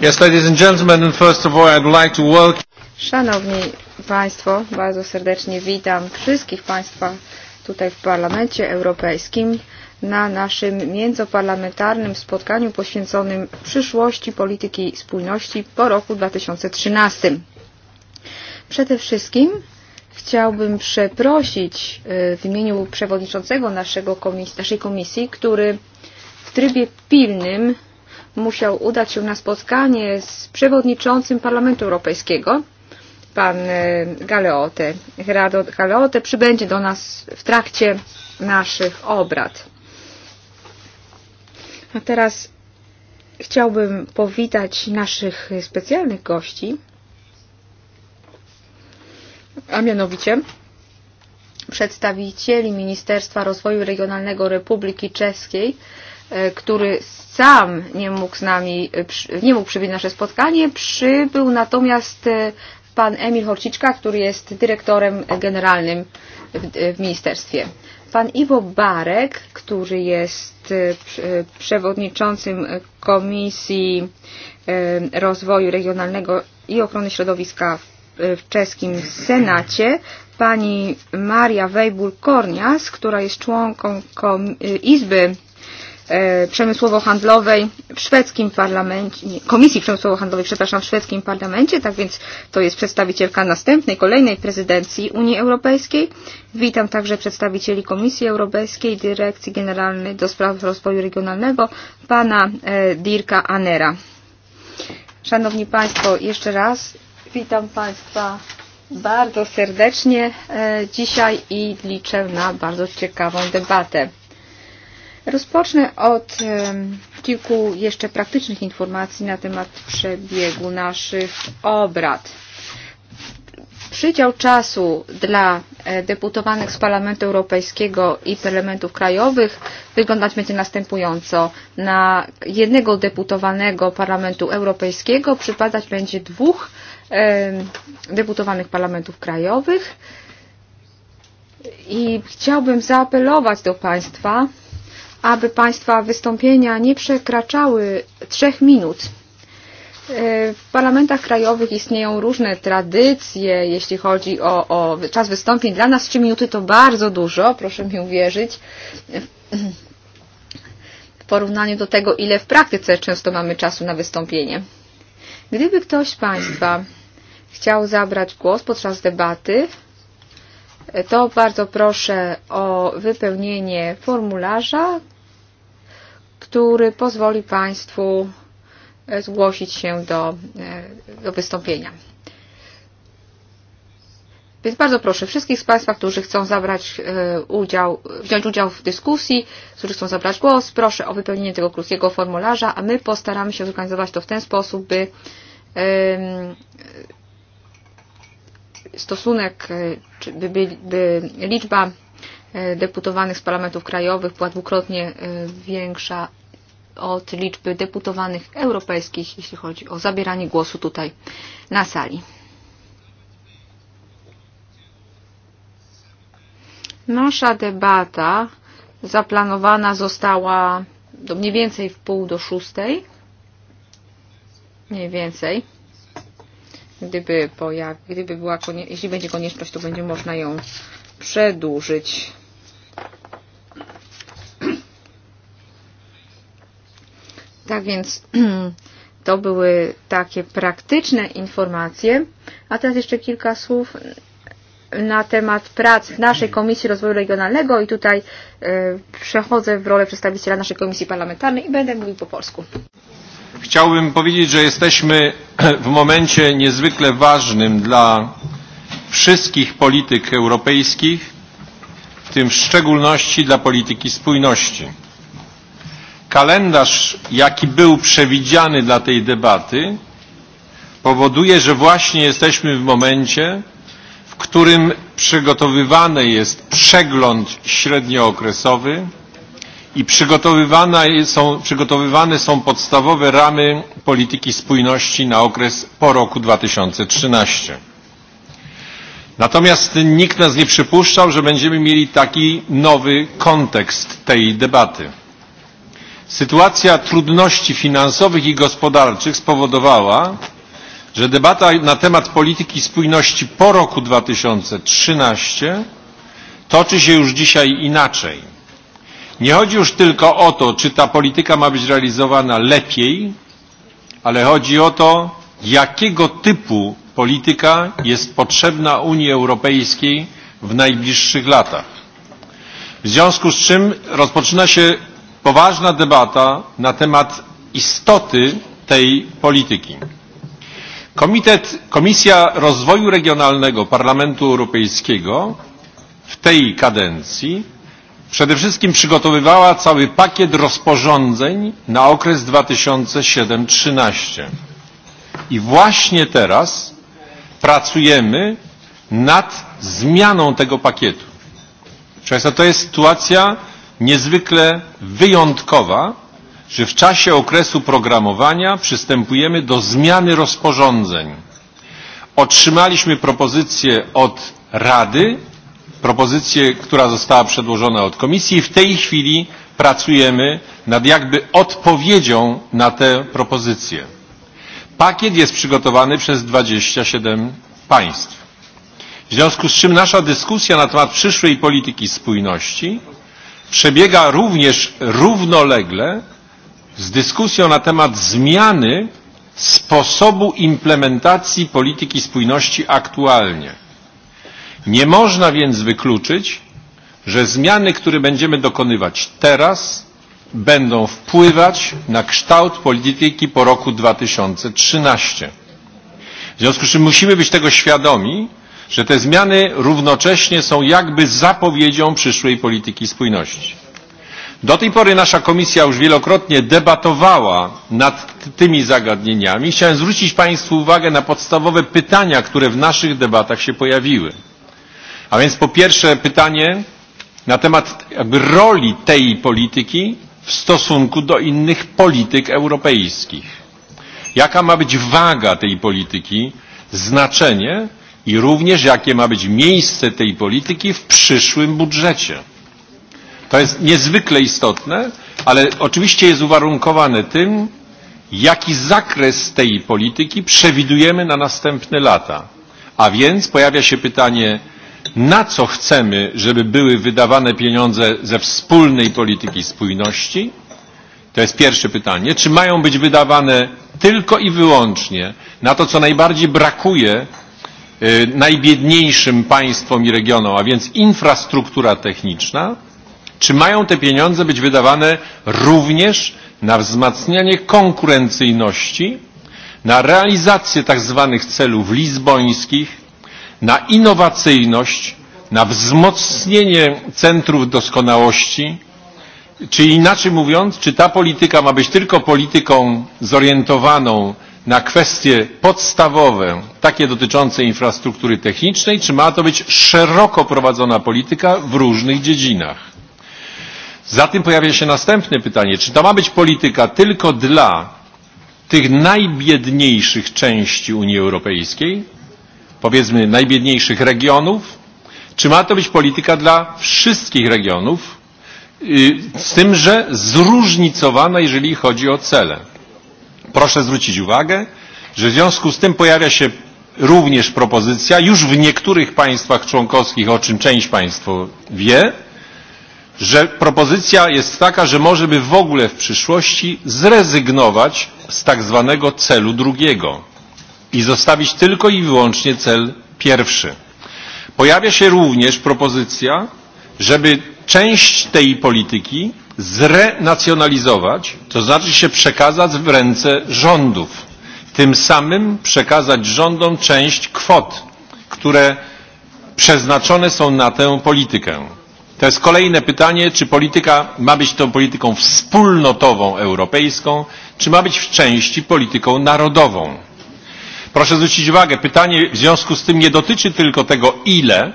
Yes, ladies and gentlemen, and first of all, I'd like to welcome... Szanowni Państwo, bardzo serdecznie witam wszystkich Państwa tutaj w Parlamencie Europejskim na naszym międzyparlamentarnym spotkaniu poświęconym przyszłości polityki spójności po roku 2013. Przede wszystkim chciałbym przeprosić w imieniu przewodniczącego naszego komis naszej komisji, który w trybie pilnym musiał udać się na spotkanie z przewodniczącym Parlamentu Europejskiego, pan e, Galeote. Galeote przybędzie do nas w trakcie naszych obrad. A teraz chciałbym powitać naszych specjalnych gości, a mianowicie przedstawicieli Ministerstwa Rozwoju Regionalnego Republiki Czeskiej, E, który sam nie mógł z nami, e, nie mógł przybyć nasze spotkanie, przybył natomiast e, pan Emil Horciczka, który jest dyrektorem generalnym w, w ministerstwie. Pan Iwo Barek, który jest przewodniczącym Komisji Rozwoju Regionalnego i Ochrony Środowiska w czeskim Senacie, pani Maria Wejbul-Kornias, która jest członką Izby E, Przemysłowo-Handlowej w szwedzkim parlamencie, nie, Komisji Przemysłowo-Handlowej, przepraszam, w szwedzkim parlamencie, tak więc to jest przedstawicielka następnej, kolejnej prezydencji Unii Europejskiej. Witam także przedstawicieli Komisji Europejskiej, Dyrekcji Generalnej do Spraw Rozwoju Regionalnego, pana e, Dirka Anera. Szanowni Państwo, jeszcze raz witam Państwa bardzo serdecznie e, dzisiaj i liczę na bardzo ciekawą debatę. Rozpocznę od kilku jeszcze praktycznych informacji na temat przebiegu naszych obrad. Przydział czasu dla e, deputowanych z Parlamentu Europejskiego i parlamentów krajowych wyglądać będzie następująco. Na jednego deputowanego Parlamentu Europejskiego przypadać będzie dwóch deputowanych parlamentów krajowych. I chciałbym zaapelować do Państwa, aby Państwa wystąpienia nie przekraczały trzech minut. E, w parlamentach krajowych istnieją różne tradycje, jeśli chodzi o, o czas wystąpień. Dla nas trzy minuty to bardzo dużo, proszę mi uwierzyć, w porównaniu do tego, ile w praktyce często mamy czasu na wystąpienie. Gdyby ktoś z Państwa chciał zabrać głos podczas debaty, e, to bardzo proszę o wypełnienie formularza, który pozwoli Państwu e, zgłosić się do, e, do wystąpienia. Więc bardzo proszę wszystkich z Państwa, którzy chcą zabrać e, udział, wziąć udział w dyskusji, którzy chcą zabrać głos, proszę o wypełnienie tego krótkiego formularza, a my postaramy się zorganizować to w ten sposób, by stosunek, by, by, by liczba E, deputowanych z parlamentów krajowych była dwukrotnie e, większa od liczby deputowanych europejskich, jeśli chodzi o zabieranie głosu tutaj na sali. Nasza debata zaplanowana została do mniej więcej w pół do szóstej. Mniej więcej. Gdyby, pojaw, gdyby była, jeśli będzie konieczność, to będzie można ją przedłużyć. Tak więc to były takie praktyczne informacje. A teraz jeszcze kilka słów na temat prac w naszej Komisji Rozwoju Regionalnego i tutaj y, e, przechodzę w rolę przedstawiciela naszej Komisji Parlamentarnej i będę mówił po polsku. Chciałbym powiedzieć, że jesteśmy w momencie niezwykle ważnym dla wszystkich polityk europejskich, w tym w szczególności dla polityki spójności kalendarz, jaki był przewidziany dla tej debaty, powoduje, że właśnie jesteśmy w momencie, w którym przygotowywany jest przegląd średniookresowy i przygotowywane są, przygotowywane są podstawowe ramy polityki spójności na okres po roku 2013. Natomiast nikt nas nie przypuszczał, że będziemy mieli taki nowy kontekst tej debaty. Sytuacja trudności finansowych i gospodarczych spowodowała, że debata na temat polityki spójności po roku 2013 toczy się już dzisiaj inaczej. Nie chodzi już tylko o to, czy ta polityka ma być realizowana lepiej, ale chodzi o to, jakiego typu polityka jest potrzebna Unii Europejskiej w najbliższych latach. W związku z czym rozpoczyna się poważna debata na temat istoty tej polityki. Komitet, Komisja Rozwoju Regionalnego Parlamentu Europejskiego w tej kadencji przede wszystkim przygotowywała cały pakiet rozporządzeń na okres 2007-2013. I właśnie teraz pracujemy nad zmianą tego pakietu. Proszę Państwa, to jest sytuacja niezwykle wyjątkowa, że w czasie okresu programowania przystępujemy do zmiany rozporządzeń. Otrzymaliśmy propozycję od Rady, propozycję, która została przedłożona od Komisji i w tej chwili pracujemy nad jakby odpowiedzią na tę propozycję. Pakiet jest przygotowany przez 27 państw. W związku z czym nasza dyskusja na temat przyszłej polityki spójności przebiega również równolegle z dyskusją na temat zmiany sposobu implementacji polityki spójności aktualnie. Nie można więc wykluczyć, że zmiany, które będziemy dokonywać teraz, będą wpływać na kształt polityki po roku 2013. W związku z czym musimy być tego świadomi że te zmiany równocześnie są jakby zapowiedzią przyszłej polityki spójności. Do tej pory nasza komisja już wielokrotnie debatowała nad tymi zagadnieniami. Chciałem zwrócić Państwu uwagę na podstawowe pytania, które w naszych debatach się pojawiły. A więc po pierwsze pytanie na temat jakby roli tej polityki w stosunku do innych polityk europejskich. Jaka ma być waga tej polityki, znaczenie i również jakie ma być miejsce tej polityki w przyszłym budżecie. To jest niezwykle istotne, ale oczywiście jest uwarunkowane tym, jaki zakres tej polityki przewidujemy na następne lata. A więc pojawia się pytanie, na co chcemy, żeby były wydawane pieniądze ze wspólnej polityki spójności? To jest pierwsze pytanie. Czy mają być wydawane tylko i wyłącznie na to, co najbardziej brakuje najbiedniejszym państwom i regionom, a więc infrastruktura techniczna, czy mają te pieniądze być wydawane również na wzmacnianie konkurencyjności, na realizację tak zwanych celów lizbońskich, na innowacyjność, na wzmocnienie centrów doskonałości, czy inaczej mówiąc, czy ta polityka ma być tylko polityką zorientowaną na kwestie podstawowe, takie dotyczące infrastruktury technicznej, czy ma to być szeroko prowadzona polityka w różnych dziedzinach? Za tym pojawia się następne pytanie, czy to ma być polityka tylko dla tych najbiedniejszych części Unii Europejskiej, powiedzmy najbiedniejszych regionów, czy ma to być polityka dla wszystkich regionów, z tym, że zróżnicowana, jeżeli chodzi o cele. Proszę zwrócić uwagę, że w związku z tym pojawia się również propozycja już w niektórych państwach członkowskich, o czym część państwo wie, że propozycja jest taka, że może by w ogóle w przyszłości zrezygnować z tak zwanego celu drugiego i zostawić tylko i wyłącznie cel pierwszy. Pojawia się również propozycja, żeby część tej polityki zrenacjonalizować, to znaczy się przekazać w ręce rządów. Tym samym przekazać rządom część kwot, które przeznaczone są na tę politykę. To jest kolejne pytanie, czy polityka ma być tą polityką wspólnotową europejską, czy ma być w części polityką narodową. Proszę zwrócić uwagę, pytanie w związku z tym nie dotyczy tylko tego ile,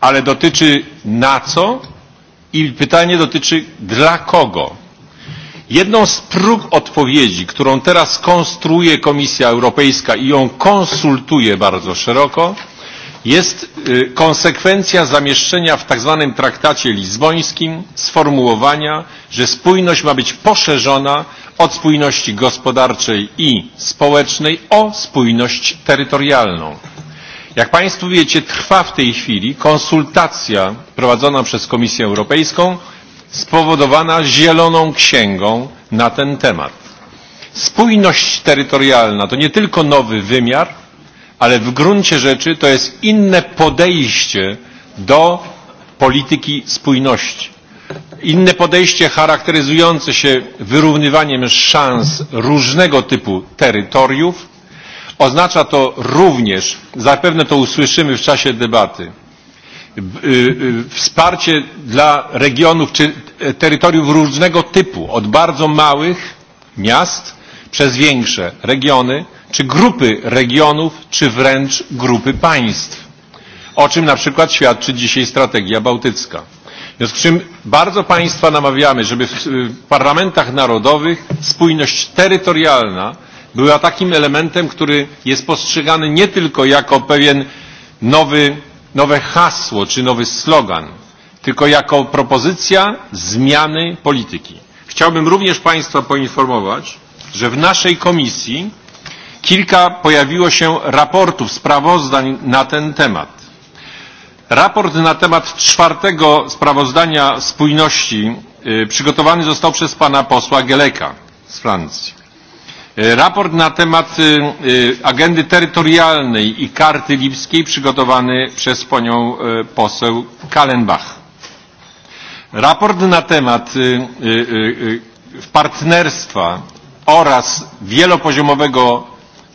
ale dotyczy na co i pytanie dotyczy dla kogo? Jedną z prób odpowiedzi, którą teraz konstruuje Komisja Europejska i ją konsultuje bardzo szeroko, jest y, konsekwencja zamieszczenia w tzw. traktacie lizbońskim sformułowania, że spójność ma być poszerzona od spójności gospodarczej i społecznej o spójność terytorialną. Jak Państwo wiecie, trwa w tej chwili konsultacja prowadzona przez Komisję Europejską spowodowana zieloną księgą na ten temat. Spójność terytorialna to nie tylko nowy wymiar, ale w gruncie rzeczy to jest inne podejście do polityki spójności. Inne podejście charakteryzujące się wyrównywaniem szans różnego typu terytoriów, Oznacza to również, zapewne to usłyszymy w czasie debaty, wsparcie dla regionów czy terytoriów różnego typu, od bardzo małych miast przez większe regiony, czy grupy regionów, czy wręcz grupy państw, o czym na przykład świadczy dzisiaj strategia bałtycka. W związku z czym bardzo Państwa namawiamy, żeby w parlamentach narodowych spójność terytorialna była takim elementem, który jest postrzegany nie tylko jako pewien nowy, nowe hasło czy nowy slogan, tylko jako propozycja zmiany polityki. Chciałbym również Państwa poinformować, że w naszej komisji kilka pojawiło się raportów, sprawozdań na ten temat. Raport na temat czwartego sprawozdania spójności y, przygotowany został przez pana posła Geleka z Francji. E, raport na temat agendy terytorialnej i karty lipskiej przygotowany przez panią poseł Kallenbach. Raport na temat partnerstwa oraz wielopoziomowego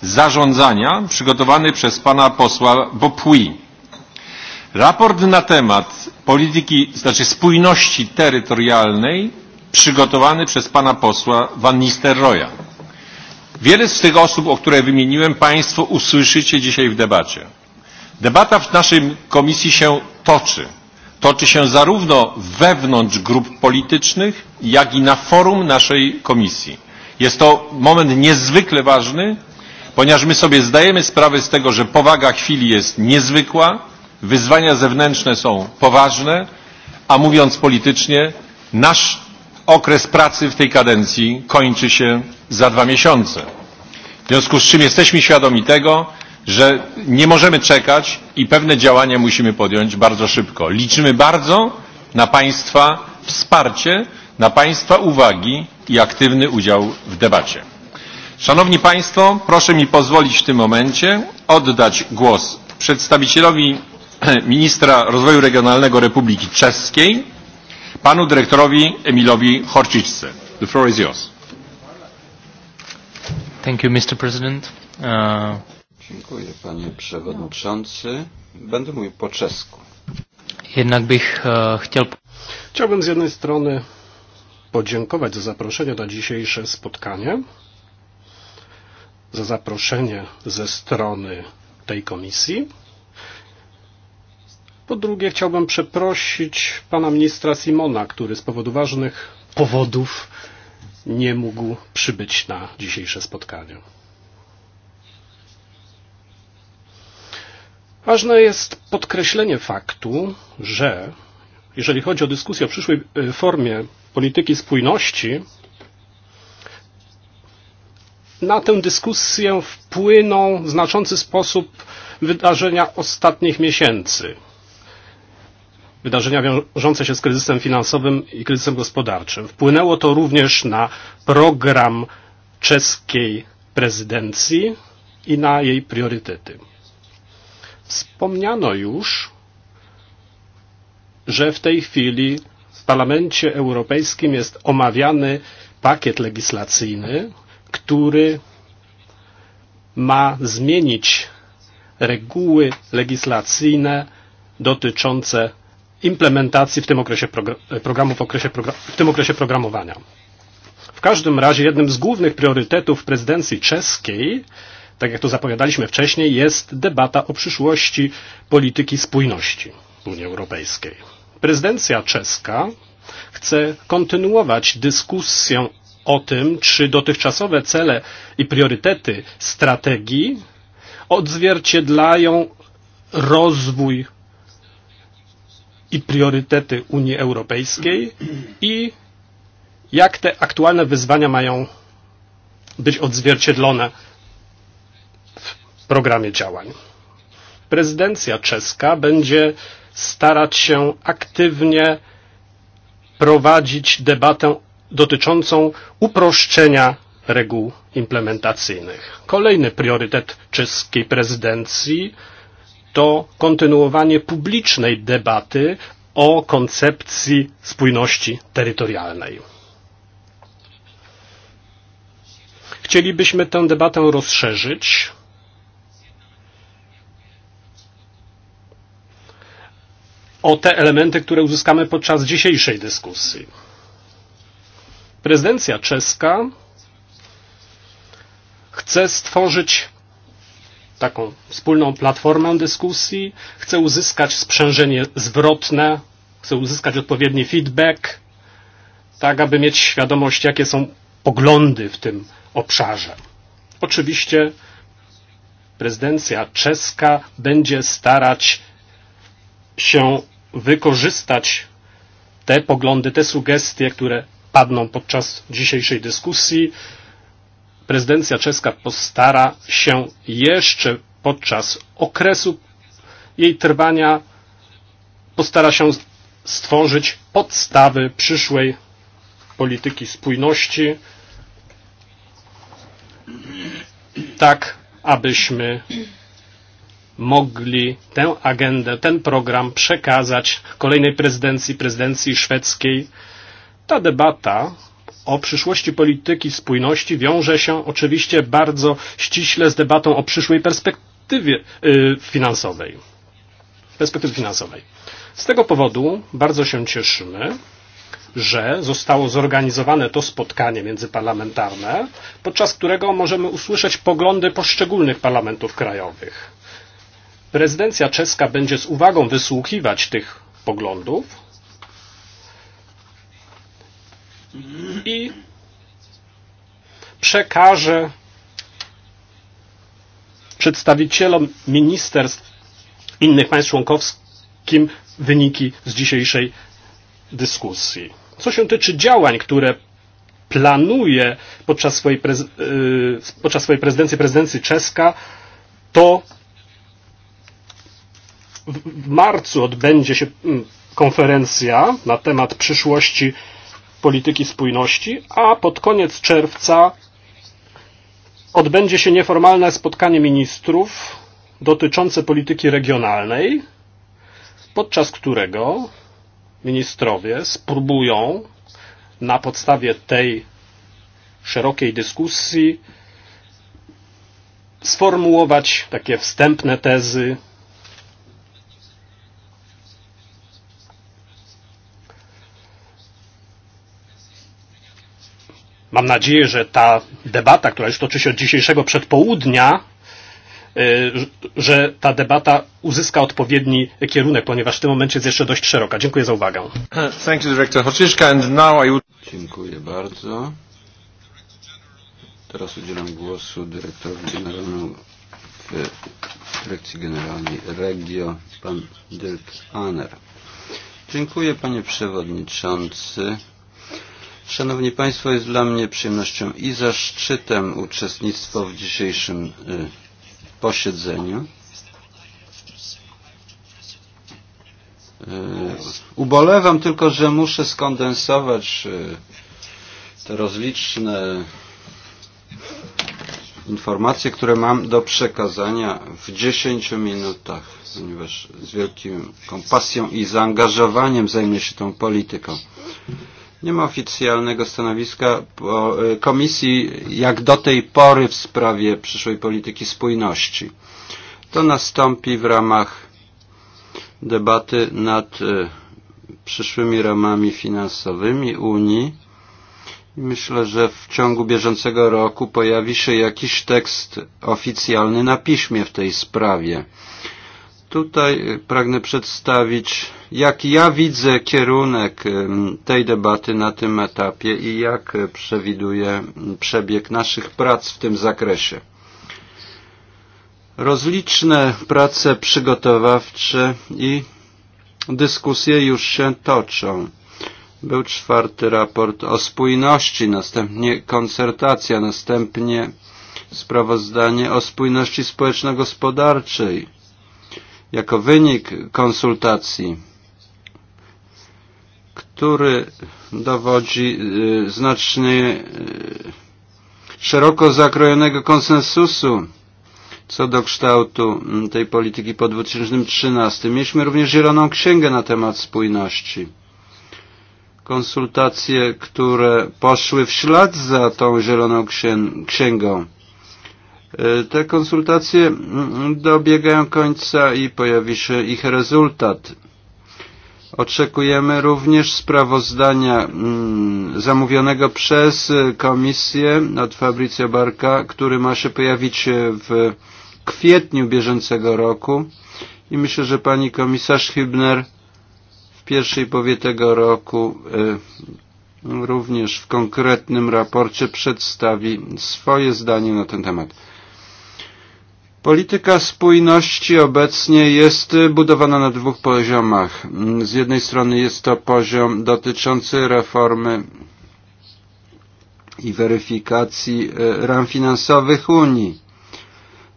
zarządzania przygotowany przez pana posła Bopui. Raport na temat polityki, znaczy spójności terytorialnej przygotowany przez pana posła Van Nistelrooya Wiele z tych osób, o które wymieniłem Państwo, usłyszycie dzisiaj w debacie. Debata w naszej komisji się toczy. Toczy się zarówno wewnątrz grup politycznych, jak i na forum naszej komisji. Jest to moment niezwykle ważny, ponieważ my sobie zdajemy sprawę z tego, że powaga chwili jest niezwykła, wyzwania zewnętrzne są poważne, a mówiąc politycznie, nasz okres pracy w tej kadencji kończy się za dwa miesiące. W związku z czym jesteśmy świadomi tego, że nie możemy czekać i pewne działania musimy podjąć bardzo szybko. Liczymy bardzo na Państwa wsparcie, na Państwa uwagi i aktywny udział w debacie. Szanowni Państwo, proszę mi pozwolić w tym momencie oddać głos przedstawicielowi ministra rozwoju regionalnego Republiki Czeskiej, panu dyrektorowi Emilowi Horczyczce. The floor is yours. Thank you, Mr. President. Uh... Dziękuję, panie przewodniczący. Będę mówił po czesku. Jednak bych uh, chciał... Chciałbym z jednej strony podziękować za zaproszenie na dzisiejsze spotkanie, za zaproszenie ze strony tej komisji, Po drugie, chciałbym przeprosić pana ministra Simona, który z powodu ważnych powodów nie mógł przybyć na dzisiejsze spotkanie. Ważne jest podkreślenie faktu, że jeżeli chodzi o dyskusję o przyszłej e, formie polityki spójności, na tę dyskusję wpłyną w znaczący sposób wydarzenia ostatnich miesięcy – wydarzenia wiążące się z kryzysem finansowym i kryzysem gospodarczym. Wpłynęło to również na program czeskiej prezydencji i na jej priorytety. Wspomniano już, że w tej chwili w Parlamencie Europejskim jest omawiany pakiet legislacyjny, który ma zmienić reguły legislacyjne dotyczące implementacji w tym okresie e, programu, w, okresie progra w tym okresie programowania. W każdym razie jednym z głównych priorytetów prezydencji czeskiej, tak jak to zapowiadaliśmy wcześniej, jest debata o przyszłości polityki spójności Unii Europejskiej. Prezydencja czeska chce kontynuować dyskusję o tym, czy dotychczasowe cele i priorytety strategii odzwierciedlają rozwój i priorytety Unii Europejskiej i jak te aktualne wyzwania mają być odzwierciedlone w programie działań. Prezydencja czeska będzie starać się aktywnie prowadzić debatę dotyczącą uproszczenia reguł implementacyjnych. Kolejny priorytet czeskiej prezydencji to kontynuowanie publicznej debaty o koncepcji spójności terytorialnej. Chcielibyśmy tę debatę rozszerzyć o te elementy, które uzyskamy podczas dzisiejszej dyskusji. Prezydencja czeska chce stworzyć taką wspólną platformę dyskusji, chce uzyskać sprzężenie zwrotne, chce uzyskać odpowiedni feedback, tak aby mieć świadomość, jakie są poglądy w tym obszarze. Oczywiście prezydencja czeska będzie starać się wykorzystać te poglądy, te sugestie, które padną podczas dzisiejszej dyskusji, prezydencja czeska postara się jeszcze podczas okresu jej trwania postara się stworzyć podstawy przyszłej polityki spójności, tak abyśmy mogli tę agendę, ten program przekazać kolejnej prezydencji, prezydencji szwedzkiej. Ta debata o przyszłości polityki spójności wiąże się oczywiście bardzo ściśle z debatą o przyszłej perspektywie finansowej. Perspektywy finansowej. Z tego powodu bardzo się cieszymy, że zostało zorganizowane to spotkanie międzyparlamentarne, podczas którego możemy usłyszeć poglądy poszczególnych parlamentów krajowych. Prezydencja czeska będzie z uwagą wysłuchiwać tych poglądów, i przekaże przedstawicielom ministerstw innych państw członkowskim wyniki z dzisiejszej dyskusji. Co się tyczy działań, które planuje podczas swojej, prez, yy, podczas swojej prezydencji, prezydencji czeska, to w marcu odbędzie się mm, konferencja na temat przyszłości polityki spójności, a pod koniec czerwca odbędzie się nieformalne spotkanie ministrów dotyczące polityki regionalnej, podczas którego ministrowie spróbują na podstawie tej szerokiej dyskusji sformułować takie wstępne tezy Mam nadzieję, że ta debata, która już toczy się od dzisiejszego przedpołudnia, e, że ta debata uzyska odpowiedni kierunek, ponieważ w tym momencie jest jeszcze dość szeroka. Dziękuję za uwagę. Thank you, Director Hociszka. And now I would... Dziękuję bardzo. Teraz udzielam głosu dyrektorowi generalnemu dyrekcji generalnej Regio, pan Dirk Aner. Dziękuję panie przewodniczący. Szanowni Państwo, jest dla mnie przyjemnością i zaszczytem uczestnictwo w dzisiejszym posiedzeniu. Ubolewam tylko, że muszę skondensować te rozliczne informacje, które mam do przekazania w 10 minutach, ponieważ z wielką pasją i zaangażowaniem zajmę się tą polityką. Nie ma oficjalnego stanowiska e, komisji jak do tej pory w sprawie przyszłej polityki spójności. To nastąpi w ramach debaty nad e, przyszłymi ramami finansowymi Unii. Myślę, że w ciągu bieżącego roku pojawi się jakiś tekst oficjalny na piśmie w tej sprawie. Tutaj pragnę przedstawić, jak ja widzę kierunek tej debaty na tym etapie i jak przewiduję przebieg naszych prac w tym zakresie. Rozliczne prace przygotowawcze i dyskusje już się toczą. Był czwarty raport o spójności, następnie koncertacja, następnie sprawozdanie o spójności społeczno-gospodarczej jako wynik konsultacji, który dowodzi znacznie szeroko zakrojonego konsensusu co do kształtu tej polityki po 2013. Mieliśmy również zieloną księgę na temat spójności. Konsultacje, które poszły w ślad za tą zieloną księgą. E, te konsultacje mm, dobiegają końca i pojawi się ich rezultat. Oczekujemy również sprawozdania mm, zamówionego przez komisję od Fabricio Barka, który ma się pojawić w kwietniu bieżącego roku i myślę, że pani komisarz Hübner w pierwszej powie tego roku e, również w konkretnym raporcie przedstawi swoje zdanie na ten temat. Polityka spójności obecnie jest budowana na dwóch poziomach. Z jednej strony jest to poziom dotyczący reformy i weryfikacji e, ram finansowych Unii,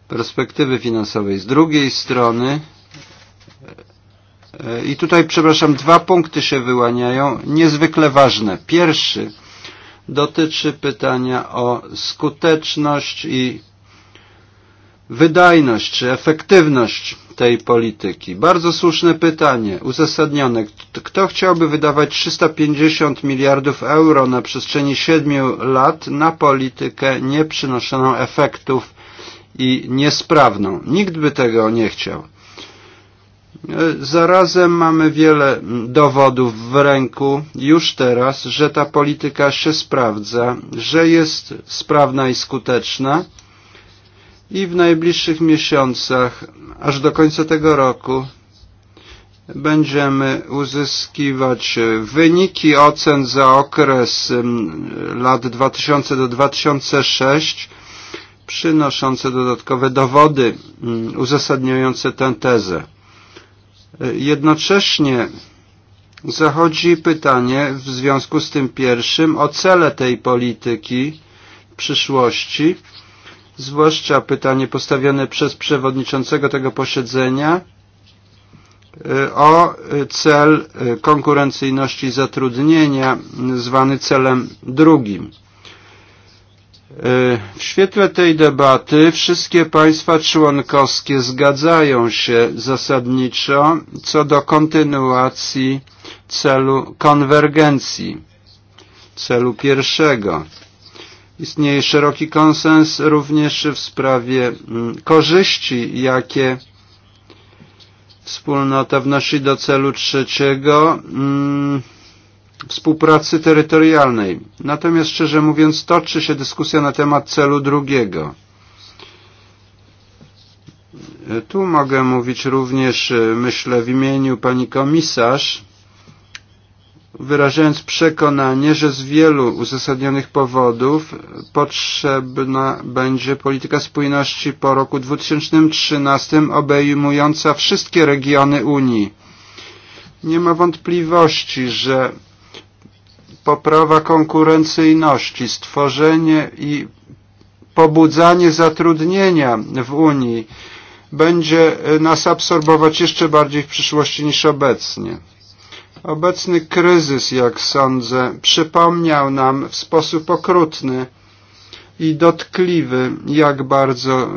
perspektywy finansowej. Z drugiej strony, e, e, i tutaj, przepraszam, dwa punkty się wyłaniają, niezwykle ważne. Pierwszy dotyczy pytania o skuteczność i wydajność, efektywność tej polityki. Bardzo słuszne pytanie, uzasadnione. Kto chciałby wydawać 350 miliardów euro na przestrzeni 7 lat na politykę nieprzynoszoną efektów i niesprawną? Nikt by tego nie chciał. Zarazem mamy wiele dowodów w ręku już teraz, że ta polityka się sprawdza, że jest sprawna i skuteczna i w najbliższych miesiącach, aż do końca tego roku, będziemy uzyskiwać wyniki ocen za okres mm, lat 2000 do 2006, przynoszące dodatkowe dowody mm, uzasadniające tę tezę. Jednocześnie zachodzi pytanie w związku z tym pierwszym o cele tej polityki w przyszłości zwłaszcza pytanie postawione przez przewodniczącego tego posiedzenia e, o cel e, konkurencyjności zatrudnienia, zwany celem drugim. E, w świetle tej debaty wszystkie państwa członkowskie zgadzają się zasadniczo co do kontynuacji celu konwergencji, celu pierwszego. Istnieje szeroki konsens również w sprawie mm, korzyści, jakie wspólnota wnosi do celu trzeciego mm, współpracy terytorialnej. Natomiast szczerze mówiąc toczy się dyskusja na temat celu drugiego. E, tu mogę mówić również, e, myślę, w imieniu pani komisarz, wyrażając przekonanie, że z wielu uzasadnionych powodów potrzebna będzie polityka spójności po roku 2013 obejmująca wszystkie regiony Unii. Nie ma wątpliwości, że poprawa konkurencyjności, stworzenie i pobudzanie zatrudnienia w Unii będzie nas absorbować jeszcze bardziej w przyszłości niż obecnie. Obecny kryzys, jak sądzę, przypomniał nam w sposób okrutny i dotkliwy, jak bardzo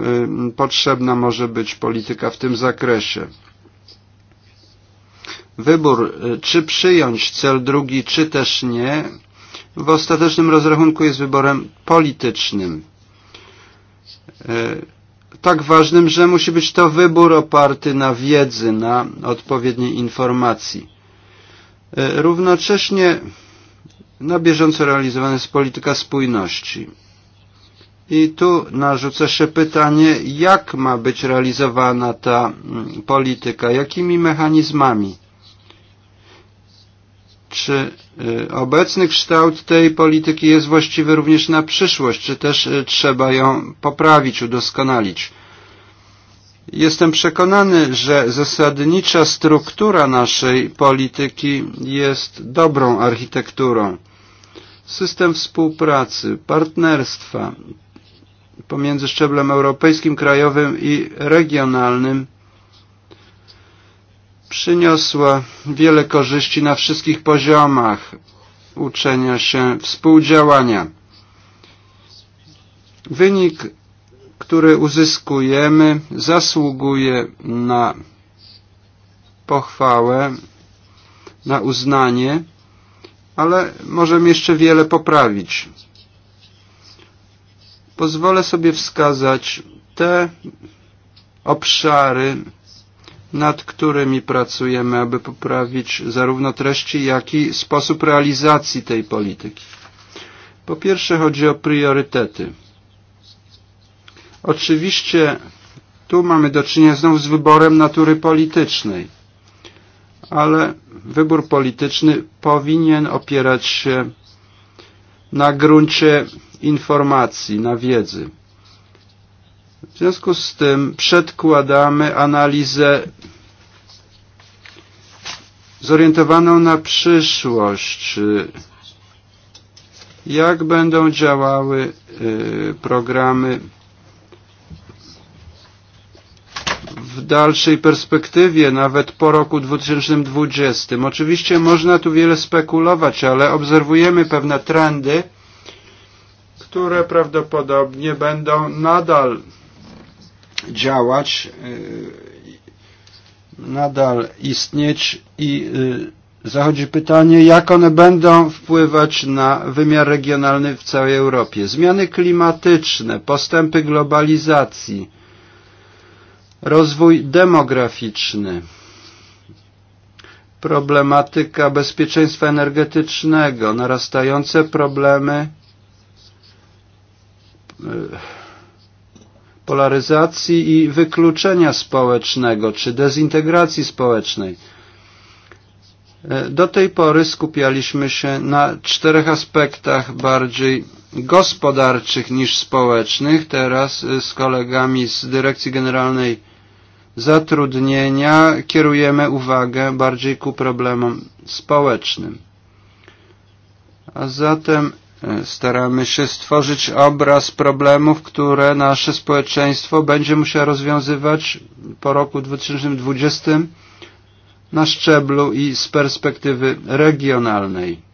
y, potrzebna może być polityka w tym zakresie. Wybór, czy przyjąć cel drugi, czy też nie, w ostatecznym rozrachunku jest wyborem politycznym. Y, tak ważnym, że musi być to wybór oparty na wiedzy, na odpowiedniej informacji. E, równocześnie na bieżąco realizowana jest polityka spójności. I tu narzucę się pytanie, jak ma być realizowana ta polityka, jakimi mechanizmami? Czy e, obecny kształt tej polityki jest właściwy również na przyszłość, czy też e, trzeba ją poprawić, udoskonalić? Jestem przekonany, że zasadnicza struktura naszej polityki jest dobrą architekturą. System współpracy, partnerstwa pomiędzy szczeblem europejskim, krajowym i regionalnym przyniosła wiele korzyści na wszystkich poziomach uczenia się współdziałania. Wynik które uzyskujemy, zasługuje na pochwałę, na uznanie, ale możemy jeszcze wiele poprawić. Pozwolę sobie wskazać te obszary, nad którymi pracujemy, aby poprawić zarówno treści, jak i sposób realizacji tej polityki. Po pierwsze chodzi o priorytety. Oczywiście tu mamy do czynienia znów z wyborem natury politycznej, ale wybór polityczny powinien opierać się na gruncie informacji, na wiedzy. W związku z tym przedkładamy analizę zorientowaną na przyszłość, jak będą działały programy w dalszej perspektywie, nawet po roku 2020. Oczywiście można tu wiele spekulować, ale obserwujemy pewne trendy, które prawdopodobnie będą nadal działać, nadal istnieć i zachodzi pytanie, jak one będą wpływać na wymiar regionalny w całej Europie. Zmiany klimatyczne, postępy globalizacji, Rozwój demograficzny. Problematyka bezpieczeństwa energetycznego, narastające problemy e, polaryzacji i wykluczenia społecznego czy dezintegracji społecznej. E, do tej pory skupialiśmy się na czterech aspektach bardziej gospodarczych niż społecznych. Teraz e, z kolegami z Dyrekcji Generalnej zatrudnienia kierujemy uwagę bardziej ku problemom społecznym. A zatem e, staramy się stworzyć obraz problemów, które nasze społeczeństwo będzie musiało rozwiązywać po roku 2020 na szczeblu i z perspektywy regionalnej.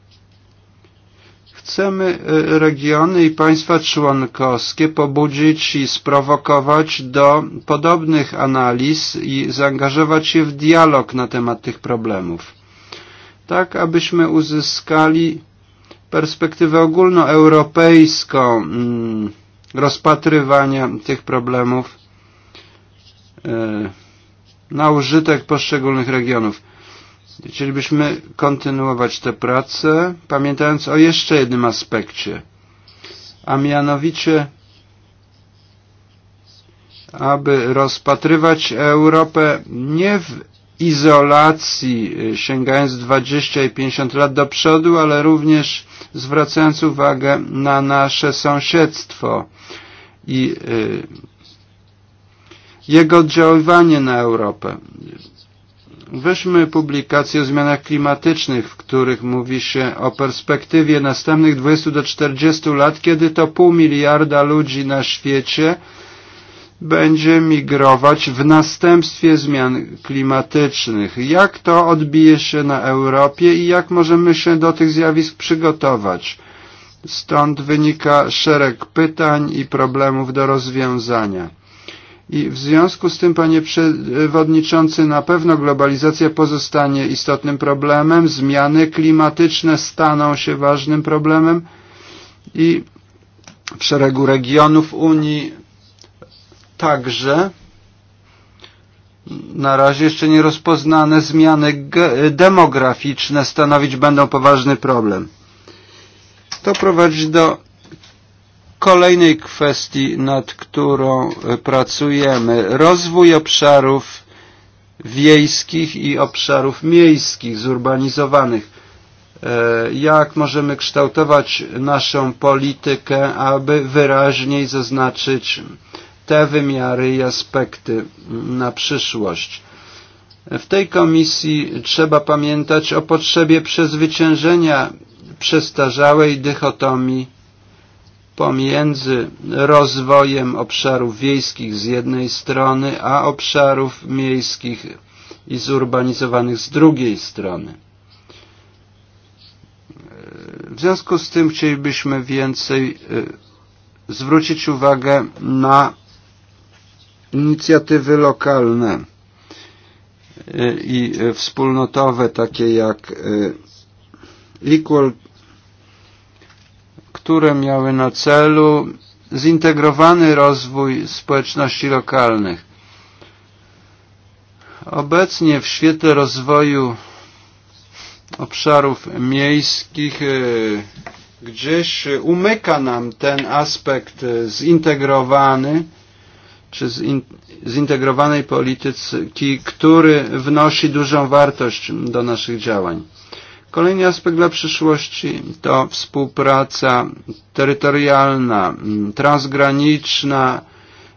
Chcemy e, regiony i państwa członkowskie pobudzić i sprowokować do podobnych analiz i zaangażować się w dialog na temat tych problemów. Tak, abyśmy uzyskali perspektywę ogólnoeuropejską mm, rozpatrywania tych problemów e, na użytek poszczególnych regionów. Chcielibyśmy kontynuować tę pracę, pamiętając o jeszcze jednym aspekcie, a mianowicie, aby rozpatrywać Europę nie w izolacji, sięgając 20 i 50 lat do przodu, ale również zwracając uwagę na nasze sąsiedztwo i jego oddziaływanie na Europę. Weźmy publikację o zmianach klimatycznych, w których mówi się o perspektywie następnych 20 do 40 lat, kiedy to pół miliarda ludzi na świecie będzie migrować w następstwie zmian klimatycznych. Jak to odbije się na Europie i jak możemy się do tych zjawisk przygotować? Stąd wynika szereg pytań i problemów do rozwiązania. I w związku z tym, panie przewodniczący, na pewno globalizacja pozostanie istotnym problemem, zmiany klimatyczne staną się ważnym problemem i w szeregu regionów Unii także na razie jeszcze nierozpoznane zmiany demograficzne stanowić będą poważny problem. To prowadzi do kolejnej kwestii, nad którą e, pracujemy. Rozwój obszarów wiejskich i obszarów miejskich, zurbanizowanych. E, jak możemy kształtować naszą politykę, aby wyraźniej zaznaczyć te wymiary i aspekty na przyszłość. W tej komisji trzeba pamiętać o potrzebie przezwyciężenia przestarzałej dychotomii pomiędzy rozwojem obszarów wiejskich z jednej strony, a obszarów miejskich i zurbanizowanych z drugiej strony. W związku z tym chcielibyśmy więcej e, zwrócić uwagę na inicjatywy lokalne e, i e, wspólnotowe, takie jak Equal które miały na celu zintegrowany rozwój społeczności lokalnych. Obecnie w świetle rozwoju obszarów miejskich e, gdzieś umyka nam ten aspekt e, zintegrowany czy zintegrowanej polityki, który wnosi dużą wartość do naszych działań. Kolejny aspekt dla przyszłości to współpraca terytorialna, transgraniczna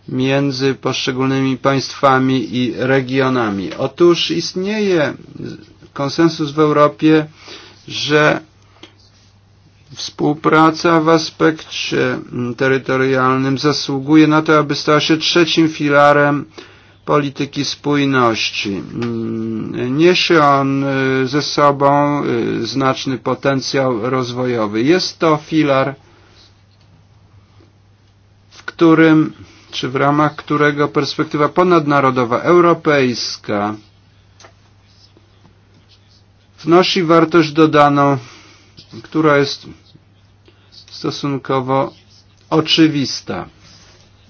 między poszczególnymi państwami i regionami. Otóż istnieje konsensus w Europie, że współpraca w aspekcie terytorialnym zasługuje na to, aby stała się trzecim filarem polityki spójności. Mm, niesie on e, ze sobą e, znaczny potencjał rozwojowy. Jest to filar, w którym, czy w ramach którego perspektywa ponadnarodowa, europejska, wnosi wartość dodaną, która jest stosunkowo oczywista,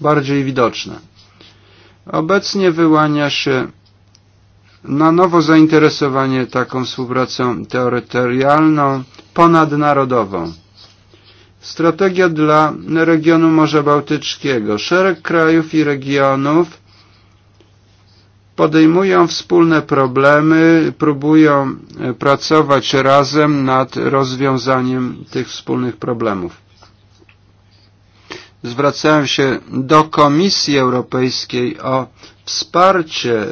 bardziej widoczna. Obecnie wyłania się na nowo zainteresowanie taką współpracą terytorialną, ponadnarodową. Strategia dla regionu Morza Bałtyckiego. Szereg krajów i regionów podejmują wspólne problemy, próbują e, pracować razem nad rozwiązaniem tych wspólnych problemów zwracałem się do Komisji Europejskiej o wsparcie e,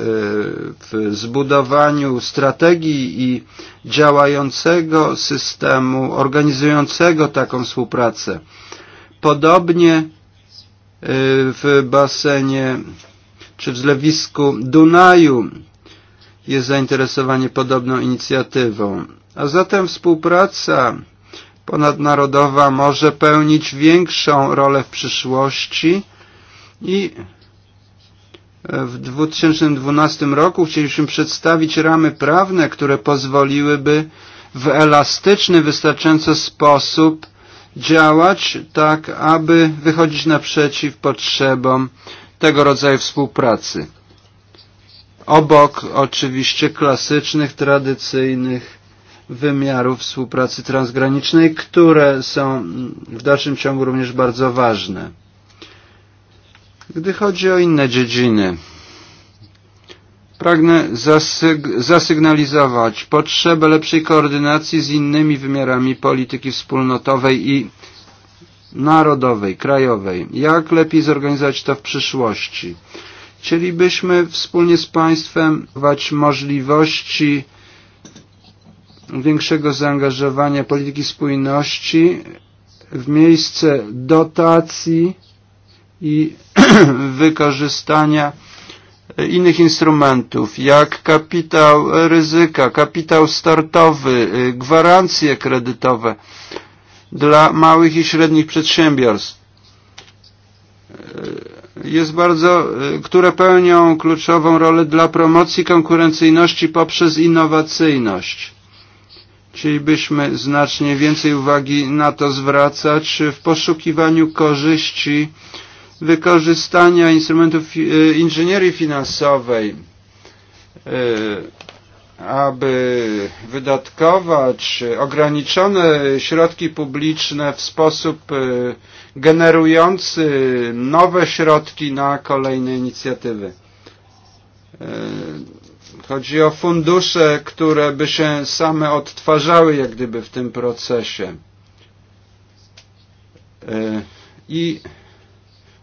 w zbudowaniu strategii i działającego systemu organizującego taką współpracę. Podobnie e, w basenie czy w zlewisku Dunaju jest zainteresowanie podobną inicjatywą. A zatem współpraca ponadnarodowa może pełnić większą rolę w przyszłości i e, w 2012 roku chcieliśmy przedstawić ramy prawne, które pozwoliłyby w elastyczny, wystarczająco sposób działać tak, aby wychodzić naprzeciw potrzebom tego rodzaju współpracy. Obok oczywiście klasycznych, tradycyjnych wymiaru współpracy transgranicznej, które są w dalszym ciągu również bardzo ważne. Gdy chodzi o inne dziedziny, pragnę zasyg zasygnalizować potrzebę lepszej koordynacji z innymi wymiarami polityki wspólnotowej i narodowej, krajowej. Jak lepiej zorganizować to w przyszłości? Chcielibyśmy wspólnie z Państwem dawać możliwości większego zaangażowania polityki spójności w miejsce dotacji i wykorzystania innych instrumentów, jak kapitał ryzyka, kapitał startowy, gwarancje kredytowe dla małych i średnich przedsiębiorstw. Jest bardzo, które pełnią kluczową rolę dla promocji konkurencyjności poprzez innowacyjność. Chcielibyśmy znacznie więcej uwagi na to zwracać w poszukiwaniu korzyści wykorzystania instrumentów e, inżynierii finansowej, e, aby wydatkować ograniczone środki publiczne w sposób e, generujący nowe środki na kolejne inicjatywy Chodzi o fundusze, które by się same odtwarzały jak gdyby w tym procesie. E, I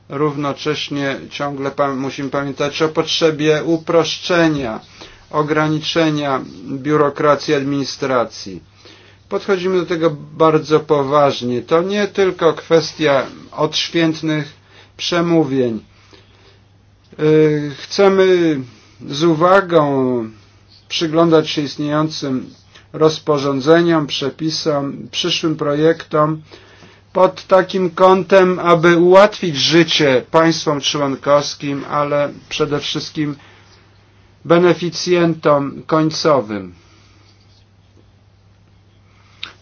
równocześnie ciągle musimy pamiętać o potrzebie uproszczenia, ograniczenia biurokracji administracji. Podchodzimy do tego bardzo poważnie. To nie tylko kwestia odświętnych przemówień. E, chcemy z uwagą przyglądać się istniejącym rozporządzeniom, przepisom, przyszłym projektom pod takim kątem, aby ułatwić życie państwom członkowskim, ale przede wszystkim beneficjentom końcowym.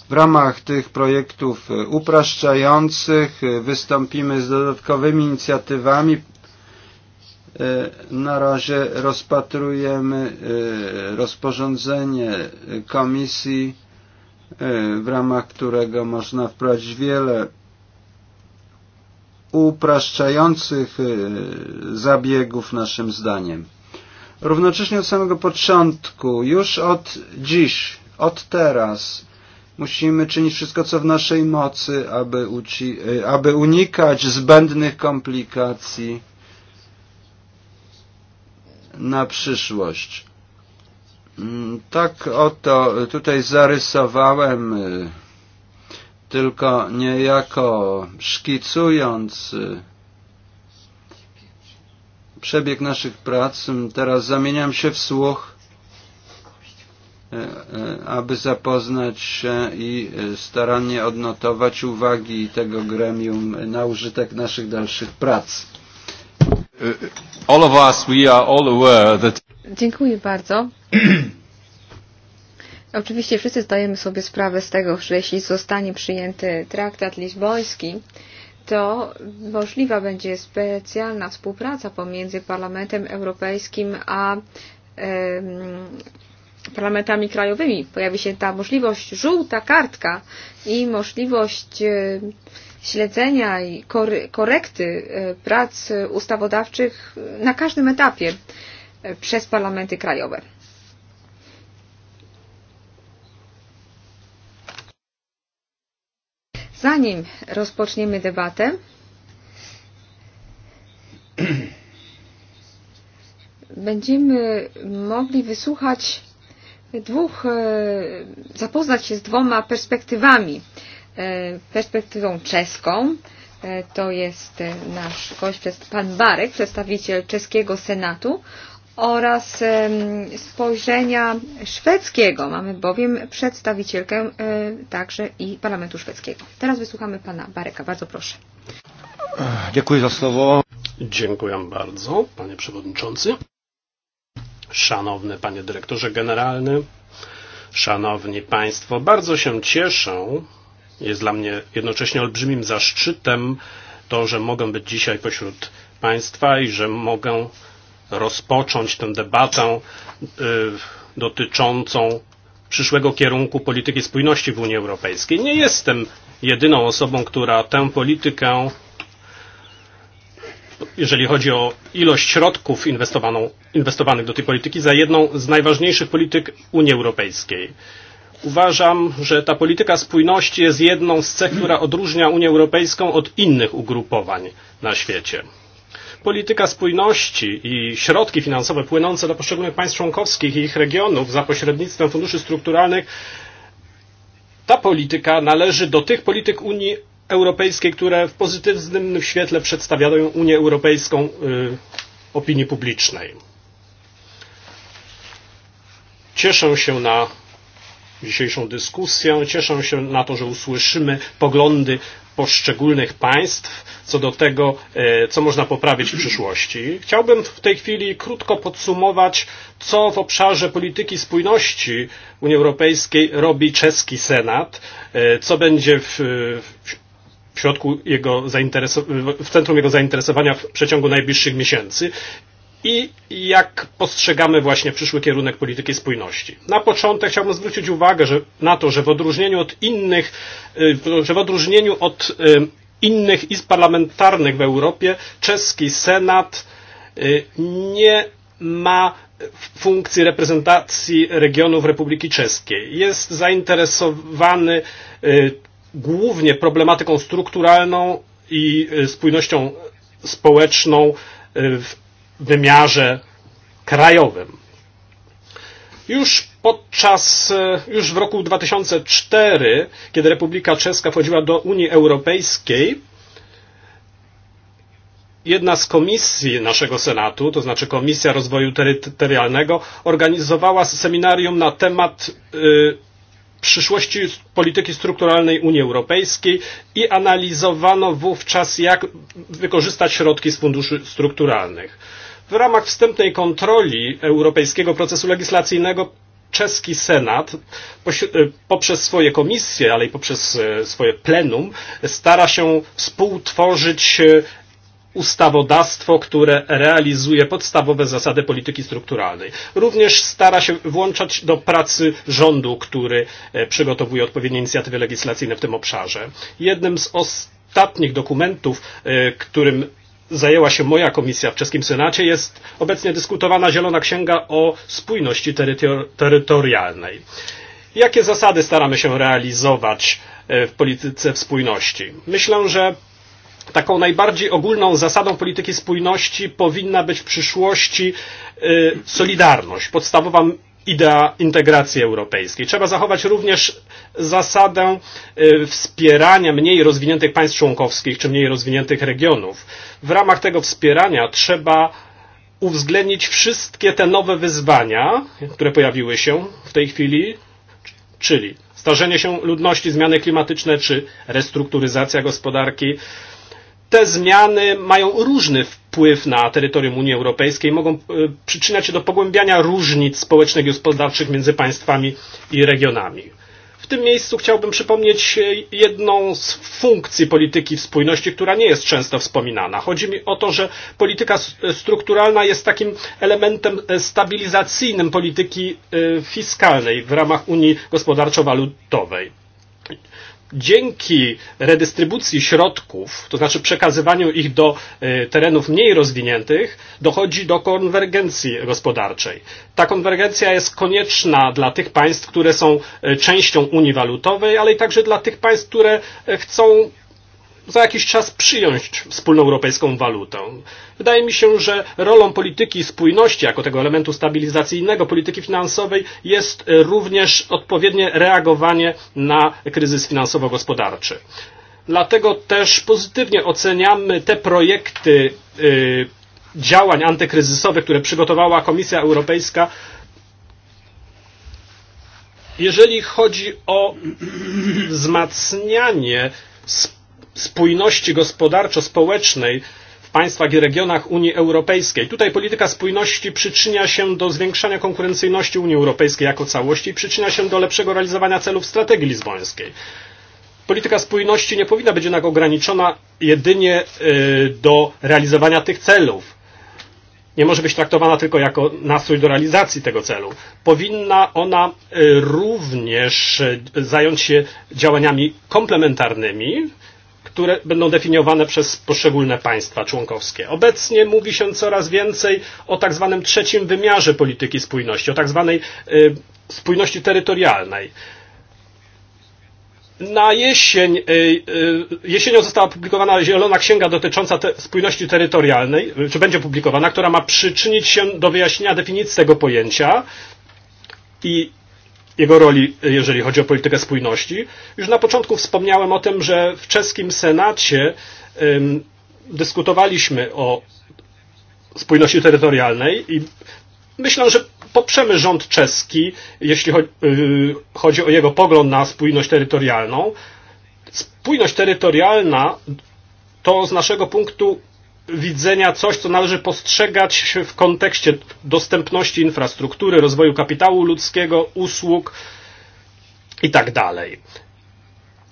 W ramach tych projektów upraszczających wystąpimy z dodatkowymi inicjatywami E, na razie rozpatrujemy e, rozporządzenie komisji, e, w ramach którego można wprowadzić wiele upraszczających zabiegów naszym zdaniem. Równocześnie od samego początku, już od dziś, od teraz musimy czynić wszystko, co w naszej mocy, aby, uci aby unikać zbędnych komplikacji na przyszłość. Mm, tak oto tutaj zarysowałem, tylko niejako szkicując przebieg naszych prac. Mm, teraz zamieniam się w słuch, aby zapoznać się i starannie odnotować uwagi tego gremium na użytek naszych dalszych prac. Uh, all of us, we are all aware that... Dziękuję bardzo. Oczywiście wszyscy zdajemy sobie sprawę z tego, że jeśli zostanie przyjęty traktat lizboński, to możliwa będzie specjalna współpraca pomiędzy Parlamentem Europejskim a y, parlamentami krajowymi. Pojawi się ta możliwość żółta kartka i możliwość y, śledzenia i korekty e, prac ustawodawczych na każdym etapie e, przez parlamenty krajowe. Zanim rozpoczniemy debatę, będziemy mogli wysłuchać dwóch, e, zapoznać się z dwoma perspektywami E, perspektywą czeską. E, to jest e, nasz gość, pan Barek, przedstawiciel czeskiego senatu oraz spojrzenia szwedzkiego. Mamy bowiem przedstawicielkę także i parlamentu szwedzkiego. Teraz wysłuchamy pana Bareka. Bardzo proszę. Dziękuję za słowo. Dziękuję bardzo, panie przewodniczący. Szanowny panie dyrektorze generalny, szanowni państwo, bardzo się cieszę, Jest dla mnie jednocześnie olbrzymim zaszczytem to, że mogę być dzisiaj pośród Państwa i że mogę rozpocząć tę debatę dotyczącą przyszłego kierunku polityki spójności w Unii Europejskiej. Nie jestem jedyną osobą, która tę politykę, jeżeli chodzi o ilość środków inwestowaną, inwestowanych do tej polityki, za jedną z najważniejszych polityk Unii Europejskiej. Uważam, że ta polityka spójności jest jedną z cech, która odróżnia Unię Europejską od innych ugrupowań na świecie. Polityka spójności i środki finansowe płynące do poszczególnych państw członkowskich i ich regionów za pośrednictwem funduszy strukturalnych, ta polityka należy do tych polityk Unii Europejskiej, które w pozytywnym świetle przedstawiają Unię Europejską y, opinii publicznej. Cieszę się na dzisiejszą dyskusję. Cieszę się na to, że usłyszymy poglądy poszczególnych państw co do tego, e, co można poprawić w przyszłości. Chciałbym w tej chwili krótko podsumować, co w obszarze polityki spójności Unii Europejskiej robi czeski Senat, e, co będzie w, w środku jego w centrum jego zainteresowania w przeciągu najbliższych miesięcy i jak postrzegamy właśnie przyszły kierunek polityki spójności. Na początek chciałbym zwrócić uwagę że, na to, że w odróżnieniu od innych, że w odróżnieniu od innych izb parlamentarnych w Europie czeski senat nie ma funkcji reprezentacji regionów Republiki Czeskiej. Jest zainteresowany głównie problematyką strukturalną i spójnością społeczną w wymiarze krajowym. Już podczas, e, już w roku 2004, kiedy Republika Czeska wchodziła do Unii Europejskiej, jedna z komisji naszego Senatu, to znaczy Komisja Rozwoju Terytorialnego, organizowała seminarium na temat y, e, przyszłości polityki strukturalnej Unii Europejskiej i analizowano wówczas, jak wykorzystać środki z funduszy strukturalnych. W ramach wstępnej kontroli europejskiego procesu legislacyjnego czeski Senat e, poprzez swoje komisje, ale i poprzez e, swoje plenum stara się współtworzyć e, ustawodawstwo, które realizuje podstawowe zasady polityki strukturalnej. Również stara się włączać do pracy rządu, który przygotowuje odpowiednie inicjatywy legislacyjne w tym obszarze. Jednym z ostatnich dokumentów, którym zajęła się moja komisja w czeskim Senacie, jest obecnie dyskutowana Zielona Księga o spójności terytor terytorialnej. Jakie zasady staramy się realizować e, w polityce spójności? Myślę, że taką najbardziej ogólną zasadą polityki spójności powinna być w przyszłości e, solidarność, podstawowa idea integracji europejskiej. Trzeba zachować również zasadę e, wspierania mniej rozwiniętych państw członkowskich czy mniej rozwiniętych regionów. W ramach tego wspierania trzeba uwzględnić wszystkie te nowe wyzwania, które pojawiły się w tej chwili, czyli starzenie się ludności, zmiany klimatyczne czy restrukturyzacja gospodarki. Te zmiany mają różny wpływ wpływ na terytorium Unii Europejskiej mogą e, przyczyniać się do pogłębiania różnic społecznych i gospodarczych między państwami i regionami. W tym miejscu chciałbym przypomnieć e, jedną z funkcji polityki spójności, która nie jest często wspominana. Chodzi mi o to, że polityka strukturalna jest takim elementem e, stabilizacyjnym polityki fiskalnej w ramach Unii Gospodarczo-Walutowej dzięki redystrybucji środków, to znaczy przekazywaniu ich do e, terenów mniej rozwiniętych, dochodzi do konwergencji gospodarczej. Ta konwergencja jest konieczna dla tych państw, które są e, częścią Unii Walutowej, ale i także dla tych państw, które e, chcą za jakiś czas przyjąć wspólną europejską walutę. Wydaje mi się, że rolą polityki spójności jako tego elementu stabilizacyjnego polityki finansowej jest również odpowiednie reagowanie na kryzys finansowo-gospodarczy. Dlatego też pozytywnie oceniamy te projekty yy, działań antykryzysowych, które przygotowała Komisja Europejska. Jeżeli chodzi o wzmacnianie sp spójności gospodarczo-społecznej w państwach i regionach Unii Europejskiej. Tutaj polityka spójności przyczynia się do zwiększania konkurencyjności Unii Europejskiej jako całości i przyczynia się do lepszego realizowania celów strategii lizbońskiej. Polityka spójności nie powinna być jednak ograniczona jedynie do realizowania tych celów nie może być traktowana tylko jako nastrój do realizacji tego celu. Powinna ona również zająć się działaniami komplementarnymi, które będą definiowane przez poszczególne państwa członkowskie. Obecnie mówi się coraz więcej o tak zwanym trzecim wymiarze polityki spójności, o tak zwanej spójności terytorialnej. Na jesień, jesienią została opublikowana Zielona Księga dotycząca te, spójności terytorialnej, czy będzie publikowana, która ma przyczynić się do wyjaśnienia definicji tego pojęcia i jego roli, jeżeli chodzi o politykę spójności. Już na początku wspomniałem o tym, że w czeskim Senacie ym, dyskutowaliśmy o spójności terytorialnej i myślę, że poprzemy rząd czeski, jeśli chodzi, yy, chodzi o jego pogląd na spójność terytorialną. Spójność terytorialna to z naszego punktu widzenia coś, co należy postrzegać w kontekście dostępności infrastruktury, rozwoju kapitału ludzkiego, usług itd.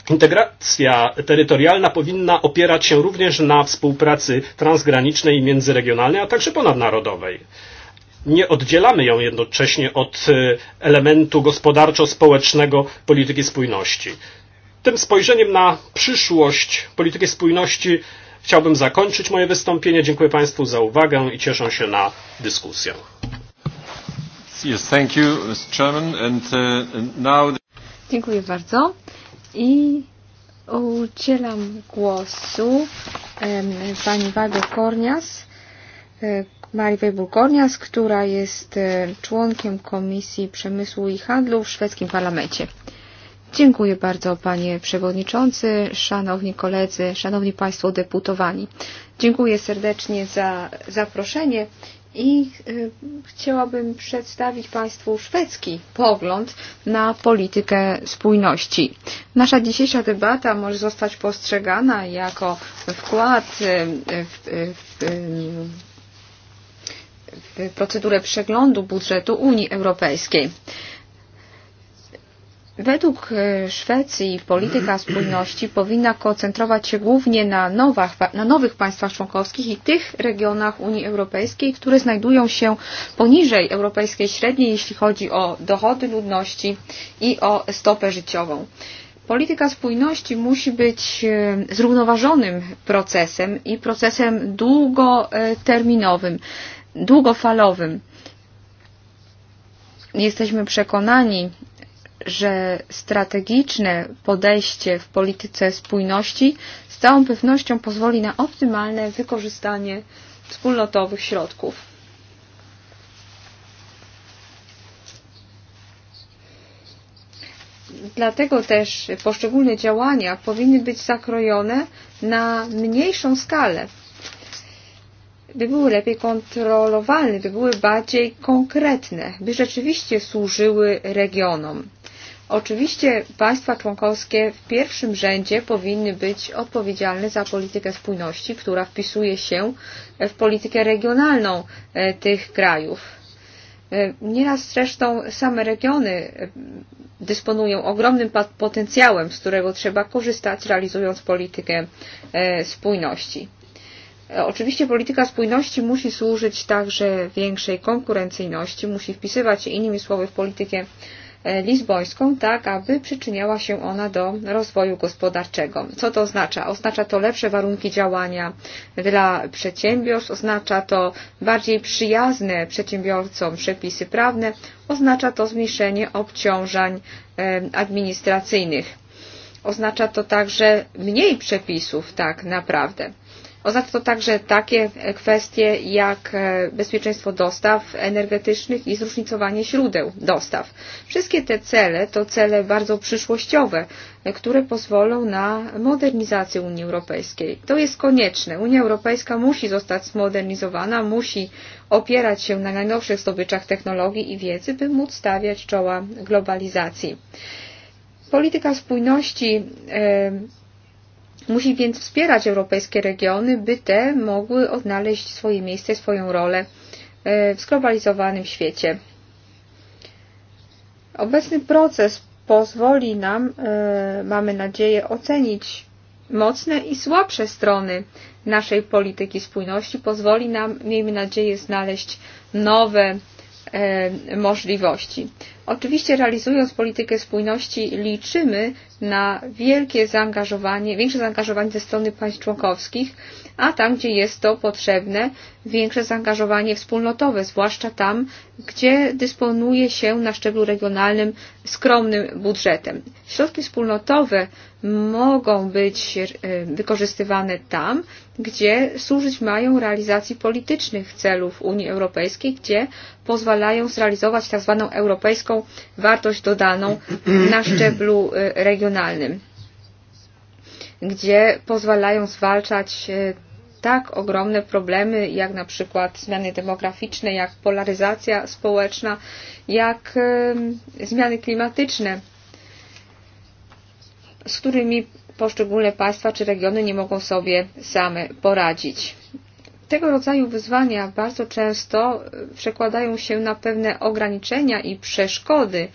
Integracja terytorialna powinna opierać się również na współpracy transgranicznej i międzyregionalnej, a także ponadnarodowej. Nie oddzielamy ją jednocześnie od e, elementu gospodarczo-społecznego polityki spójności. Tym spojrzeniem na przyszłość polityki spójności Chciałbym zakończyć moje wystąpienie. Dziękuję Państwu za uwagę i cieszę się na dyskusję. Yes, thank you, Mr. Chairman. And, uh, and now... Dziękuję bardzo. I udzielam głosu um, pani Wago Kornias, e, Marii Weibul Kornias, która jest e, członkiem Komisji Przemysłu i Handlu w szwedzkim parlamencie. Dziękuję bardzo, panie przewodniczący, szanowni koledzy, szanowni państwo deputowani. Dziękuję serdecznie za zaproszenie i y, e, chciałabym przedstawić Państwu szwedzki pogląd na politykę spójności. Nasza dzisiejsza debata może zostać postrzegana jako wkład e, w, w, w, w procedurę przeglądu budżetu Unii Europejskiej. Y, Według e, Szwecji polityka spójności powinna koncentrować się głównie na, nowach, na nowych państwach członkowskich i tych regionach Unii Europejskiej, które znajdują się poniżej europejskiej średniej, jeśli chodzi o dochody ludności i o stopę życiową. Polityka spójności musi być e, zrównoważonym procesem i procesem długoterminowym, długofalowym. Jesteśmy przekonani, że strategiczne podejście w polityce spójności z całą pewnością pozwoli na optymalne wykorzystanie wspólnotowych środków. Dlatego też poszczególne działania powinny być zakrojone na mniejszą skalę, by były lepiej kontrolowane, by były bardziej konkretne, by rzeczywiście służyły regionom Oczywiście państwa członkowskie w pierwszym rzędzie powinny być odpowiedzialne za politykę spójności, która wpisuje się w politykę regionalną e, tych krajów. E, nieraz zresztą same regiony e, dysponują ogromnym potencjałem, z którego trzeba korzystać, realizując politykę spójności. Oczywiście polityka spójności musi służyć także większej konkurencyjności, musi wpisywać się innymi słowy w politykę E, lizbońską, tak aby przyczyniała się ona do rozwoju gospodarczego. Co to oznacza? Oznacza to lepsze warunki działania dla przedsiębiorstw, oznacza to bardziej przyjazne przedsiębiorcom przepisy prawne, oznacza to zmniejszenie obciążań e, administracyjnych. Oznacza to także mniej przepisów tak naprawdę. Oznacza to także takie kwestie jak e, bezpieczeństwo dostaw energetycznych i zróżnicowanie źródeł dostaw. Wszystkie te cele to cele bardzo przyszłościowe, e, które pozwolą na modernizację Unii Europejskiej. To jest konieczne. Unia Europejska musi zostać zmodernizowana, musi opierać się na najnowszych zdobyczach technologii i wiedzy, by móc stawiać czoła globalizacji. Polityka spójności e, Musi więc wspierać europejskie regiony, by te mogły odnaleźć swoje miejsce, swoją rolę e, w zglobalizowanym świecie. Obecny proces pozwoli nam, e, mamy nadzieję, ocenić mocne i słabsze strony naszej polityki spójności, pozwoli nam, miejmy nadzieję, znaleźć nowe E, możliwości. Oczywiście realizując politykę spójności liczymy na wielkie zaangażowanie, większe zaangażowanie ze strony państw członkowskich a tam, gdzie jest to potrzebne, większe zaangażowanie wspólnotowe, zwłaszcza tam, gdzie dysponuje się na szczeblu regionalnym skromnym budżetem. Środki wspólnotowe mogą być e, wykorzystywane tam, gdzie służyć mają realizacji politycznych celów Unii Europejskiej, gdzie pozwalają zrealizować tzw. europejską wartość dodaną na szczeblu e, regionalnym gdzie pozwalają zwalczać e, tak ogromne problemy, jak na przykład zmiany demograficzne, jak polaryzacja społeczna, jak zmiany klimatyczne, z którymi poszczególne państwa czy regiony nie mogą sobie same poradzić. Tego rodzaju wyzwania bardzo często przekładają się na pewne ograniczenia i przeszkody,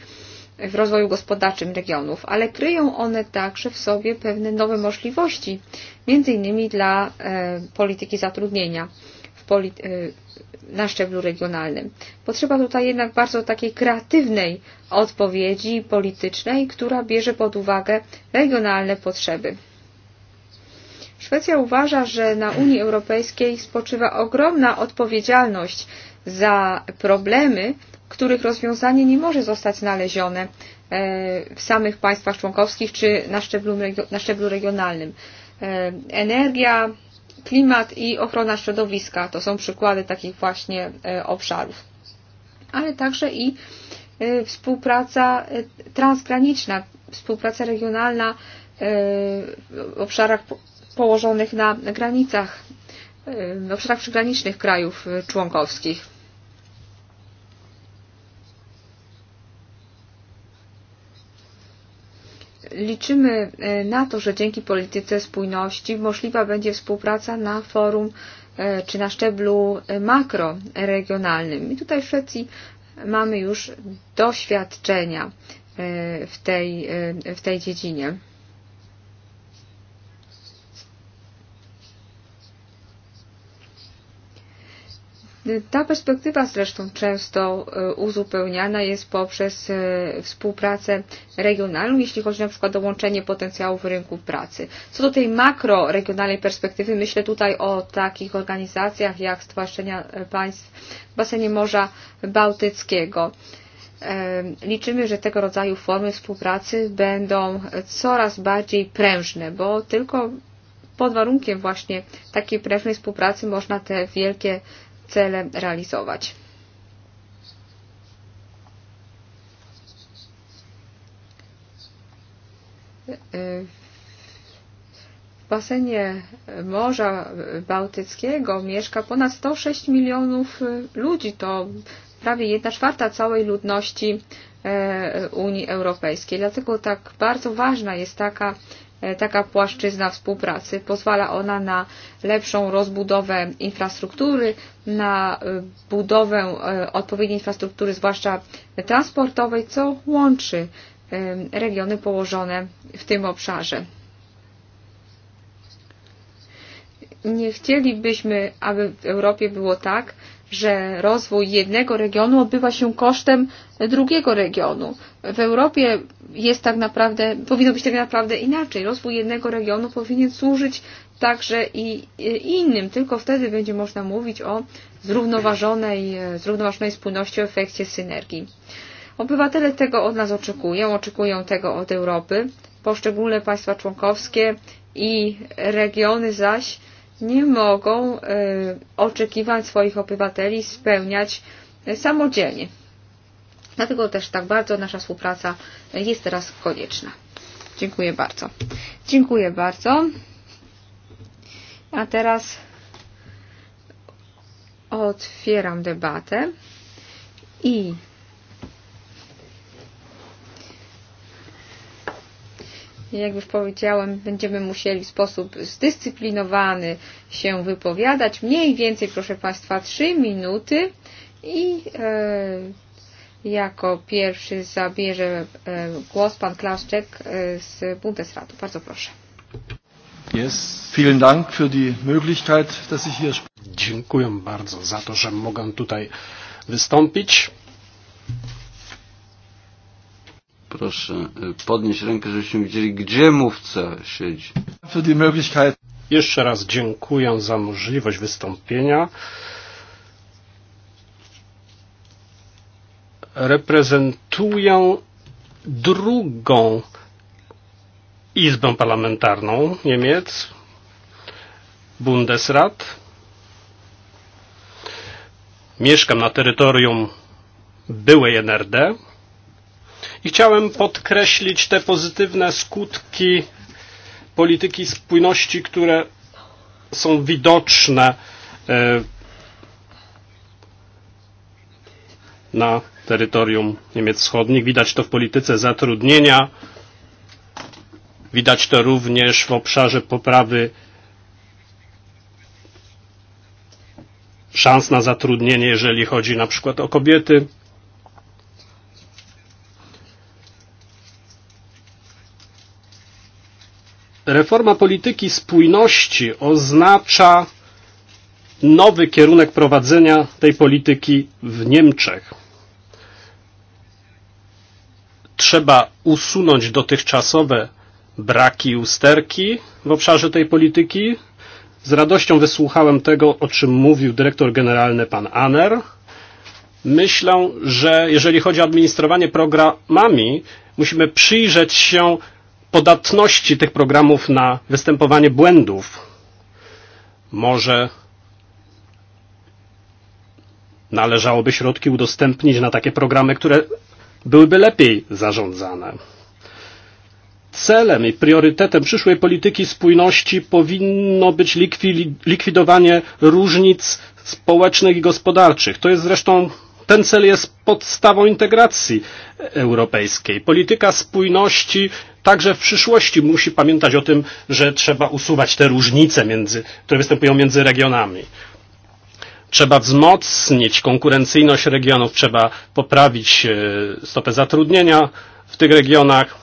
w rozwoju gospodarczym regionów, ale kryją one także w sobie pewne nowe możliwości, między innymi dla e, polityki zatrudnienia w polit e, na szczeblu regionalnym. Potrzeba tutaj jednak bardzo takiej kreatywnej odpowiedzi politycznej, która bierze pod uwagę regionalne potrzeby. Szwecja uważa, że na Unii Europejskiej spoczywa ogromna odpowiedzialność za problemy, których rozwiązanie nie może zostać znalezione e, w samych państwach członkowskich czy na szczeblu, na szczeblu regionalnym. E, energia, klimat i ochrona środowiska to są przykłady takich właśnie e, obszarów. Ale także i współpraca transgraniczna, współpraca regionalna w obszarach położonych na granicach, w obszarach przygranicznych krajów członkowskich. Liczymy e, na to, że dzięki polityce spójności możliwa będzie współpraca na forum e, czy na szczeblu e, makroregionalnym. I tutaj w Szwecji mamy już doświadczenia w tej, w tej dziedzinie. Ta perspektywa zresztą często e, uzupełniana jest poprzez e, współpracę regionalną, jeśli chodzi na przykład o łączenie potencjałów rynków pracy. Co do tej makroregionalnej perspektywy, myślę tutaj o takich organizacjach jak Stowarzyszenia Państw w basenie Morza Bałtyckiego. E, liczymy, że tego rodzaju formy współpracy będą coraz bardziej prężne, bo tylko pod warunkiem właśnie takiej prężnej współpracy można te wielkie cele realizować. W basenie Morza Bałtyckiego mieszka ponad 106 milionów ludzi. To prawie 1 czwarta całej ludności e, Unii Europejskiej. Dlatego tak bardzo ważna jest taka E, taka płaszczyzna współpracy. Pozwala ona na lepszą rozbudowę infrastruktury, na e, budowę e, odpowiedniej infrastruktury, zwłaszcza transportowej, co łączy regiony położone w tym obszarze. Nie chcielibyśmy, aby w Europie było tak, że rozwój jednego regionu odbywa się kosztem drugiego regionu. W Europie jest tak naprawdę, powinno być tak naprawdę inaczej. Rozwój jednego regionu powinien służyć także i, i innym. Tylko wtedy będzie można mówić o zrównoważonej, zrównoważonej spójności, o efekcie synergii. Obywatele tego od nas oczekują, oczekują tego od Europy. Poszczególne państwa członkowskie i regiony zaś nie mogą e, oczekiwań swoich obywateli spełniać e, samodzielnie. Dlatego też tak bardzo nasza współpraca jest teraz konieczna. Dziękuję bardzo. Dziękuję bardzo. A teraz otwieram debatę i Jak już powiedziałem, będziemy musieli w sposób zdyscyplinowany się wypowiadać. Mniej więcej, proszę Państwa, 3 minuty i e, jako pierwszy zabierze e, głos pan Klaszczek e, z Bundesratu. Bardzo proszę. Yes. Vielen Dank für die Möglichkeit, dass ich hier Dziękuję bardzo za to, że mogę tutaj wystąpić. Proszę e, podnieść rękę, żebyśmy widzieli, gdzie mówca siedzi. Jeszcze raz dziękuję za możliwość wystąpienia. Reprezentuję drugą Izbę Parlamentarną Niemiec, Bundesrat. Mieszkam na terytorium byłej NRD. I chciałem podkreślić te pozytywne skutki polityki spójności, które są widoczne e, na terytorium Niemiec Wschodnich. Widać to w polityce zatrudnienia, widać to również w obszarze poprawy szans na zatrudnienie, jeżeli chodzi na przykład o kobiety. Reforma polityki spójności oznacza nowy kierunek prowadzenia tej polityki w Niemczech. Trzeba usunąć dotychczasowe braki i usterki w obszarze tej polityki. Z radością wysłuchałem tego, o czym mówił dyrektor generalny pan Aner. Myślę, że jeżeli chodzi o administrowanie programami, musimy przyjrzeć się podatności tych programów na występowanie błędów może należałoby środki udostępnić na takie programy, które byłyby lepiej zarządzane. Celem i priorytetem przyszłej polityki spójności powinno być likwidowanie różnic społecznych i gospodarczych. To jest zresztą ten cel jest podstawą integracji europejskiej. Polityka spójności także w przyszłości musi pamiętać o tym, że trzeba usuwać te różnice, między, które występują między regionami. Trzeba wzmocnić konkurencyjność regionów, trzeba poprawić e, stopę zatrudnienia w tych regionach.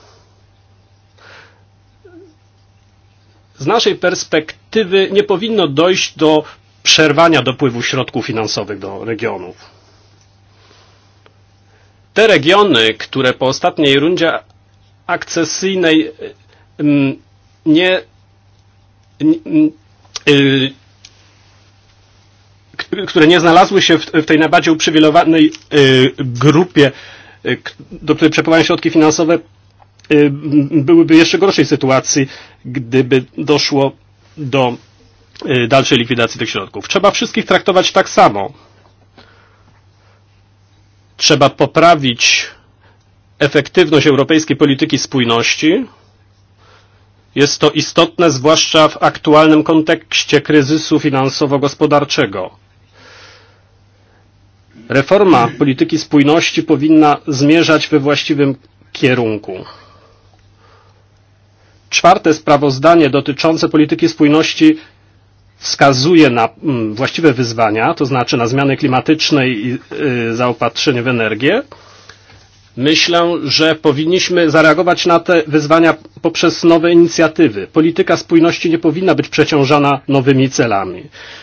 Z naszej perspektywy nie powinno dojść do przerwania dopływu środków finansowych do regionów. Te regiony, które po ostatniej rundzie akcesyjnej mm, nie, nie yy, które nie znalazły się w, w tej najbardziej uprzywilejowanej yy, grupie, yy, do której przepływają środki finansowe, byłyby jeszcze gorszej sytuacji, gdyby doszło do dalszej likwidacji tych środków. Trzeba wszystkich traktować tak samo. Trzeba poprawić efektywność europejskiej polityki spójności. Jest to istotne zwłaszcza w aktualnym kontekście kryzysu finansowo-gospodarczego. Reforma polityki spójności powinna zmierzać we właściwym kierunku. Czwarte sprawozdanie dotyczące polityki spójności wskazuje na mm, właściwe wyzwania, to znaczy na zmiany klimatyczne i zaopatrzenie w energię Myślę, że powinniśmy zareagować na te wyzwania poprzez nowe inicjatywy. Polityka spójności nie powinna być przeciążana nowymi celami.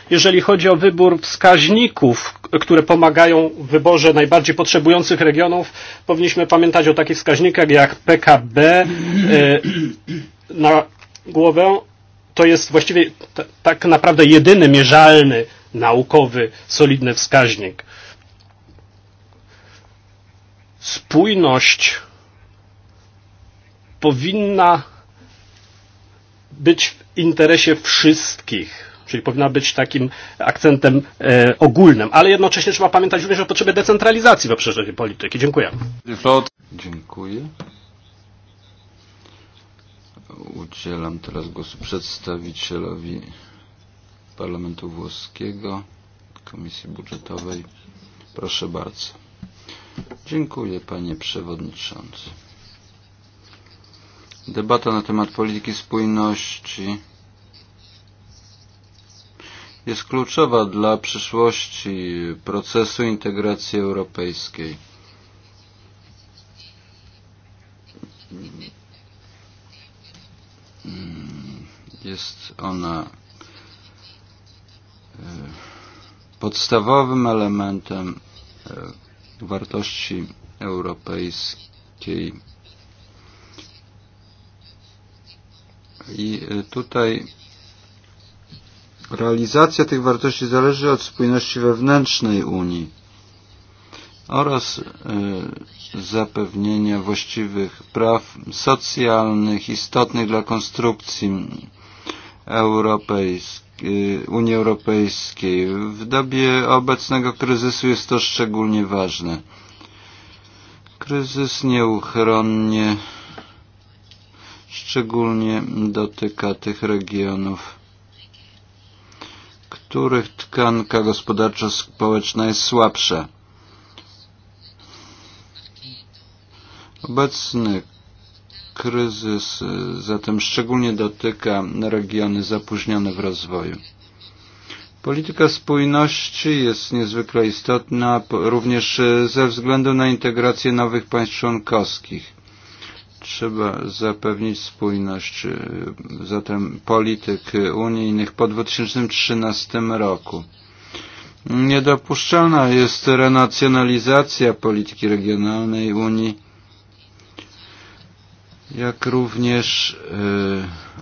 Jeżeli chodzi o wybór wskaźników, które pomagają w wyborze najbardziej potrzebujących regionów, powinniśmy pamiętać o takich wskaźnikach jak PKB e, na głowę. To jest właściwie tak naprawdę jedyny mierzalny, naukowy, solidny wskaźnik spójność powinna być w interesie wszystkich, czyli powinna być takim akcentem e, ogólnym, ale jednocześnie trzeba pamiętać również o potrzebie decentralizacji w obszarze polityki. Dziękuję. Dziękuję. Udzielam teraz głosu przedstawicielowi Parlamentu Włoskiego, Komisji Budżetowej. Proszę bardzo. Dziękuję, panie przewodniczący. Debata na temat polityki spójności jest kluczowa dla przyszłości procesu integracji europejskiej. Jest ona e, podstawowym elementem e, wartości europejskiej. I e, tutaj realizacja tych wartości zależy od spójności wewnętrznej Unii oraz e, zapewnienia właściwych praw socjalnych istotnych dla konstrukcji europejskiej Unii Europejskiej. W dobie obecnego kryzysu jest to szczególnie ważne. Kryzys nieuchronnie szczególnie dotyka tych regionów, których tkanka gospodarczo-społeczna jest słabsza. Obecny kryzys e, zatem szczególnie dotyka regiony zapóźnione w rozwoju. Polityka spójności jest niezwykle istotna również e, ze względu na integrację nowych państw członkowskich. Trzeba zapewnić spójność e, zatem polityk unijnych po 2013 roku. Niedopuszczalna jest renacjonalizacja polityki regionalnej Unii jak również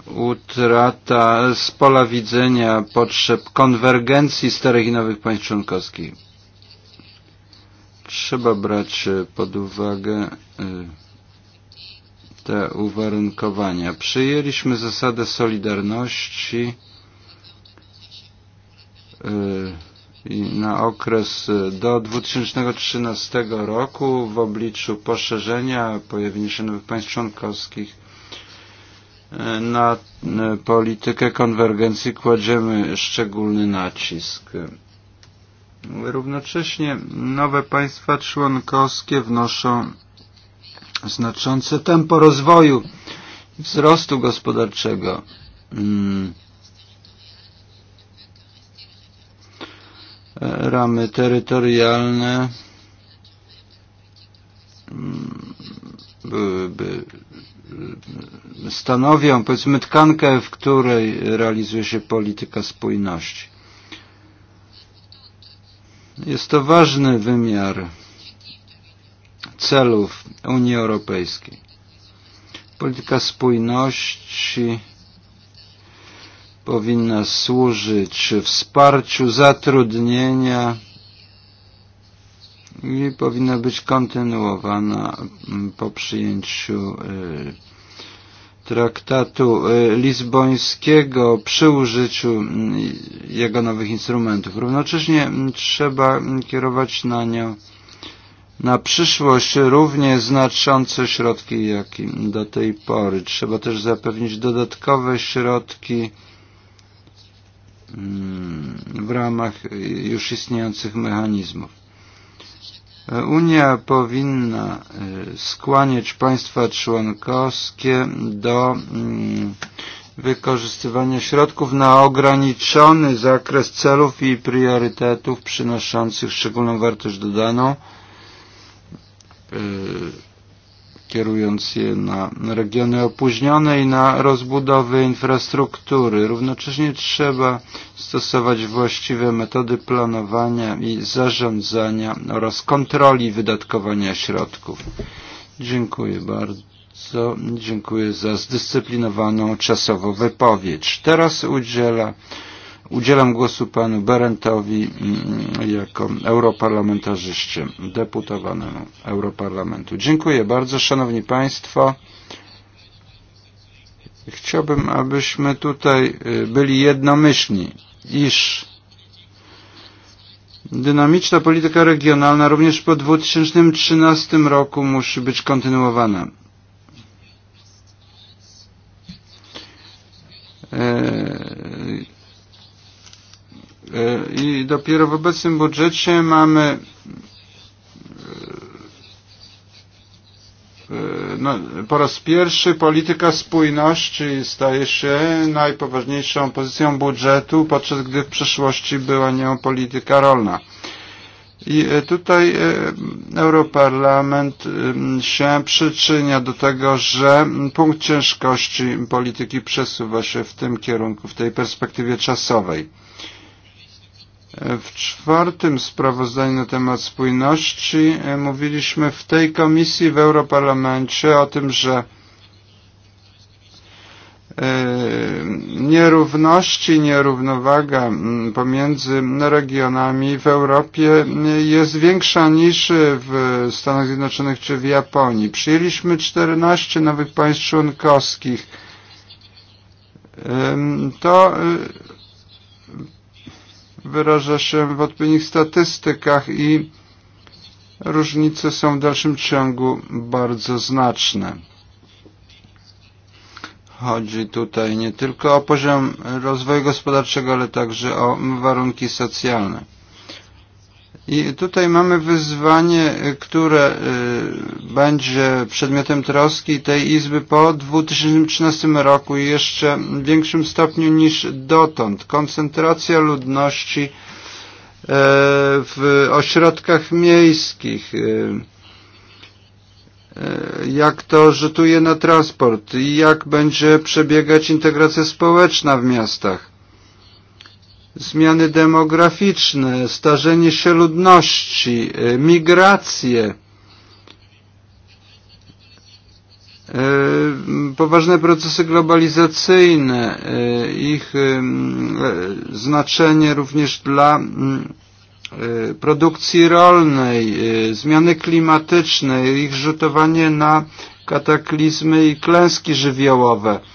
utrata z pola widzenia potrzeb konwergencji starych i nowych państw członkowskich. Trzeba brać pod uwagę te uwarunkowania. Przyjęliśmy zasadę solidarności na okres e, do 2013 roku w obliczu poszerzenia pojawienia się nowych państw członkowskich e, na e, politykę konwergencji kładziemy szczególny nacisk. Równocześnie nowe państwa członkowskie wnoszą znaczące tempo rozwoju i wzrostu gospodarczego. Hmm ramy terytorialne byłyby stanowią, powiedzmy, tkankę, w której realizuje się polityka spójności. Jest to ważny wymiar celów Unii Europejskiej. Polityka spójności powinna służyć wsparciu zatrudnienia i powinna być kontynuowana mm, po przyjęciu traktatu lizbońskiego przy użyciu mm, jego nowych instrumentów. Równocześnie mm, trzeba kierować na nią na przyszłość równie znaczące środki, jak do tej pory. Trzeba też zapewnić dodatkowe środki w ramach już istniejących mechanizmów. Unia powinna skłaniać państwa członkowskie do wykorzystywania środków na ograniczony zakres celów i priorytetów przynoszących szczególną wartość dodaną kierując je na regiony opóźnione i na rozbudowę infrastruktury. Równocześnie trzeba stosować właściwe metody planowania i zarządzania oraz kontroli wydatkowania środków. Dziękuję bardzo. Dziękuję za zdyscyplinowaną czasowo wypowiedź. Teraz udziela Udzielam głosu panu Berentowi mm, jako europarlamentarzyście, deputowanemu Europarlamentu. Dziękuję bardzo, szanowni państwo. Chciałbym, abyśmy tutaj byli jednomyślni, iż dynamiczna polityka regionalna również po 2013 roku musi być kontynuowana. E E, I dopiero w obecnym budżecie mamy e, e, no, po raz pierwszy polityka spójności staje się najpoważniejszą pozycją budżetu, podczas gdy w przeszłości była nią polityka rolna. I tutaj Europarlament się przyczynia do tego, że punkt ciężkości polityki przesuwa się w tym kierunku, w tej perspektywie czasowej. W czwartym sprawozdaniu na temat spójności e, mówiliśmy w tej komisji w Europarlamencie o tym, że e, nierówności, nierównowaga pomiędzy regionami w Europie jest większa niż w Stanach Zjednoczonych czy w Japonii. Przyjęliśmy 14 nowych państw członkowskich. To wyraża się w odpowiednich statystykach i różnice są w dalszym ciągu bardzo znaczne. Chodzi tutaj nie tylko o poziom rozwoju gospodarczego, ale także o warunki socjalne. I tutaj mamy wyzwanie, które będzie przedmiotem troski tej Izby po 2013 roku i jeszcze w większym stopniu niż dotąd. Koncentracja ludności w ośrodkach miejskich, jak to rzutuje na transport i jak będzie przebiegać integracja społeczna w miastach zmiany demograficzne, starzenie się ludności, e, migracje, e, poważne procesy globalizacyjne, e, ich znaczenie również dla produkcji rolnej, zmiany klimatyczne, ich rzutowanie na kataklizmy i klęski żywiołowe –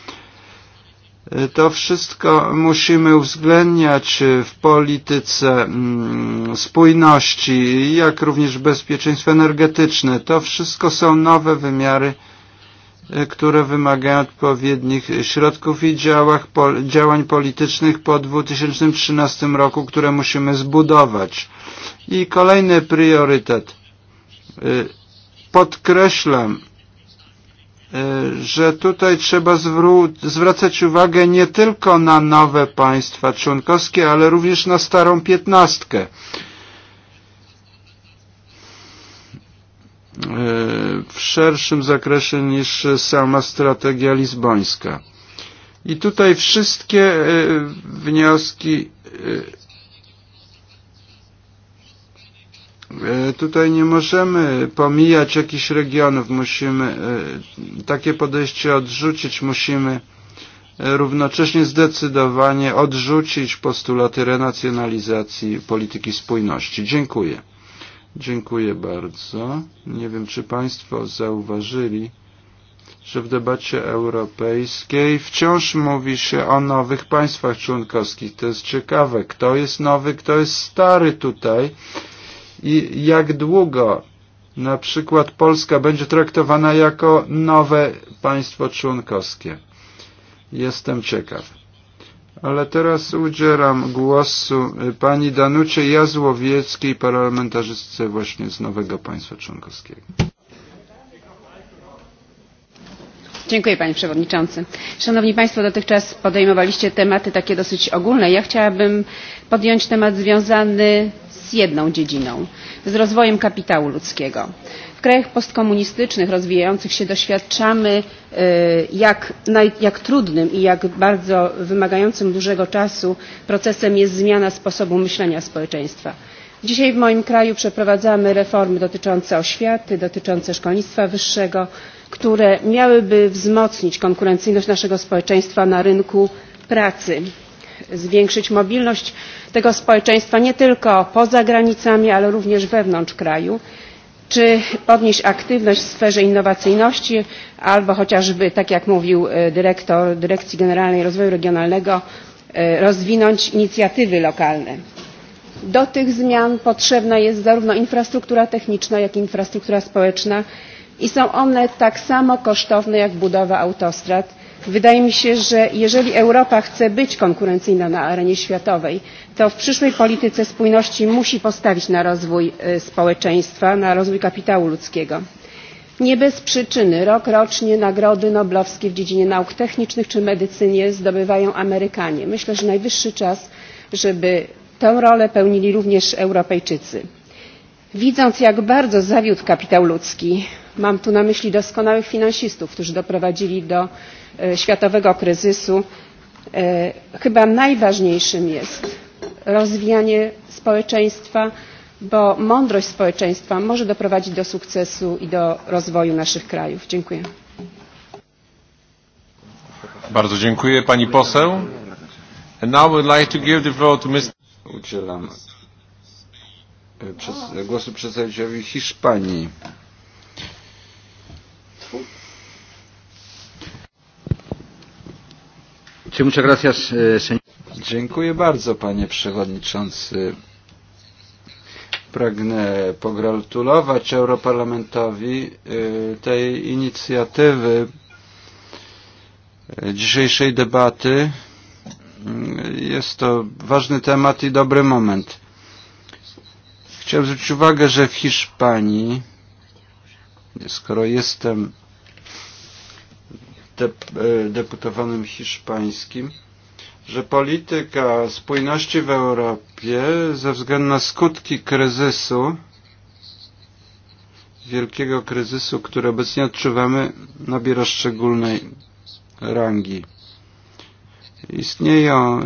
E, to wszystko musimy uwzględniać w polityce mm, spójności, jak również bezpieczeństwo energetyczne. To wszystko są nowe wymiary, e, które wymagają odpowiednich środków i działach, działań politycznych po 2013 roku, które musimy zbudować. I kolejny priorytet. E, podkreślam, E, że tutaj trzeba zwracać uwagę nie tylko na nowe państwa członkowskie, ale również na starą piętnastkę. E, w szerszym zakresie niż sama strategia lizbońska. I tutaj wszystkie e, wnioski E, tutaj nie możemy pomijać jakichś regionów, musimy e, takie podejście odrzucić, musimy e, równocześnie zdecydowanie odrzucić postulaty renacjonalizacji polityki spójności. Dziękuję. Dziękuję bardzo. Nie wiem, czy Państwo zauważyli, że w debacie europejskiej wciąż mówi się o nowych państwach członkowskich. To jest ciekawe, kto jest nowy, kto jest stary tutaj i jak długo na przykład Polska będzie traktowana jako nowe państwo członkowskie. Jestem ciekaw. Ale teraz udzielam głosu pani Danucie Jazłowieckiej, parlamentarzystce właśnie z nowego państwa członkowskiego. Dziękuję panie przewodniczący. Szanowni państwo, dotychczas podejmowaliście tematy takie dosyć ogólne. Ja chciałabym podjąć temat związany z jedną dziedziną z rozwojem kapitału ludzkiego. w krajach postkomunistycznych rozwijających się doświadczamy jak, jak trudnym i jak bardzo wymagającym dużego czasu procesem jest zmiana sposobu myślenia społeczeństwa. dzisiaj w moim kraju przeprowadzamy reformy dotyczące oświaty dotyczące szkolnictwa wyższego które miałyby wzmocnić konkurencyjność naszego społeczeństwa na rynku pracy zwiększyć mobilność tego społeczeństwa nie tylko poza granicami ale również wewnątrz kraju czy podnieść aktywność w sferze innowacyjności albo chociażby tak jak mówił e, dyrektor dyrekcji generalnej rozwoju regionalnego e, rozwinąć inicjatywy lokalne. do tych zmian potrzebna jest zarówno infrastruktura techniczna jak i infrastruktura społeczna i są one tak samo kosztowne jak budowa autostrad wydaje mi się że jeżeli europa chce być konkurencyjna na arenie światowej to w przyszłej polityce spójności musi postawić na rozwój społeczeństwa na rozwój kapitału ludzkiego. nie bez przyczyny rokrocznie nagrody noblowskie w dziedzinie nauk technicznych czy medycynie zdobywają amerykanie. myślę że najwyższy czas żeby tę rolę pełnili również europejczycy. widząc jak bardzo zawiódł kapitał ludzki mam tu na myśli doskonałych finansistów którzy doprowadzili do E, światowego kryzysu e, chyba najważniejszym jest rozwijanie społeczeństwa bo mądrość społeczeństwa może doprowadzić do sukcesu i do rozwoju naszych krajów. dziękuję. Bardzo dziękuję pani poseł. And now would like to give the floor to Mr. Udzielam e, przez, głosu przedstawicielowi Hiszpanii. Eh, Dziękuję bardzo, panie przewodniczący. Pragnę pogratulować Europarlamentowi e, tej inicjatywy e, dzisiejszej debaty. E, jest to ważny temat i dobry moment. Chciałem zwrócić uwagę, że w Hiszpanii, skoro jestem E, deputowanym hiszpańskim, że polityka spójności w Europie ze względu na skutki kryzysu, wielkiego kryzysu, który obecnie odczuwamy, nabiera szczególnej rangi. Istnieją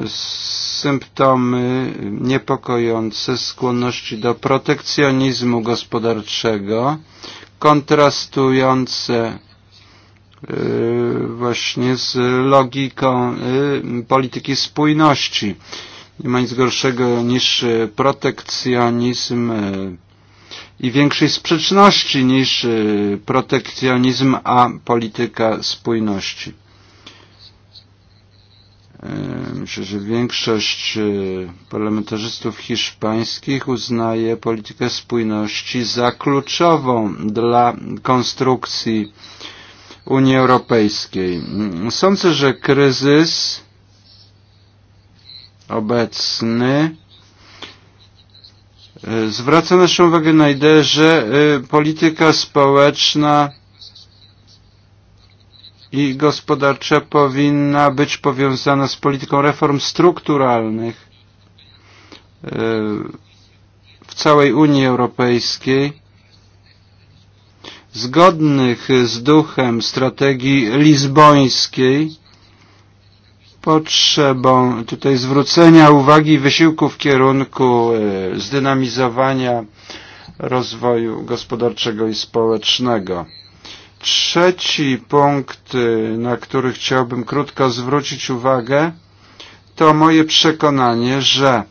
symptomy niepokojące skłonności do protekcjonizmu gospodarczego, kontrastujące E, właśnie z logiką e, polityki spójności. Nie ma nic gorszego niż protekcjonizm e, i większej sprzeczności niż protekcjonizm a polityka spójności. Myślę, że większość parlamentarzystów hiszpańskich uznaje politykę spójności za kluczową dla konstrukcji Unii Europejskiej. Sądzę, że kryzys obecny e, zwraca naszą uwagę na ideę, że e, polityka społeczna i gospodarcza powinna być powiązana z polityką reform strukturalnych e, w całej Unii Europejskiej zgodnych z duchem strategii lizbońskiej potrzebą tutaj zwrócenia uwagi wysiłku w kierunku e, zdynamizowania rozwoju gospodarczego i społecznego. Trzeci punkt, e, na który chciałbym krótko zwrócić uwagę, to moje przekonanie, że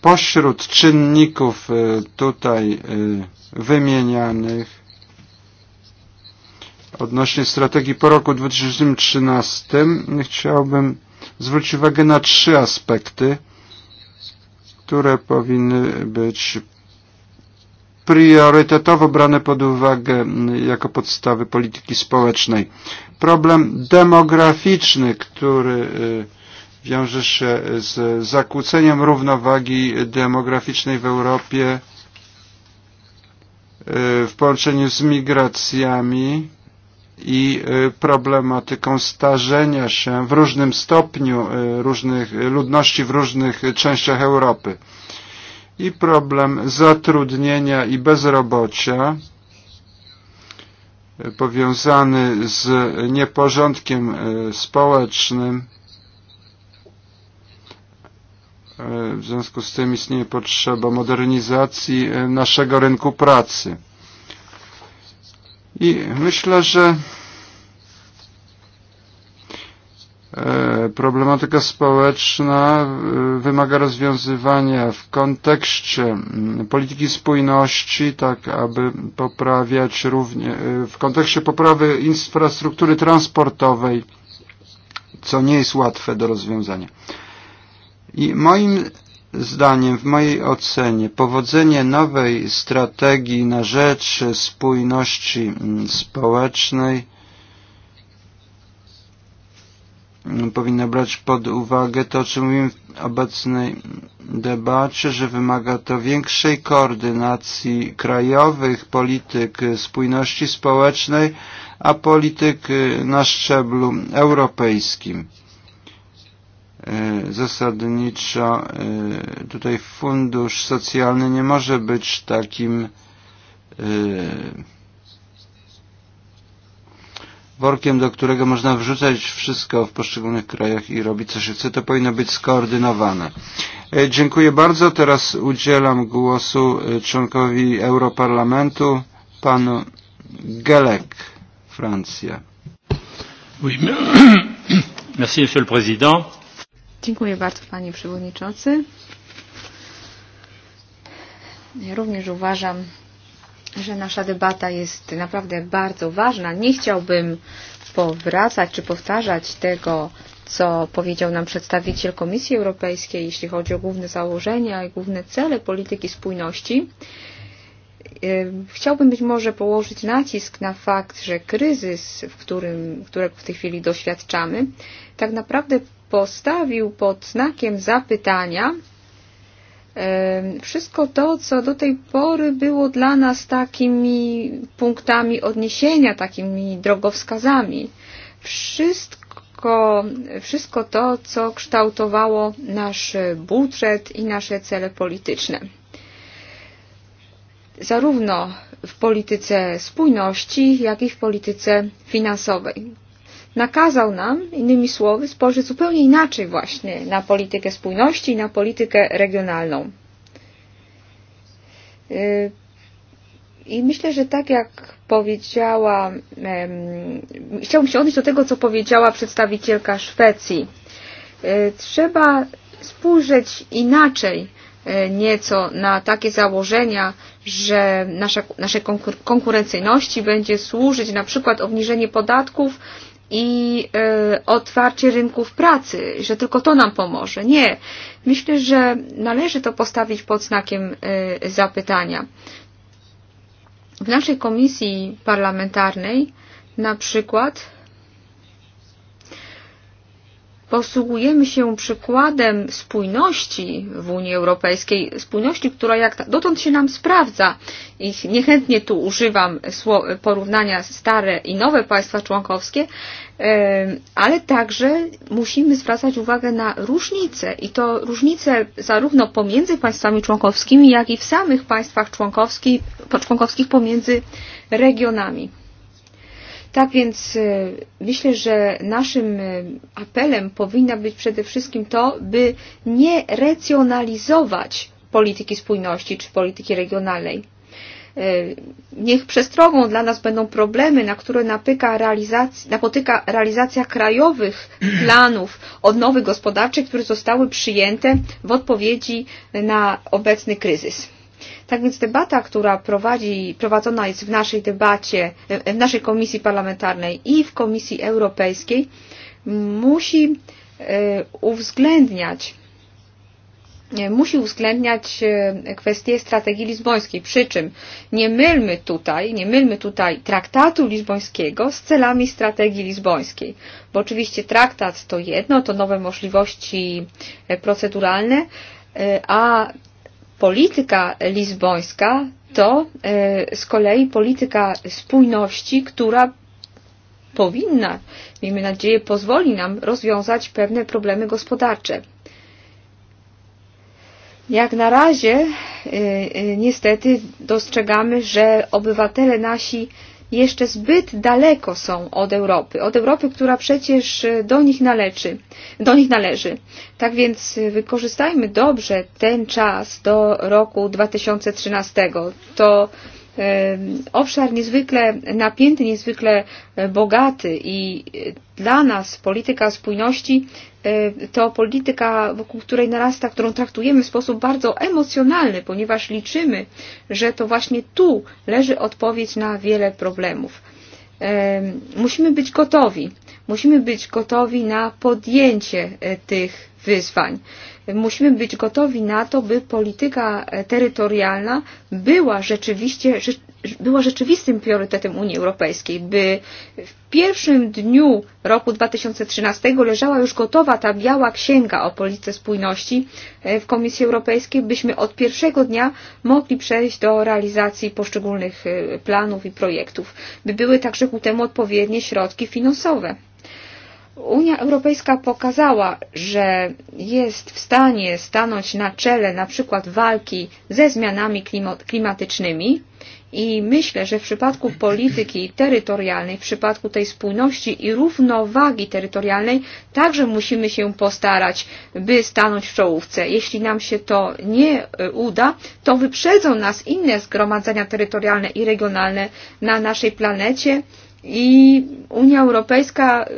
pośród czynników e, tutaj wymienianych odnośnie strategii po roku 2013 chciałbym zwrócić uwagę na trzy aspekty, które powinny być priorytetowo brane pod uwagę jako podstawy polityki społecznej. Problem demograficzny, który wiąże się z zakłóceniem równowagi demograficznej w Europie w połączeniu z migracjami i problematyką starzenia się w różnym stopniu różnych ludności w różnych częściach Europy i problem zatrudnienia i bezrobocia powiązany z nieporządkiem społecznym. W związku z tym istnieje potrzeba modernizacji naszego rynku pracy. I myślę, że e, problematyka społeczna e, wymaga rozwiązywania w kontekście mm, polityki spójności, tak aby poprawiać równie, e, w kontekście poprawy infrastruktury transportowej, co nie jest łatwe do rozwiązania. I moim zdaniem, w mojej ocenie, powodzenie nowej strategii na rzecz spójności mm, społecznej mm, powinna brać pod uwagę to, o czym mówimy w obecnej debacie, że wymaga to większej koordynacji krajowych polityk spójności społecznej, a polityk na szczeblu europejskim. E, zasadnicza. E, tutaj fundusz socjalny nie może być takim e, workiem, do którego można wrzucać wszystko w poszczególnych krajach i robić co się chce. To powinno być skoordynowane. Dziękuję bardzo. Teraz udzielam głosu członkowi Europarlamentu, panu Gelek, Francja. Oui, merci, monsieur le président. Dziękuję bardzo Panie Przewodniczący. Ja również uważam, że nasza debata jest naprawdę bardzo ważna. Nie chciałbym powracać czy powtarzać tego, co powiedział nam przedstawiciel Komisji Europejskiej, jeśli chodzi o główne założenia i główne cele polityki spójności. Chciałbym być może położyć nacisk na fakt, że kryzys, w którym, którego w tej chwili doświadczamy, tak naprawdę postawił pod znakiem zapytania wszystko to, co do tej pory było dla nas takimi punktami odniesienia, takimi drogowskazami. Wszystko, wszystko to, co kształtowało nasz budżet i nasze cele polityczne. Zarówno w polityce spójności, jak i w polityce finansowej nakazał nam, innymi słowy, spojrzeć zupełnie inaczej właśnie na politykę spójności i na politykę regionalną. I myślę, że tak jak powiedziała, chciałbym się odnieść do tego, co powiedziała przedstawicielka Szwecji. Trzeba spojrzeć inaczej nieco na takie założenia, że nasza, naszej konkurencyjności będzie służyć na przykład obniżenie podatków i e, otwarcie rynków pracy, że tylko to nam pomoże. Nie. Myślę, że należy to postawić pod znakiem e, zapytania. W naszej komisji parlamentarnej na przykład posługujemy się przykładem spójności w Unii Europejskiej, spójności, która jak dotąd się nam sprawdza. I niechętnie tu używam porównania stare i nowe państwa członkowskie, ale także musimy zwracać uwagę na różnice i to różnice zarówno pomiędzy państwami członkowskimi, jak i w samych państwach członkowskich, członkowskich pomiędzy regionami. Tak więc e, myślę, że naszym e, apelem powinna być przede wszystkim to, by nie recjonalizować polityki spójności czy polityki regionalnej. E, niech przestrogą dla nas będą problemy, na które napyka realizacja, napotyka realizacja krajowych planów odnowy gospodarczej, które zostały przyjęte w odpowiedzi na obecny kryzys. Tak więc debata, która prowadzi, prowadzona jest w naszej debacie, e, w naszej komisji parlamentarnej i w Komisji Europejskiej, musi e, uwzględniać e, musi uwzględniać kwestie strategii lizbońskiej. Przy czym nie mylmy tutaj, nie mylmy tutaj traktatu lizbońskiego z celami strategii lizbońskiej. Bo oczywiście traktat to jedno, to nowe możliwości proceduralne, a Polityka lizbońska to e, z kolei polityka spójności, która powinna, miejmy nadzieję, pozwoli nam rozwiązać pewne problemy gospodarcze. Jak na razie e, e, niestety dostrzegamy, że obywatele nasi jeszcze zbyt daleko są od Europy, od Europy, która przecież do nich należy. Do nich należy. Tak więc wykorzystajmy dobrze ten czas do roku 2013. To obszar niezwykle napięty, niezwykle e, bogaty i e, dla nas polityka spójności e, to polityka, wokół której narasta, którą traktujemy w sposób bardzo emocjonalny, ponieważ liczymy, że to właśnie tu leży odpowiedź na wiele problemów. Musimy być gotowi, musimy być gotowi na podjęcie tych wyzwań. Musimy być gotowi na to, by polityka terytorialna była rzeczywiście była rzeczywistym priorytetem Unii Europejskiej, by w pierwszym dniu roku 2013 leżała już gotowa ta biała księga o polityce spójności e, w Komisji Europejskiej, byśmy od pierwszego dnia mogli przejść do realizacji poszczególnych e, planów i projektów, by były także ku temu odpowiednie środki finansowe. Unia Europejska pokazała, że jest w stanie stanąć na czele na przykład walki ze zmianami klimatycznymi i myślę, że w przypadku polityki terytorialnej, w przypadku tej spójności i równowagi terytorialnej także musimy się postarać, by stanąć w czołówce. Jeśli nam się to nie e, uda, to wyprzedzą nas inne zgromadzenia terytorialne i regionalne na naszej planecie, i Unia Europejska e,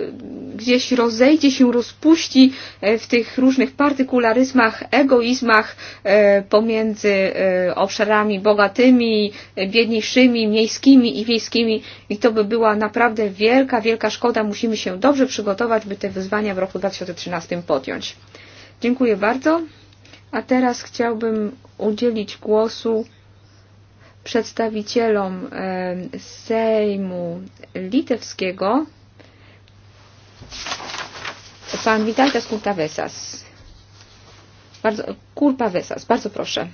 gdzieś rozejdzie się, rozpuści e, w tych różnych partykularyzmach, egoizmach e, pomiędzy obszarami bogatymi, biedniejszymi, miejskimi i wiejskimi i to by była naprawdę wielka, wielka szkoda. Musimy się dobrze przygotować, by te wyzwania w roku 2013 podjąć. Dziękuję bardzo. A teraz chciałbym udzielić głosu przedstawicielom e, Sejmu Litewskiego pan Witaltas Kurtawesas. Bardzo, Kurpavesas, bardzo proszę.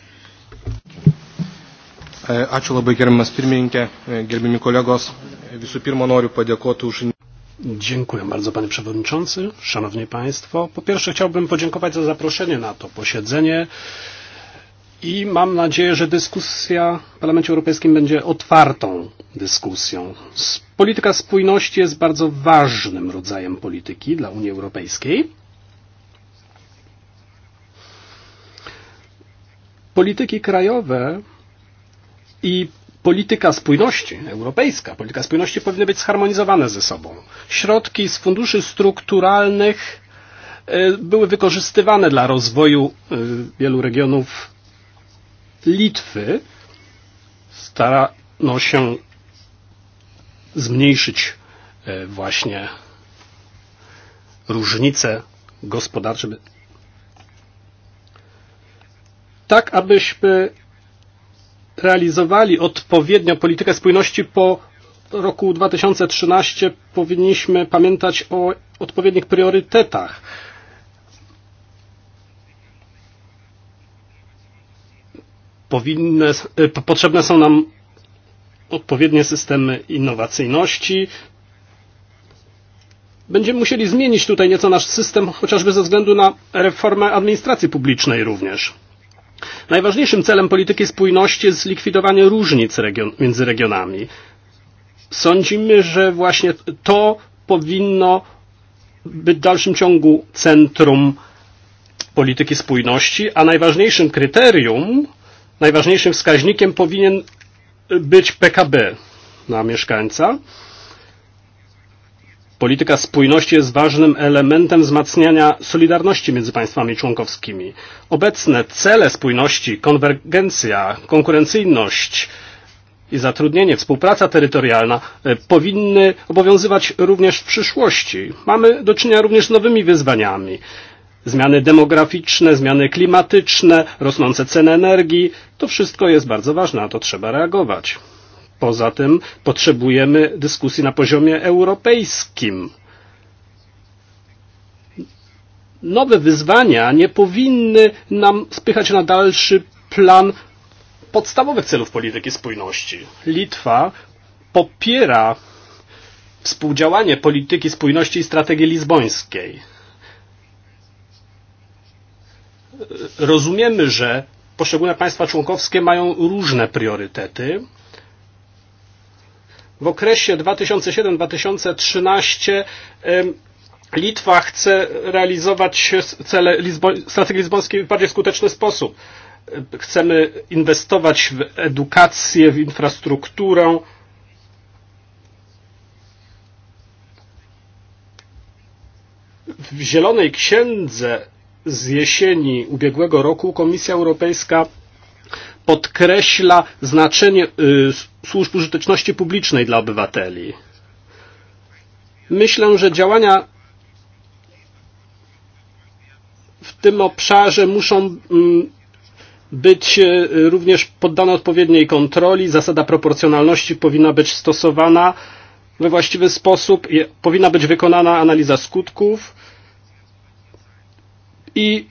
E, ačiū labai gerbiamas pirmininkė, e, gerbimi kolegos. Visų pirma noriu padėkoti už... Dziękuję bardzo panie przewodniczący, szanowni państwo. Po pierwsze chciałbym podziękować za zaproszenie na to posiedzenie i mam nadzieję, że dyskusja w Parlamencie Europejskim będzie otwartą dyskusją. Polityka spójności jest bardzo ważnym rodzajem polityki dla Unii Europejskiej. Polityki krajowe i polityka spójności europejska, polityka spójności powinny być zharmonizowane ze sobą. Środki z funduszy strukturalnych e, były wykorzystywane dla rozwoju e, wielu regionów Litwy starano się zmniejszyć e, właśnie różnice gospodarcze. Tak, abyśmy realizowali odpowiednio politykę spójności po roku 2013 powinniśmy pamiętać o odpowiednich priorytetach powinne, e, potrzebne są nam odpowiednie systemy innowacyjności. Będziemy musieli zmienić tutaj nieco nasz system, chociażby ze względu na reformę administracji publicznej również. Najważniejszym celem polityki spójności jest zlikwidowanie różnic region, między regionami. Sądzimy, że właśnie to powinno być w dalszym ciągu centrum polityki spójności, a najważniejszym kryterium najważniejszym wskaźnikiem powinien być PKB na mieszkańca. Polityka spójności jest ważnym elementem wzmacniania solidarności między państwami członkowskimi. Obecne cele spójności, konwergencja, konkurencyjność i zatrudnienie, współpraca terytorialna e, powinny obowiązywać również w przyszłości. Mamy do czynienia również z nowymi wyzwaniami zmiany demograficzne, zmiany klimatyczne, rosnące ceny energii. To wszystko jest bardzo ważne, a to trzeba reagować. Poza tym potrzebujemy dyskusji na poziomie europejskim. Nowe wyzwania nie powinny nam spychać na dalszy plan podstawowych celów polityki spójności. Litwa popiera współdziałanie polityki spójności i strategii lizbońskiej rozumiemy, że poszczególne państwa członkowskie mają różne priorytety. W okresie 2007-2013 Litwa chce realizować cele Lizbo strategii lizbońskiej w bardziej skuteczny sposób. Chcemy inwestować w edukację, w infrastrukturę. W Zielonej Księdze z jesieni ubiegłego roku Komisja Europejska podkreśla znaczenie służb użyteczności publicznej dla obywateli. Myślę, że działania w tym obszarze muszą mm, być również poddane odpowiedniej kontroli. Zasada proporcjonalności powinna być stosowana we właściwy sposób, powinna być wykonana analiza skutków i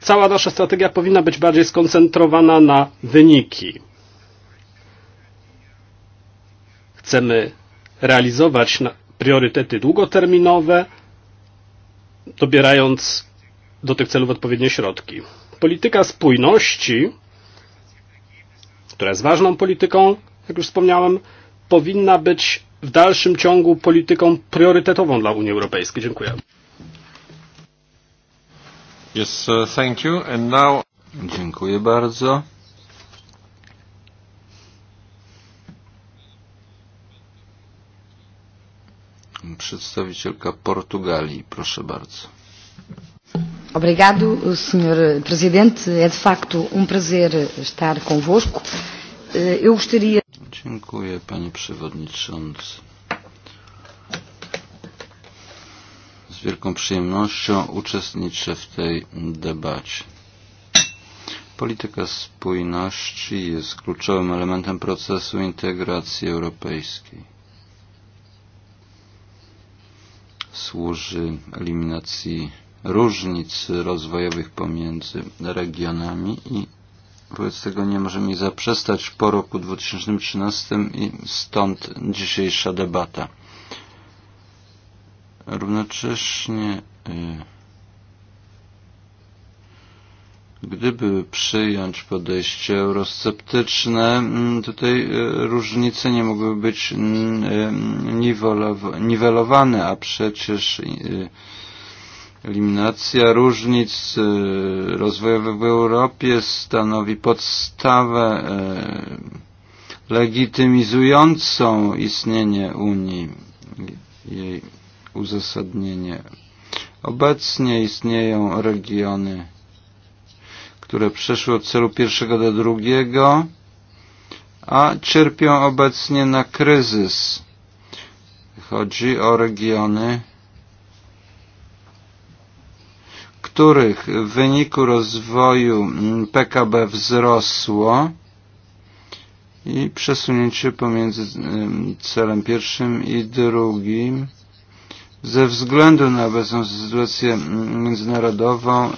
cała nasza strategia powinna być bardziej skoncentrowana na wyniki. Chcemy realizować priorytety długoterminowe, dobierając do tych celów odpowiednie środki. Polityka spójności, która jest ważną polityką, jak już wspomniałem, powinna być w dalszym ciągu polityką priorytetową dla Unii Europejskiej. Dziękuję. Yes, uh, thank you. And now... Dziękuję bardzo. Przedstawicielka Portugalii, proszę bardzo. Obrigado, Sr. Presidente. É de facto um prazer estar convosco. Eh, eu gostaria. Dziękuję, Panie Przewodniczący. z wielką przyjemnością uczestniczę w tej debacie. Polityka spójności jest kluczowym elementem procesu integracji europejskiej. Służy eliminacji różnic rozwojowych pomiędzy regionami i wobec tego nie możemy jej zaprzestać po roku 2013 i stąd dzisiejsza debata. Równocześnie, gdyby przyjąć podejście eurosceptyczne, mm, tutaj różnice nie mogłyby być mm, niwelowane, a przecież Eliminacja różnic rozwojowych w Europie stanowi podstawę legitymizującą istnienie Unii, jej uzasadnienie. Obecnie istnieją regiony, które przeszły od celu pierwszego do drugiego, a cierpią obecnie na kryzys. Chodzi o regiony, których w wyniku rozwoju PKB wzrosło i przesunięcie pomiędzy celem pierwszym i drugim Ze względu na obecną sytuację międzynarodową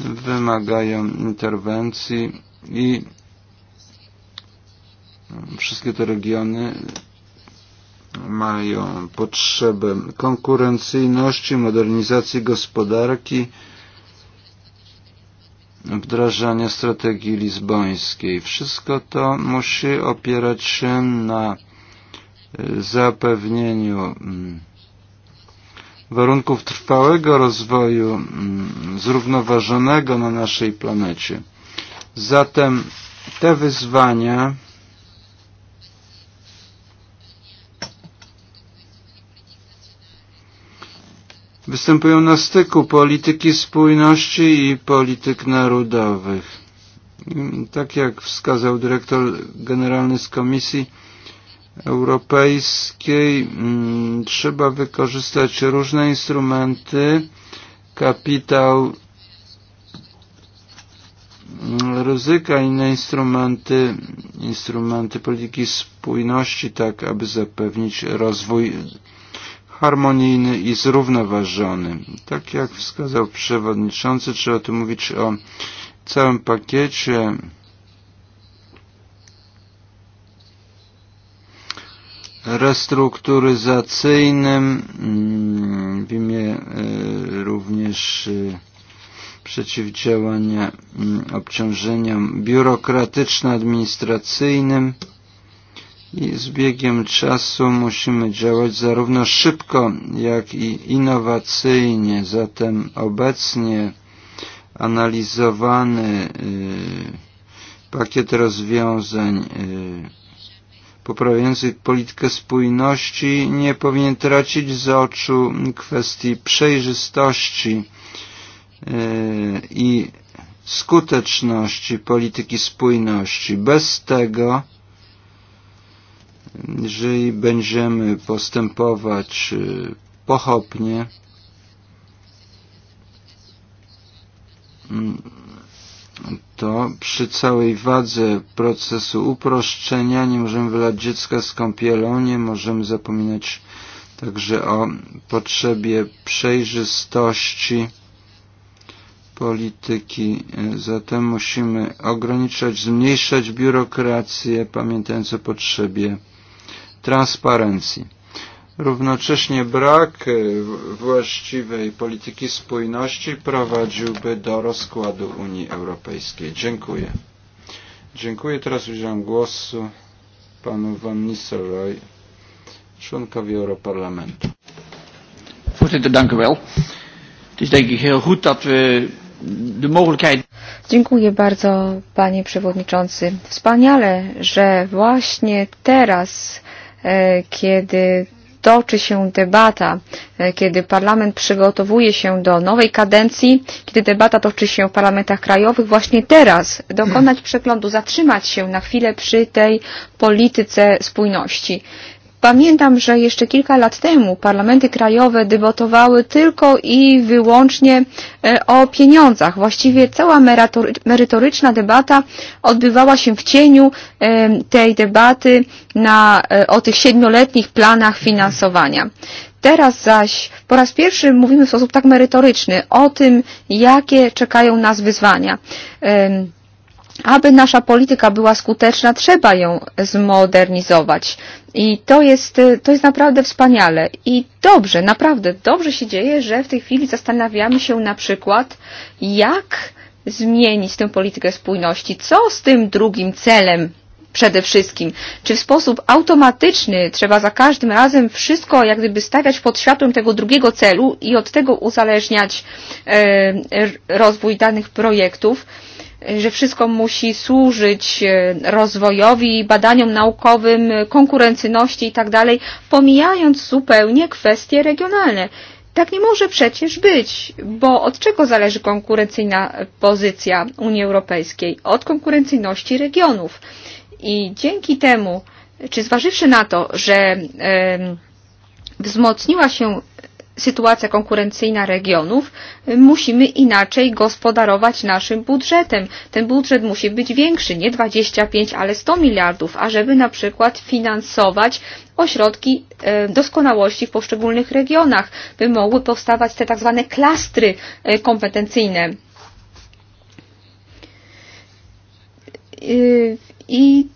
wymagają interwencji i wszystkie te regiony mają potrzebę konkurencyjności, modernizacji gospodarki, wdrażania strategii lizbońskiej. Wszystko to musi opierać się na zapewnieniu mm, warunków trwałego rozwoju mm, zrównoważonego na naszej planecie. Zatem te wyzwania występują na styku polityki spójności i polityk narodowych. Mm, tak jak wskazał dyrektor generalny z komisji, Europejskiej mm, trzeba wykorzystać różne instrumenty, kapitał mm, ryzyka, inne instrumenty, instrumenty polityki spójności, tak aby zapewnić rozwój harmonijny i zrównoważony. Tak jak wskazał przewodniczący, trzeba tu mówić o całym pakiecie restrukturyzacyjnym. Wymię mm, e, również e, przeciwdziałania mm, obciążeniom biurokratyczno-administracyjnym i z biegiem czasu musimy działać zarówno szybko, jak i innowacyjnie. Zatem obecnie analizowany e, pakiet rozwiązań poprawiającej politykę spójności nie powinien tracić z oczu kwestii przejrzystości e, i skuteczności polityki spójności. Bez tego, jeżeli będziemy postępować e, pochopnie, to przy całej wadze procesu uproszczenia nie możemy wylać dziecka z kąpielą, nie możemy zapominać także o potrzebie przejrzystości polityki. Zatem musimy ograniczać, zmniejszać biurokrację, pamiętając o potrzebie transparencji. Równocześnie brak e, właściwej polityki spójności prowadziłby do rozkładu Unii Europejskiej. Dziękuję. Dziękuję. Teraz udzielam głosu panu Van Nistelrooy, członkowi Europarlamentu. Voorzitter, dank u wel. Het is denk ik heel goed dat we de mogelijkheid. Dziękuję bardzo, panie przewodniczący. Wspaniale, że właśnie teraz, e, kiedy toczy się debata, e, kiedy parlament przygotowuje się do nowej kadencji, kiedy debata toczy się w parlamentach krajowych, właśnie teraz dokonać przeglądu, zatrzymać się na chwilę przy tej polityce spójności. Pamiętam, że jeszcze kilka lat temu parlamenty krajowe debatowały tylko i wyłącznie e, o pieniądzach. Właściwie cała merytoryczna debata odbywała się w cieniu e, tej debaty na, e, o tych siedmioletnich planach finansowania. Teraz zaś po raz pierwszy mówimy w sposób tak merytoryczny o tym, jakie czekają nas wyzwania. Ym, aby nasza polityka była skuteczna, trzeba ją zmodernizować. I to jest, to jest naprawdę wspaniale. I dobrze, naprawdę dobrze się dzieje, że w tej chwili zastanawiamy się na przykład, jak zmienić tę politykę spójności. Co z tym drugim celem przede wszystkim. Czy w sposób automatyczny trzeba za każdym razem wszystko jak gdyby stawiać pod światłem tego drugiego celu i od tego uzależniać e, rozwój danych projektów? E, że wszystko musi służyć e, rozwojowi, badaniom naukowym, e, konkurencyjności itd., pomijając zupełnie kwestie regionalne. Tak nie może przecież być, bo od czego zależy konkurencyjna pozycja Unii Europejskiej? Od konkurencyjności regionów. I dzięki temu, czy zważywszy na to, że e, wzmocniła się sytuacja konkurencyjna regionów, musimy inaczej gospodarować naszym budżetem. Ten budżet musi być większy, nie 25, ale 100 miliardów, ażeby na przykład finansować ośrodki e, doskonałości w poszczególnych regionach, by mogły powstawać te tak zwane klastry e, kompetencyjne. E, I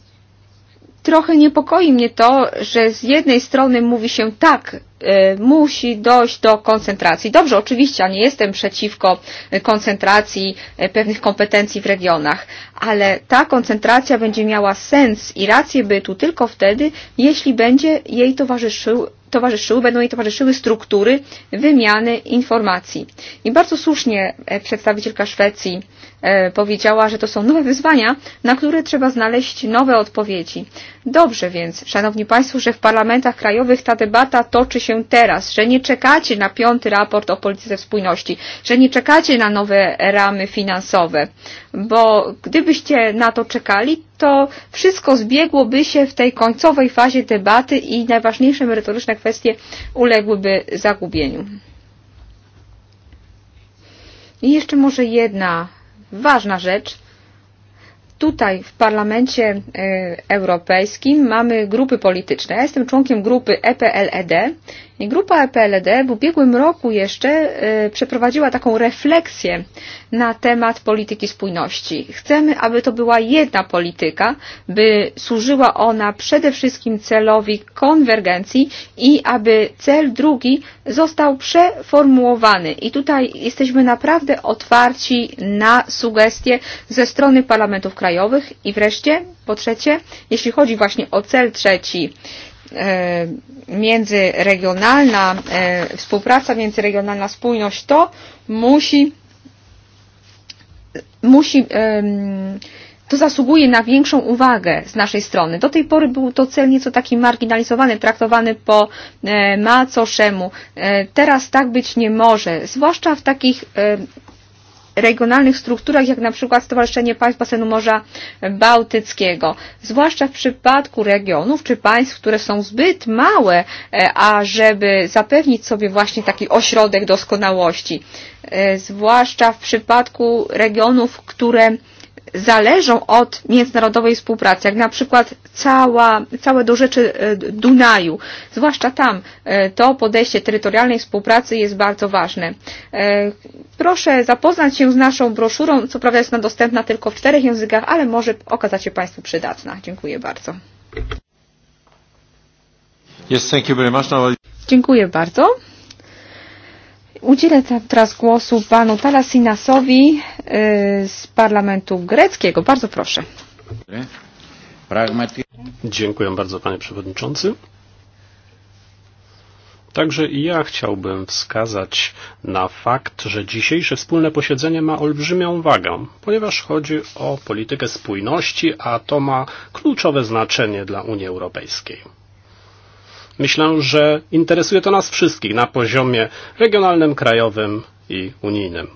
trochę niepokoi mnie to, że z jednej strony mówi się tak, E, musi dojść do koncentracji. Dobrze, oczywiście, ja nie jestem przeciwko koncentracji e, pewnych kompetencji w regionach, ale ta koncentracja będzie miała sens i rację bytu tylko wtedy, jeśli będzie jej towarzyszył towarzyszyły, będą jej towarzyszyły struktury wymiany informacji. I bardzo słusznie e, przedstawicielka Szwecji powiedziała, że to są nowe wyzwania, na które trzeba znaleźć nowe odpowiedzi. Dobrze więc, szanowni państwo, że w parlamentach krajowych ta debata toczy się teraz, że nie czekacie na piąty raport o polityce spójności, że nie czekacie na nowe ramy finansowe, bo gdybyście na to czekali, to wszystko zbiegłoby się w tej końcowej fazie debaty i najważniejsze merytoryczne kwestie uległyby zagubieniu. I jeszcze może jedna ważna rzecz – Tutaj w Parlamencie e, Europejskim mamy grupy polityczne. Ja jestem członkiem grupy EPLED I grupa e PLD w ubiegłym roku jeszcze e, przeprowadziła taką refleksję na temat polityki spójności. Chcemy, aby to była jedna polityka, by służyła ona przede wszystkim celowi konwergencji i aby cel drugi został przeformułowany. I tutaj jesteśmy naprawdę otwarci na sugestie ze strony parlamentów krajowych. I wreszcie, po trzecie, jeśli chodzi właśnie o cel trzeci, E, międzyregionalna e, współpraca, międzyregionalna spójność to musi musi to zasługuje na większą uwagę z naszej strony. Do tej pory był to cel nieco taki marginalizowany, traktowany po e, macoszemu. Teraz tak być nie może, zwłaszcza w takich regionalnych strukturach, jak na przykład Stowarzyszenie Państw Basenu Morza Bałtyckiego. Zwłaszcza w przypadku regionów czy państw, które są zbyt małe, e, ażeby zapewnić sobie właśnie taki ośrodek doskonałości. E, zwłaszcza w przypadku regionów, które zależą od międzynarodowej współpracy, jak na przykład cała, całe do rzeczy e, Dunaju, zwłaszcza tam e, to podejście terytorialnej współpracy jest bardzo ważne. E, proszę zapoznać się z naszą broszurą, co prawda jest ona dostępna tylko w czterech językach, ale może okazać się Państwu przydatna. Dziękuję bardzo. Yes, thank you very much. Now... Dziękuję bardzo. Udzielę teraz głosu panu Talasinasowi z parlamentu greckiego. Bardzo proszę. Dziękuję bardzo, panie przewodniczący. Także i ja chciałbym wskazać na fakt, że dzisiejsze wspólne posiedzenie ma olbrzymią wagę, ponieważ chodzi o politykę spójności, a to ma kluczowe znaczenie dla Unii Europejskiej. Myślę, że interesuje to nas wszystkich na poziomie regionalnym, krajowym i unijnym.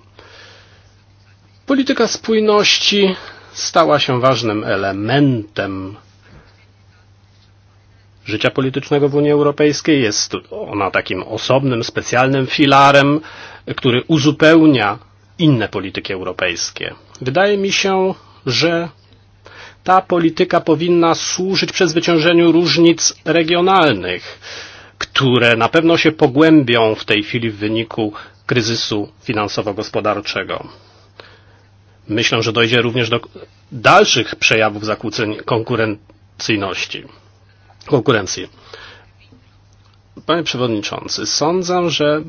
Polityka spójności stała się ważnym elementem życia politycznego w Unii Europejskiej. Jest ona takim osobnym, specjalnym filarem, który uzupełnia inne polityki europejskie. Wydaje mi się, że ta polityka powinna służyć przezwyciężeniu różnic regionalnych, które na pewno się pogłębią w tej chwili w wyniku kryzysu finansowo-gospodarczego. Myślę, że dojdzie również do dalszych przejawów zakłóceń konkurencyjności. Konkurencji. Panie Przewodniczący, sądzę, że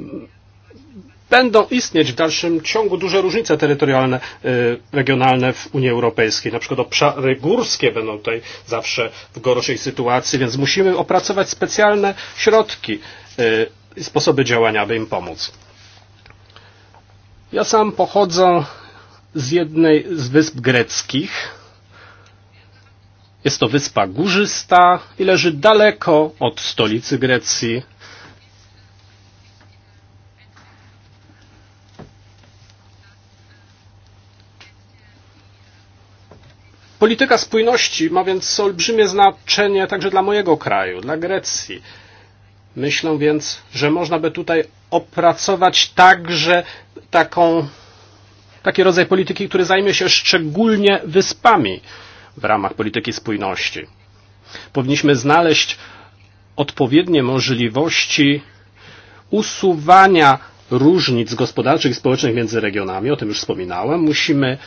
będą istnieć w dalszym ciągu duże różnice terytorialne, regionalne w Unii Europejskiej. Na przykład obszary górskie będą tutaj zawsze w gorszej sytuacji, więc musimy opracować specjalne środki i sposoby działania, aby im pomóc. Ja sam pochodzę z jednej z wysp greckich. Jest to wyspa górzysta i leży daleko od stolicy Grecji. Polityka spójności ma więc olbrzymie znaczenie także dla mojego kraju, dla Grecji. Myślę więc, że można by tutaj opracować także taką taki rodzaj polityki, który zajmie się szczególnie wyspami w ramach polityki spójności. Powinniśmy znaleźć odpowiednie możliwości usuwania różnic gospodarczych i społecznych między regionami, o tym już wspominałem. Musimy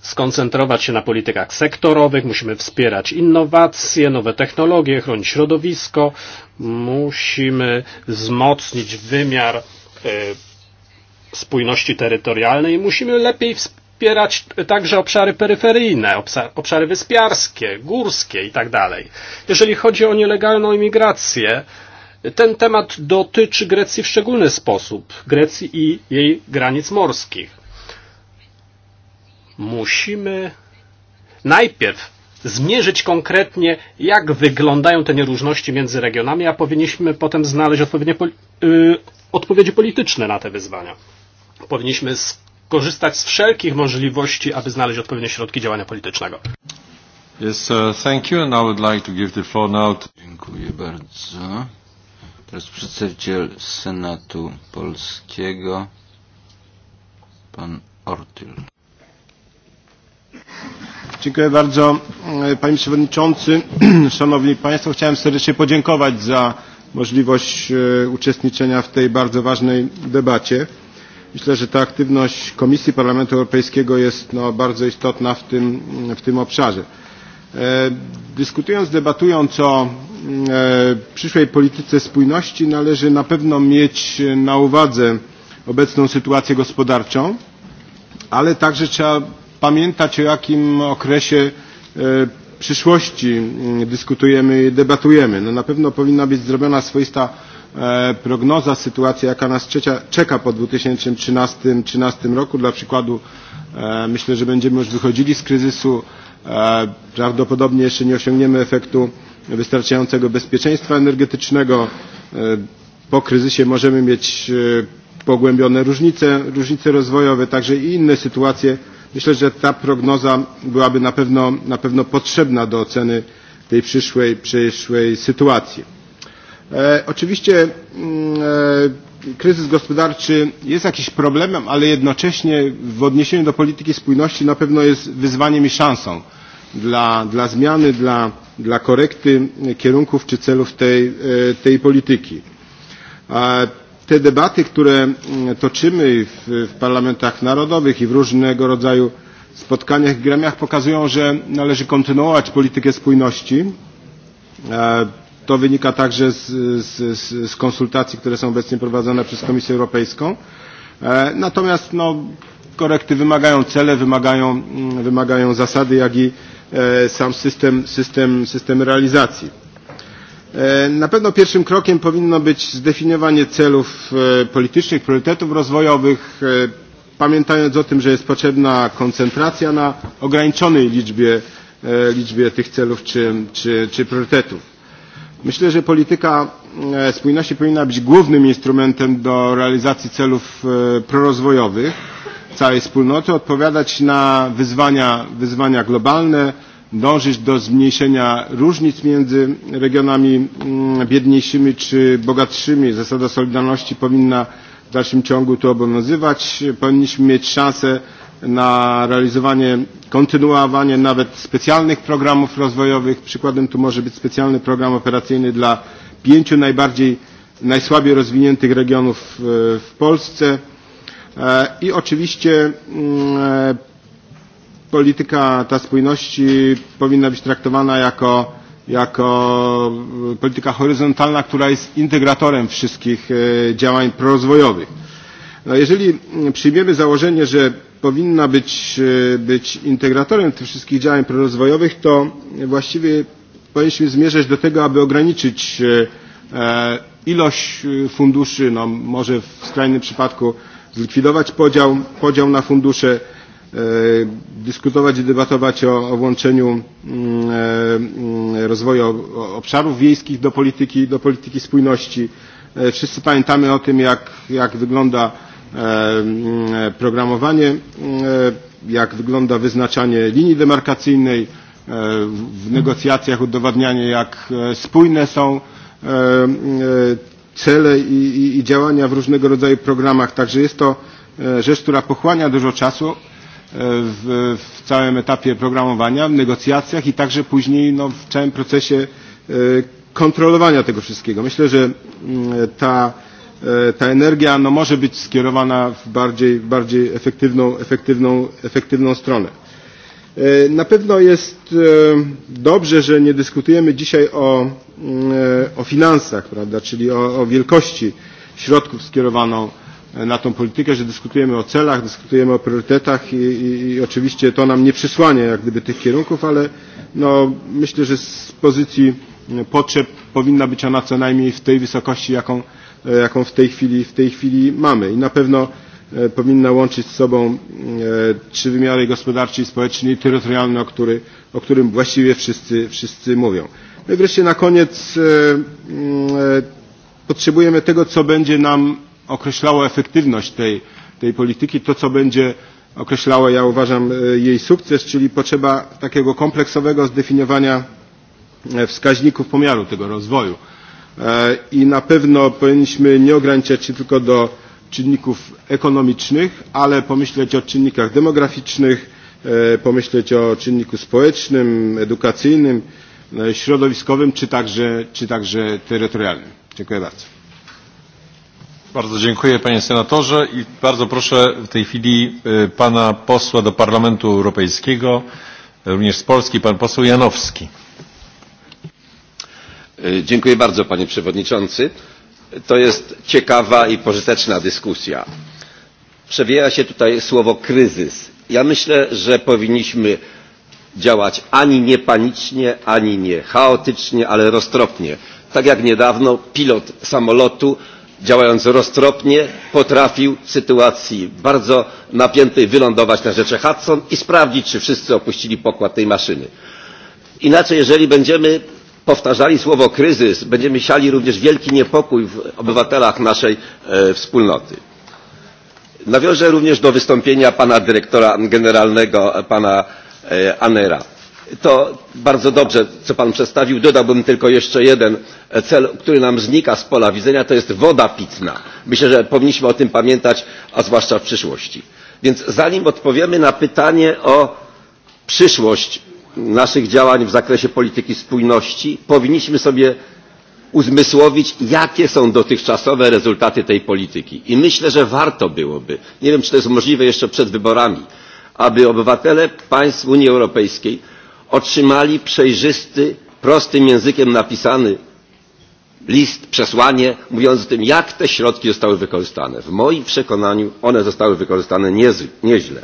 skoncentrować się na politykach sektorowych, musimy wspierać innowacje, nowe technologie, chronić środowisko, musimy wzmocnić wymiar e, spójności terytorialnej, musimy lepiej wspierać także obszary peryferyjne, obszary wyspiarskie, górskie itd. Jeżeli chodzi o nielegalną imigrację, ten temat dotyczy Grecji w szczególny sposób, Grecji i jej granic morskich. Musimy najpierw zmierzyć konkretnie, jak wyglądają te nieróżności między regionami, a powinniśmy potem znaleźć odpowiednie poli yy, odpowiedzi polityczne na te wyzwania powinniśmy skorzystać z wszelkich możliwości, aby znaleźć odpowiednie środki działania politycznego. Yes, uh, thank you and I would like to give the floor now to... Dziękuję bardzo. Teraz przedstawiciel Senatu Polskiego, pan Ortyl. Dziękuję bardzo Panie Przewodniczący. Szanowni Państwo, chciałem serdecznie podziękować za możliwość e, uczestniczenia w tej bardzo ważnej debacie. Myślę, że ta aktywność Komisji Parlamentu Europejskiego jest no, bardzo istotna w tym, w tym obszarze. E, dyskutując, debatując o e, przyszłej polityce spójności należy na pewno mieć na uwadze obecną sytuację gospodarczą, ale także trzeba pamiętać o jakim okresie e, przyszłości dyskutujemy i debatujemy. No, na pewno powinna być zrobiona swoista E, prognoza sytuacji, jaka nas ciecia, czeka po 2013 roku. Dla przykładu e, myślę, że będziemy już wychodzili z kryzysu. E, prawdopodobnie jeszcze nie osiągniemy efektu wystarczającego bezpieczeństwa energetycznego. Po kryzysie możemy mieć pogłębione różnice, różnice rozwojowe, także i inne sytuacje. Myślę, że ta prognoza byłaby na pewno, na pewno potrzebna do oceny tej przyszłej, przyszłej sytuacji E, oczywiście mm, e, kryzys gospodarczy jest jakimś problemem, ale jednocześnie w odniesieniu do polityki spójności na pewno jest wyzwaniem i szansą dla, dla zmiany, dla, dla korekty kierunków czy celów tej, e, tej polityki. E, te debaty, które mm, toczymy w, w parlamentach narodowych i w różnego rodzaju spotkaniach i gremiach pokazują, że należy kontynuować politykę spójności e, To wynika także z, z, z konsultacji, które są obecnie prowadzone przez Komisję Europejską. E, natomiast no, korekty wymagają cele, wymagają, mm, wymagają zasady, jak i e, sam system, system, system realizacji. E, na pewno pierwszym krokiem powinno być zdefiniowanie celów politycznych, priorytetów rozwojowych, pamiętając o tym, że jest potrzebna koncentracja na ograniczonej liczbie, liczbie tych celów czy, czy, czy priorytetów. Myślę, że polityka e, spójności powinna być głównym instrumentem do realizacji celów e, prorozwojowych całej wspólnoty, odpowiadać na wyzwania, wyzwania globalne, dążyć do zmniejszenia różnic między regionami mm, biedniejszymi czy bogatszymi. Zasada solidarności powinna w dalszym ciągu tu obowiązywać. Powinniśmy mieć szansę na realizowanie, kontynuowanie nawet specjalnych programów rozwojowych. Przykładem tu może być specjalny program operacyjny dla pięciu najbardziej, najsłabiej rozwiniętych regionów w Polsce. E, I oczywiście mm, e, polityka ta spójności powinna być traktowana jako, jako mm, polityka horyzontalna, która jest integratorem wszystkich e, działań prorozwojowych. No jeżeli przyjmiemy założenie, że powinna być, e, być integratorem tych wszystkich działań prorozwojowych, to właściwie powinniśmy zmierzać do tego, aby ograniczyć e, e, ilość funduszy, no może w skrajnym przypadku zlikwidować podział, podział na fundusze, dyskutować i debatować o, o włączeniu mm, mm, rozwoju obszarów wiejskich do polityki, do polityki spójności. Wszyscy pamiętamy o tym, jak, jak wygląda E, e, programowanie, e, jak wygląda wyznaczanie linii demarkacyjnej, w negocjacjach udowadnianie, jak spójne są cele i, i, i działania w różnego rodzaju programach. Także jest to rzecz, która pochłania dużo czasu w, w całym etapie programowania, w negocjacjach i także później no, w całym procesie kontrolowania tego wszystkiego. Myślę, że mm, ta E, ta energia no, może być skierowana w bardziej, bardziej efektywną, efektywną, efektywną stronę. E, na pewno jest e, dobrze, że nie dyskutujemy dzisiaj o, mm, o finansach, prawda, czyli o, o wielkości środków skierowano na tą politykę, że dyskutujemy o celach, dyskutujemy o priorytetach i, i, i oczywiście to nam nie przysłania jak gdyby tych kierunków, ale no, myślę, że z pozycji mm, potrzeb powinna być ona co najmniej w tej wysokości, jaką, E, jaką w tej chwili, w tej chwili mamy. I na pewno e, powinna łączyć z sobą e, trzy wymiary gospodarczy, społeczny i terytorialny, o, który, o którym właściwie wszyscy, wszyscy mówią. No i wreszcie na koniec potrzebujemy tego, co będzie nam określało efektywność tej, tej polityki, to co będzie określało, ja uważam, jej sukces, czyli potrzeba takiego kompleksowego zdefiniowania wskaźników pomiaru tego rozwoju E, i na pewno powinniśmy nie ograniczać się tylko do czynników ekonomicznych, ale pomyśleć o czynnikach demograficznych, e, pomyśleć o czynniku społecznym, edukacyjnym, e, środowiskowym czy także, czy także terytorialnym. Dziękuję bardzo. Bardzo dziękuję panie senatorze i bardzo proszę w tej chwili pana posła do Parlamentu Europejskiego, również z Polski, pan poseł Janowski. E, dziękuję bardzo, panie przewodniczący. To jest ciekawa i pożyteczna dyskusja. Przewija się tutaj słowo kryzys. Ja myślę, że powinniśmy działać ani nie panicznie, ani nie chaotycznie, ale roztropnie. Tak jak niedawno pilot samolotu działając roztropnie potrafił w sytuacji bardzo napiętej wylądować na rzece Hudson i sprawdzić, czy wszyscy opuścili pokład tej maszyny. Inaczej, jeżeli będziemy powtarzali słowo kryzys, będziemy siali również wielki niepokój w obywatelach naszej e, wspólnoty. Nawiążę również do wystąpienia pana dyrektora generalnego, e, pana e, Anera. To bardzo dobrze, co pan przedstawił. Dodałbym tylko jeszcze jeden e, cel, który nam znika z pola widzenia, to jest woda pitna. Myślę, że powinniśmy o tym pamiętać, a zwłaszcza w przyszłości. Więc zanim odpowiemy na pytanie o przyszłość naszych działań w zakresie polityki spójności powinniśmy sobie uzmysłowić, jakie są dotychczasowe rezultaty tej polityki. I myślę, że warto byłoby, nie wiem, czy to jest możliwe jeszcze przed wyborami, aby obywatele państw Unii Europejskiej otrzymali przejrzysty, prostym językiem napisany list, przesłanie mówiące o tym, jak te środki zostały wykorzystane. W moim przekonaniu one zostały wykorzystane niezły, nieźle.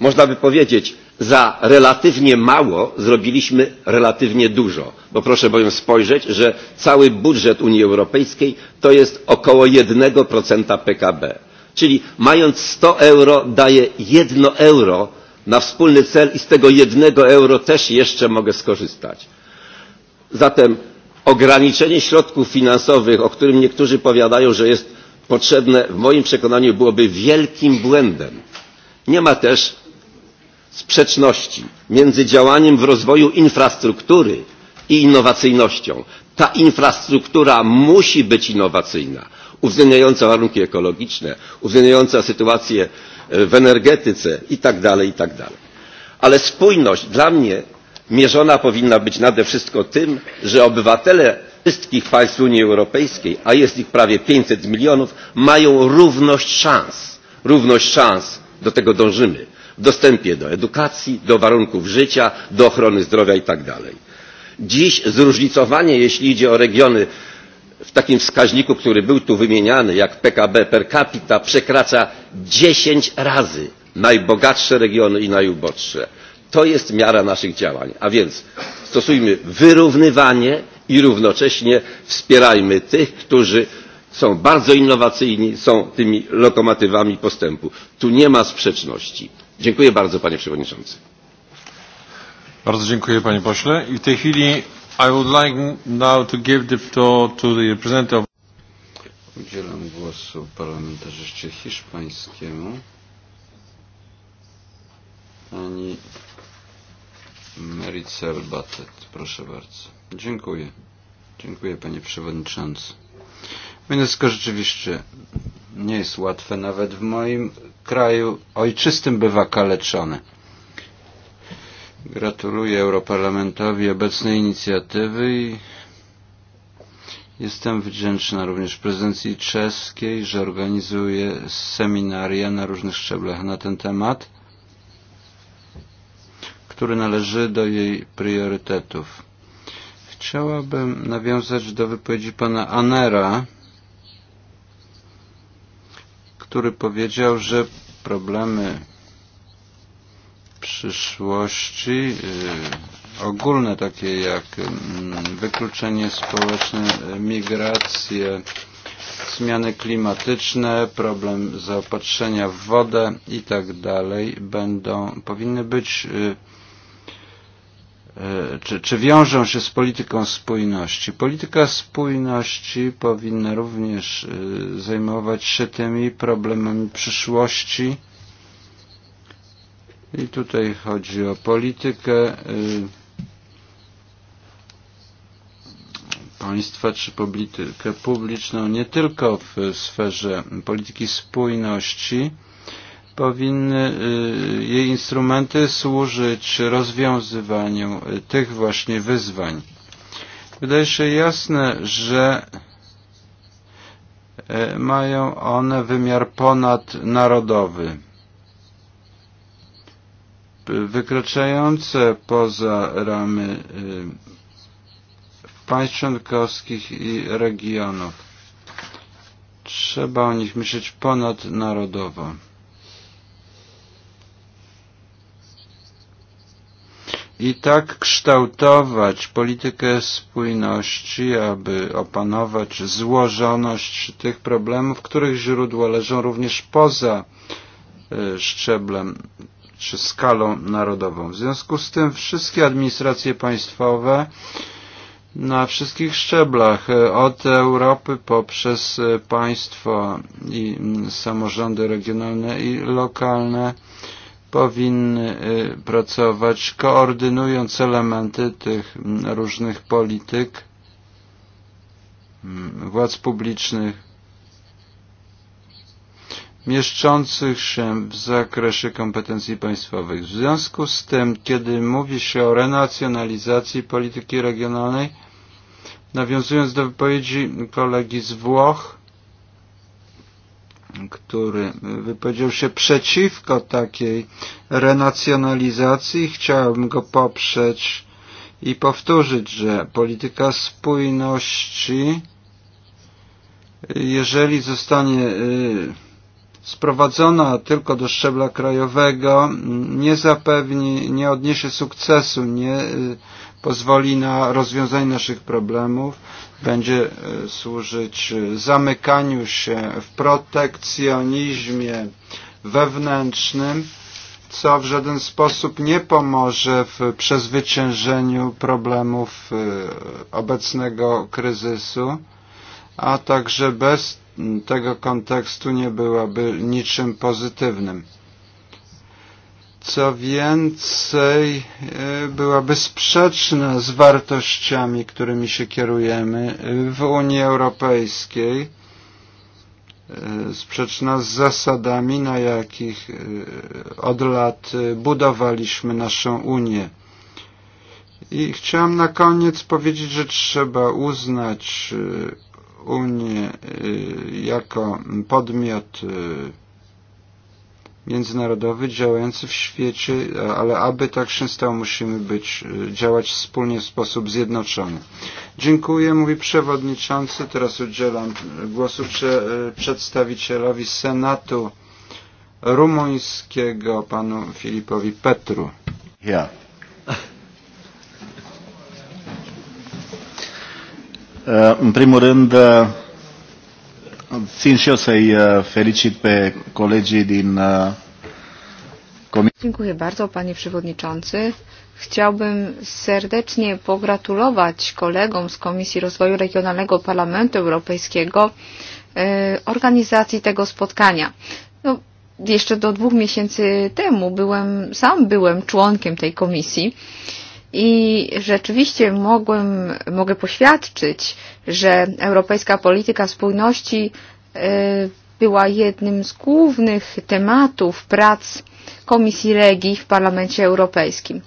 Można by powiedzieć, za relatywnie mało zrobiliśmy relatywnie dużo bo proszę bowiem spojrzeć że cały budżet unii europejskiej to jest około jednego procenta pkb czyli mając sto euro daję jedno euro na wspólny cel i z tego jednego euro też jeszcze mogę skorzystać. zatem ograniczenie środków finansowych o którym niektórzy powiadają że jest potrzebne w moim przekonaniu byłoby wielkim błędem. nie ma też sprzeczności między działaniem w rozwoju infrastruktury i innowacyjnością. Ta infrastruktura musi być innowacyjna, uwzględniająca warunki ekologiczne, uwzględniająca sytuację e, w energetyce itd. itd. Ale spójność dla mnie mierzona powinna być nade wszystko tym, że obywatele wszystkich państw Unii Europejskiej, a jest ich prawie 500 milionów, mają równość szans. Równość szans, do tego dążymy w dostępie do edukacji, do warunków życia, do ochrony zdrowia itd. Dziś zróżnicowanie, jeśli idzie o regiony w takim wskaźniku, który był tu wymieniany, jak PKB per capita, przekracza 10 razy najbogatsze regiony i najuboższe. To jest miara naszych działań. A więc stosujmy wyrównywanie i równocześnie wspierajmy tych, którzy są bardzo innowacyjni, są tymi lokomotywami postępu. Tu nie ma sprzeczności. Dziękuję bardzo, panie przewodniczący. Bardzo dziękuję, panie pośle. I w tej chwili I would like now to give the floor to the representative of... Udzielam głosu parlamentarzyście hiszpańskiemu. Pani Mericel Batet, proszę bardzo. Dziękuję. Dziękuję panie przewodniczący. Mianowicie rzeczywiście nie jest łatwe nawet w moim kraju ojczystym bywa kaleczony. Gratuluję Europarlamentowi obecnej inicjatywy i jestem wdzięczna również prezydencji czeskiej, że organizuje seminaria na różnych szczeblach na ten temat, który należy do jej priorytetów. Chciałabym nawiązać do wypowiedzi pana Anera, który powiedział, że problemy przyszłości ogólne, takie jak mm, wykluczenie społeczne, migracje, zmiany klimatyczne, problem zaopatrzenia w wodę i tak dalej, będą, powinny być czy, czy wiążą się z polityką spójności. Polityka spójności powinna również zajmować się tymi problemami przyszłości. I tutaj chodzi o politykę państwa czy politykę publiczną nie tylko w sferze polityki spójności, powinny jej instrumenty służyć rozwiązywaniu tych właśnie wyzwań. Wydaje się jasne, że mają one wymiar ponadnarodowy, wykraczające poza ramy państw członkowskich i regionów. Trzeba o nich myśleć ponadnarodowo. i tak kształtować politykę spójności, aby opanować złożoność tych problemów, których źródła leżą również poza e, szczeblem czy skalą narodową. W związku z tym wszystkie administracje państwowe na wszystkich szczeblach, e, od Europy poprzez e, państwo i samorządy regionalne i lokalne, powinny pracować, koordynując elementy tych różnych polityk władz publicznych mieszczących się w zakresie kompetencji państwowych. W związku z tym, kiedy mówi się o renacjonalizacji polityki regionalnej, nawiązując do wypowiedzi kolegi z Włoch, który wypowiedział się przeciwko takiej renacjonalizacji. Chciałbym go poprzeć i powtórzyć, że polityka spójności, jeżeli zostanie sprowadzona tylko do szczebla krajowego, nie zapewni, nie odniesie sukcesu, nie pozwoli na rozwiązanie naszych problemów, będzie e, służyć e, zamykaniu się w protekcjonizmie wewnętrznym, co w żaden sposób nie pomoże w przezwyciężeniu problemów e, obecnego kryzysu, a także bez tego kontekstu nie byłaby niczym pozytywnym. Co więcej, e, była bezsprzeczna z wartościami, którymi się kierujemy e, w Unii Europejskiej, e, sprzeczna z zasadami, na jakich od lat budowaliśmy naszą Unię. I chciałam na koniec powiedzieć, że trzeba uznać Unię jako podmiot międzynarodowy działający w świecie, ale aby tak się stało, musimy być, e, działać wspólnie w sposób zjednoczony. Dziękuję, mówi przewodniczący. Teraz udzielam głosu prze, e, przedstawicielowi Senatu rumuńskiego, panu Filipowi Petru. Ja. În e, primul rând, Țin și eu să-i uh, felicit pe colegii din Komisji. Uh, Dziękuję bardzo, panie przewodniczący. Chciałbym serdecznie pogratulować kolegom z Komisji Rozwoju Regionalnego Parlamentu Europejskiego e, organizacji tego spotkania. No, jeszcze do dwóch miesięcy temu byłem, sam byłem członkiem tej komisji. Yy, I rzeczywiście mogłem, mogę poświadczyć, że europejska polityka spójności była jednym z głównych tematów prac Komisji Regii w Parlamencie Europejskim.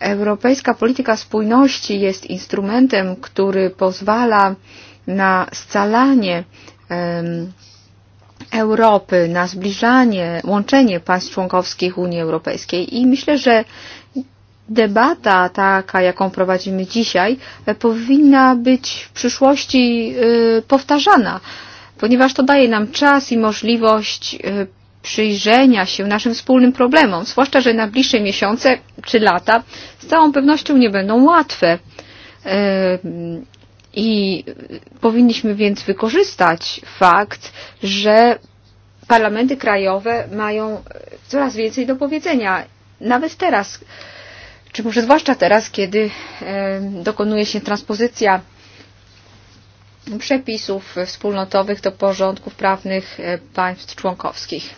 Europejska polityka spójności jest instrumentem, który pozwala na scalanie um, Europy, na zbliżanie, łączenie państw członkowskich Unii Europejskiej i myślę, że debata taka, jaką prowadzimy dzisiaj, e, powinna być w przyszłości e, powtarzana, ponieważ to daje nam czas i możliwość e, przyjrzenia się naszym wspólnym problemom, zwłaszcza, że najbliższe miesiące czy lata z całą pewnością nie będą łatwe. I powinniśmy więc wykorzystać fakt, że parlamenty krajowe mają coraz więcej do powiedzenia. Nawet teraz czy może zwłaszcza teraz, kiedy e, dokonuje się transpozycja przepisów wspólnotowych do porządków prawnych e, państw członkowskich.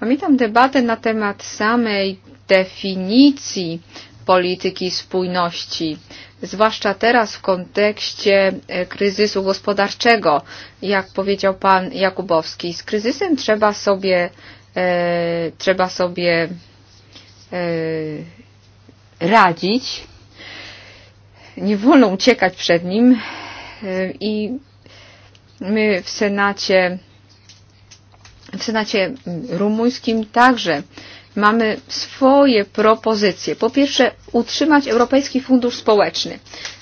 Pamiętam debatę na temat samej definicji polityki spójności, zwłaszcza teraz w kontekście e, kryzysu gospodarczego, jak powiedział pan Jakubowski. Z kryzysem trzeba sobie, e, trzeba sobie e, radzić. Nie wolno uciekać przed nim e, i my w Senacie, w Senacie rumuńskim także mamy swoje propozycje. Po pierwsze, utrzymać Europejski Fundusz Społeczny.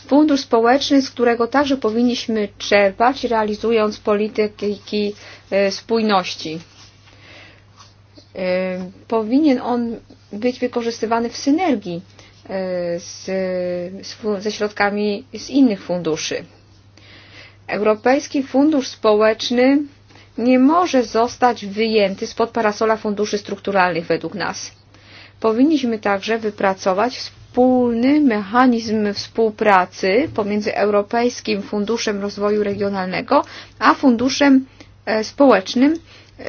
Fundusz społeczny, z którego także powinniśmy czerpać, realizując polityki e, spójności. E, powinien on być wykorzystywany w synergii z, z, ze środkami z innych funduszy. Europejski Fundusz Społeczny nie może zostać wyjęty spod parasola funduszy strukturalnych według nas. Powinniśmy także wypracować wspólny mechanizm współpracy pomiędzy Europejskim Funduszem Rozwoju Regionalnego a Funduszem e, Społecznym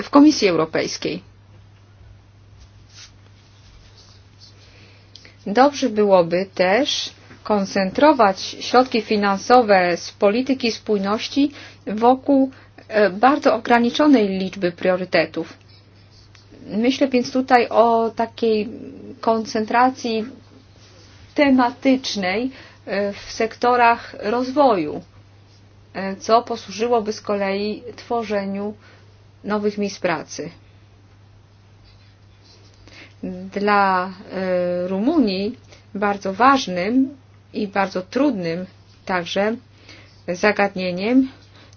w Komisji Europejskiej. Dobrze byłoby też koncentrować środki finansowe z polityki spójności wokół e, bardzo ograniczonej liczby priorytetów. Myślę więc tutaj o takiej koncentracji tematycznej e, w sektorach rozwoju, e, co posłużyłoby z kolei tworzeniu nowych miejsc pracy dla e, Rumunii bardzo ważnym i bardzo trudnym także zagadnieniem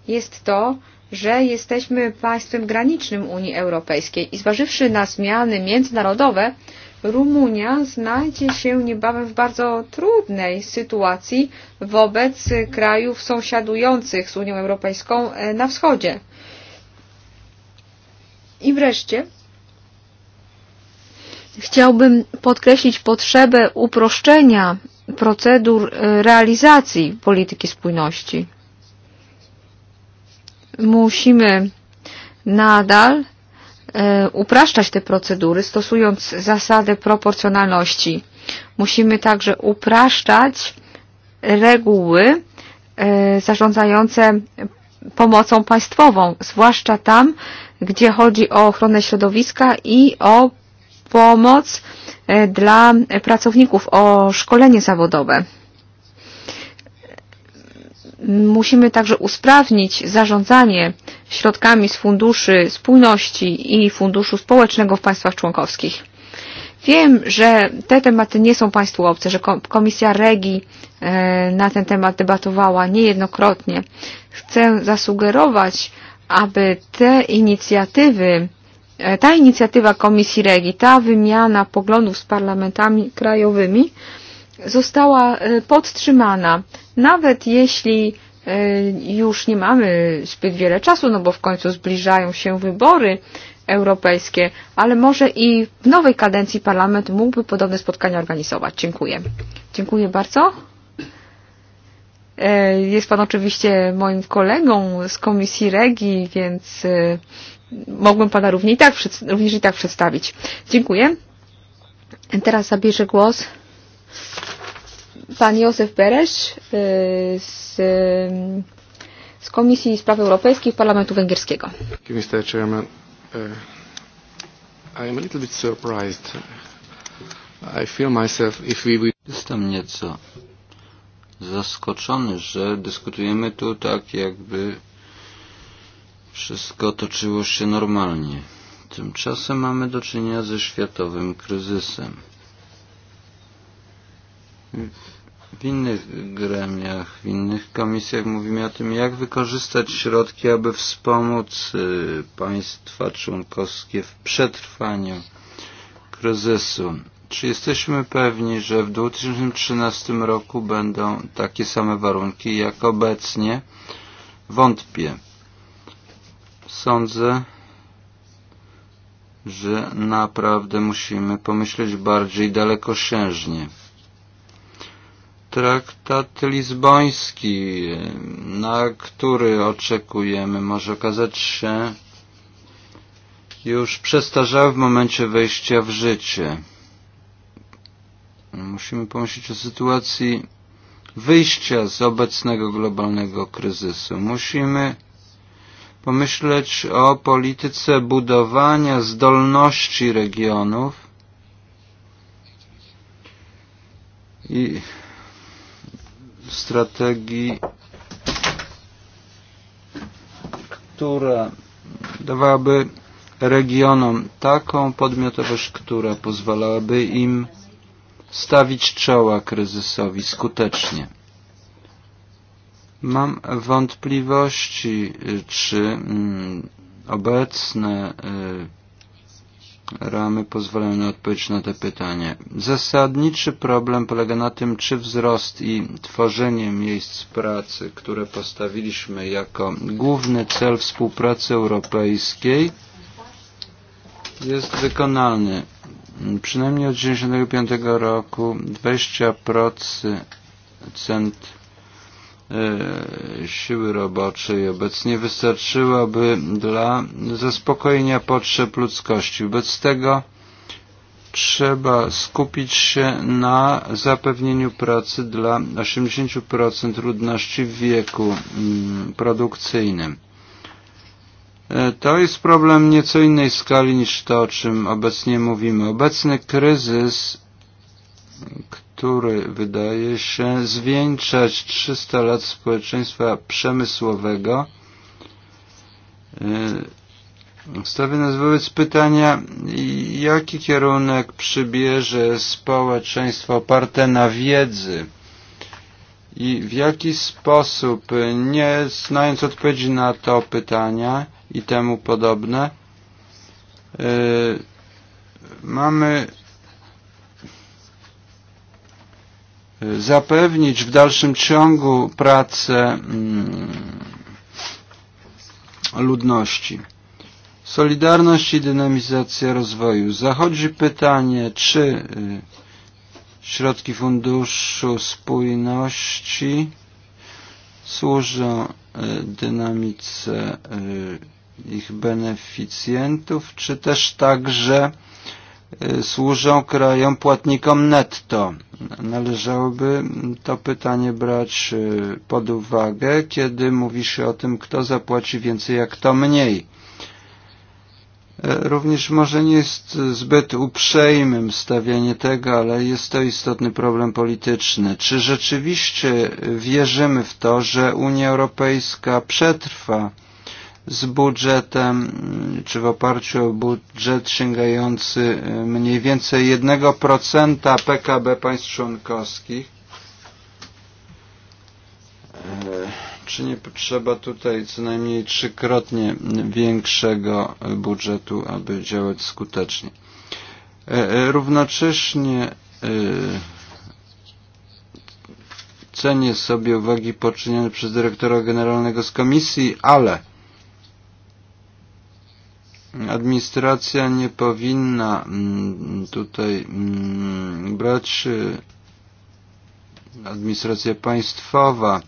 jest to, że jesteśmy państwem granicznym Unii Europejskiej i zważywszy na zmiany międzynarodowe, Rumunia znajdzie się niebawem w bardzo trudnej sytuacji wobec krajów sąsiadujących z Unią Europejską e, na wschodzie. I wreszcie Chciałbym podkreślić potrzebę uproszczenia procedur e, realizacji polityki spójności. Musimy nadal e, upraszczać te procedury, stosując zasadę proporcjonalności. Musimy także upraszczać reguły e, zarządzające pomocą państwową, zwłaszcza tam, gdzie chodzi o ochronę środowiska i o pomoc e, dla e, pracowników, o szkolenie zawodowe. Musimy także usprawnić zarządzanie środkami z funduszy spójności i funduszu społecznego w państwach członkowskich. Wiem, że te tematy nie są Państwu obce, że Komisja Regi e, na ten temat debatowała niejednokrotnie. Chcę zasugerować, aby te inicjatywy E, ta inicjatywa Komisji Regi, ta wymiana poglądów z parlamentami krajowymi została e, podtrzymana. Nawet jeśli e, już nie mamy zbyt wiele czasu, no bo w końcu zbliżają się wybory europejskie, ale może i w nowej kadencji parlament mógłby podobne spotkania organizować. Dziękuję. Dziękuję bardzo. Jest Pan oczywiście moim kolegą z Komisji Regi, więc mogłem Pana równie i tak, również i tak przedstawić. Dziękuję. Teraz zabierze głos Pan Józef Beresz z, z Komisji Spraw Europejskich Parlamentu Węgierskiego. Mr. Chairman. Uh, I am a little bit surprised. I feel myself if we... Jestem nieco zaskoczony, że dyskutujemy tu tak, jakby Wszystko toczyło się normalnie. Tymczasem mamy do czynienia ze światowym kryzysem. W innych gremiach, w innych komisjach mówimy o tym, jak wykorzystać środki, aby wspomóc państwa członkowskie w przetrwaniu kryzysu. Czy jesteśmy pewni, że w 2013 roku będą takie same warunki jak obecnie? Wątpię. Sądzę, że naprawdę musimy pomyśleć bardziej dalekosiężnie. Traktat lizboński, na który oczekujemy, może okazać się już przestarzały w momencie wejścia w życie. Musimy pomyśleć o sytuacji wyjścia z obecnego globalnego kryzysu. Musimy pomyśleć o polityce budowania zdolności regionów i strategii, która dawałaby regionom taką podmiotowość, która pozwalałaby im stawić czoła kryzysowi skutecznie. Mam wątpliwości, czy mm, obecne ramy pozwalają na odpowiedź na to pytanie. Zasadniczy problem polega na tym, czy wzrost i tworzenie miejsc pracy, które postawiliśmy jako główny cel współpracy europejskiej, jest wykonalny. Przynajmniej od 1995 roku 20% E, siły roboczej obecnie wystarczyłoby dla zaspokojenia potrzeb ludzkości. Wobec tego trzeba skupić się na zapewnieniu pracy dla 80% ludności w wieku mm, produkcyjnym. E, to jest problem nieco innej skali niż to, o czym obecnie mówimy. Obecny kryzys, który który wydaje się zwieńczać 300 lat społeczeństwa przemysłowego, e, stawia nas wobec pytania, jaki kierunek przybierze społeczeństwo oparte na wiedzy i w jaki sposób, nie znając odpowiedzi na to pytania i temu podobne, e, mamy zapewnić w dalszym ciągu pracę mm, ludności. Solidarność i dynamizacja rozwoju. Zachodzi pytanie, czy środki funduszu spójności służą dynamice ich beneficjentów, czy też także służą krajom płatnikom netto. Należałoby to pytanie brać pod uwagę, kiedy mówi się o tym, kto zapłaci więcej, jak kto mniej. Również może nie jest zbyt uprzejmym stawianie tego, ale jest to istotny problem polityczny. Czy rzeczywiście wierzymy w to, że Unia Europejska przetrwa z budżetem, czy w oparciu o budżet sięgający e, mniej więcej 1% PKB państw członkowskich. E, czy nie potrzeba tutaj co najmniej trzykrotnie większego budżetu, aby działać skutecznie? E, równocześnie cenię sobie uwagi poczynione przez dyrektora generalnego z komisji, ale administracja nie powinna mm, tutaj mm, brać administracja państwowa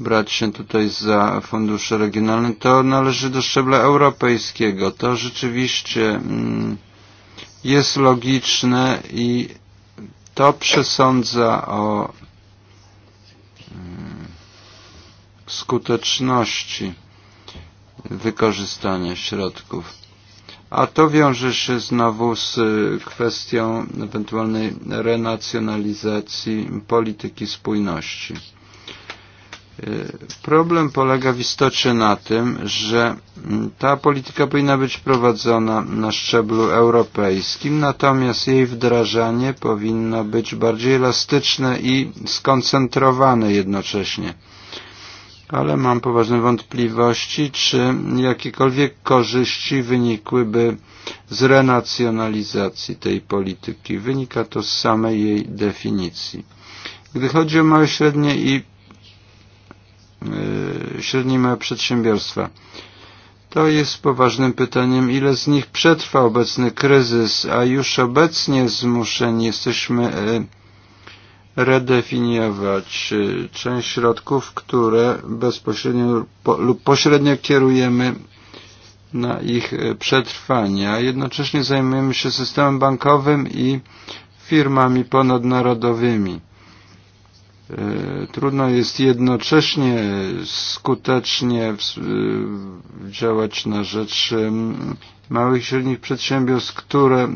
brać się tutaj za fundusze regionalne, to należy do szczebla europejskiego. To rzeczywiście mm, jest logiczne i to przesądza o skuteczności wykorzystania środków. A to wiąże się znowu z e, kwestią ewentualnej renacjonalizacji polityki spójności. E, problem polega w istocie na tym, że mm, ta polityka powinna być prowadzona na szczeblu europejskim, natomiast jej wdrażanie powinno być bardziej elastyczne i skoncentrowane jednocześnie ale mam poważne wątpliwości, czy jakiekolwiek korzyści wynikłyby z renacjonalizacji tej polityki. Wynika to z samej jej definicji. Gdy chodzi o małe, średnie i yy, e, średnie i małe przedsiębiorstwa, to jest poważnym pytaniem, ile z nich przetrwa obecny kryzys, a już obecnie zmuszeni jesteśmy yy, e, redefiniować część środków, które bezpośrednio lub pośrednio kierujemy na ich e, przetrwanie, a jednocześnie zajmujemy się systemem bankowym i firmami ponadnarodowymi. E, trudno jest jednocześnie skutecznie e, działać na rzecz małych i średnich przedsiębiorstw, które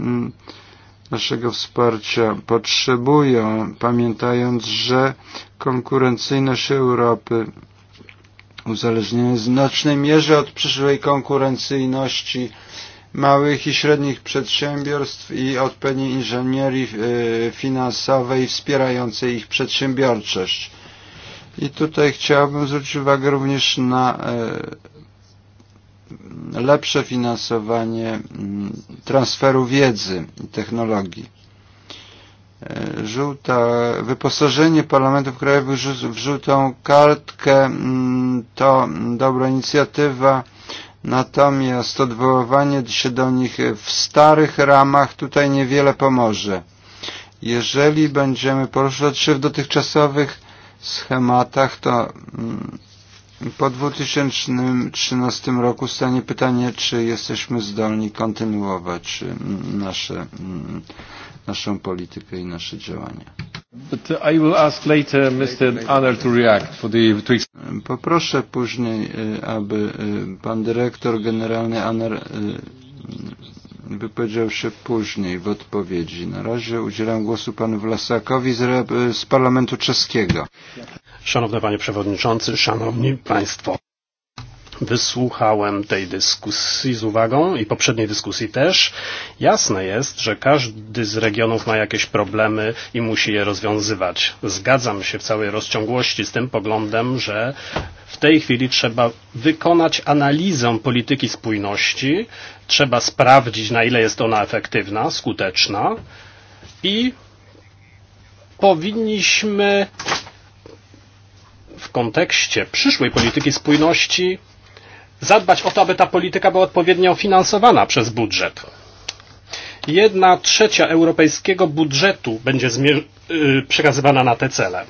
naszego wsparcia potrzebują, pamiętając, że konkurencyjność Europy uzależniona w znacznej mierze od przyszłej konkurencyjności małych i średnich przedsiębiorstw i odpowiedniej inżynierii e, finansowej wspierającej ich przedsiębiorczość. I tutaj chciałbym zwrócić uwagę również na e, lepsze finansowanie mm, transferu wiedzy i technologii. E, żółta, wyposażenie parlamentów krajowych w żółtą kartkę mm, to dobra inicjatywa, natomiast odwoływanie się do nich w starych ramach tutaj niewiele pomoże. Jeżeli będziemy poruszać się w dotychczasowych schematach, to mm, Po 2013 roku stanie pytanie, czy jesteśmy zdolni kontynuować mm, nasze, mm, naszą politykę i nasze działania. Uh, Poproszę później, aby pan dyrektor generalny Aner wypowiedziawszy później w odpowiedzi. Na razie udzielam głosu panu Wlasakowi z, z Parlamentu Czeskiego. Szanowny panie przewodniczący, szanowni państwo. Wysłuchałem tej dyskusji z uwagą i poprzedniej dyskusji też. Jasne jest, że każdy z regionów ma jakieś problemy i musi je rozwiązywać. Zgadzam się w całej rozciągłości z tym poglądem, że w tej chwili trzeba wykonać analizę polityki spójności, trzeba sprawdzić, na ile jest ona efektywna, skuteczna i powinniśmy w kontekście przyszłej polityki spójności zadbać o to, aby ta polityka była odpowiednio finansowana przez budżet. Jedna trzecia europejskiego budżetu będzie przekazywana na te cele.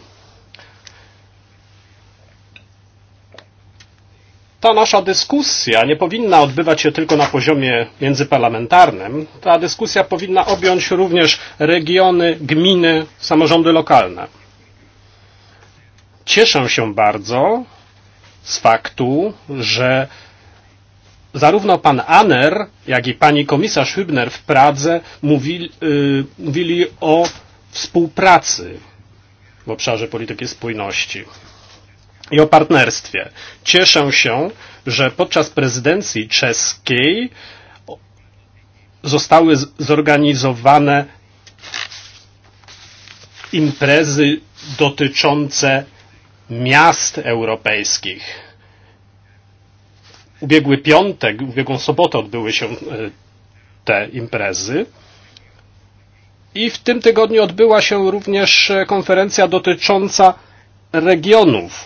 ta nasza dyskusja nie powinna odbywać się tylko na poziomie międzyparlamentarnym. Ta dyskusja powinna objąć również regiony, gminy, samorządy lokalne. Cieszę się bardzo, z faktu, że zarówno pan Aner, jak i pani komisarz Hübner w Pradze mówili, yy, mówili o współpracy w obszarze polityki spójności i o partnerstwie. Cieszę się, że podczas prezydencji czeskiej zostały zorganizowane imprezy dotyczące miast europejskich. Ubiegły piątek, ubiegłą sobotę odbyły się e, te imprezy. I w tym tygodniu odbyła się również e, konferencja dotycząca regionów.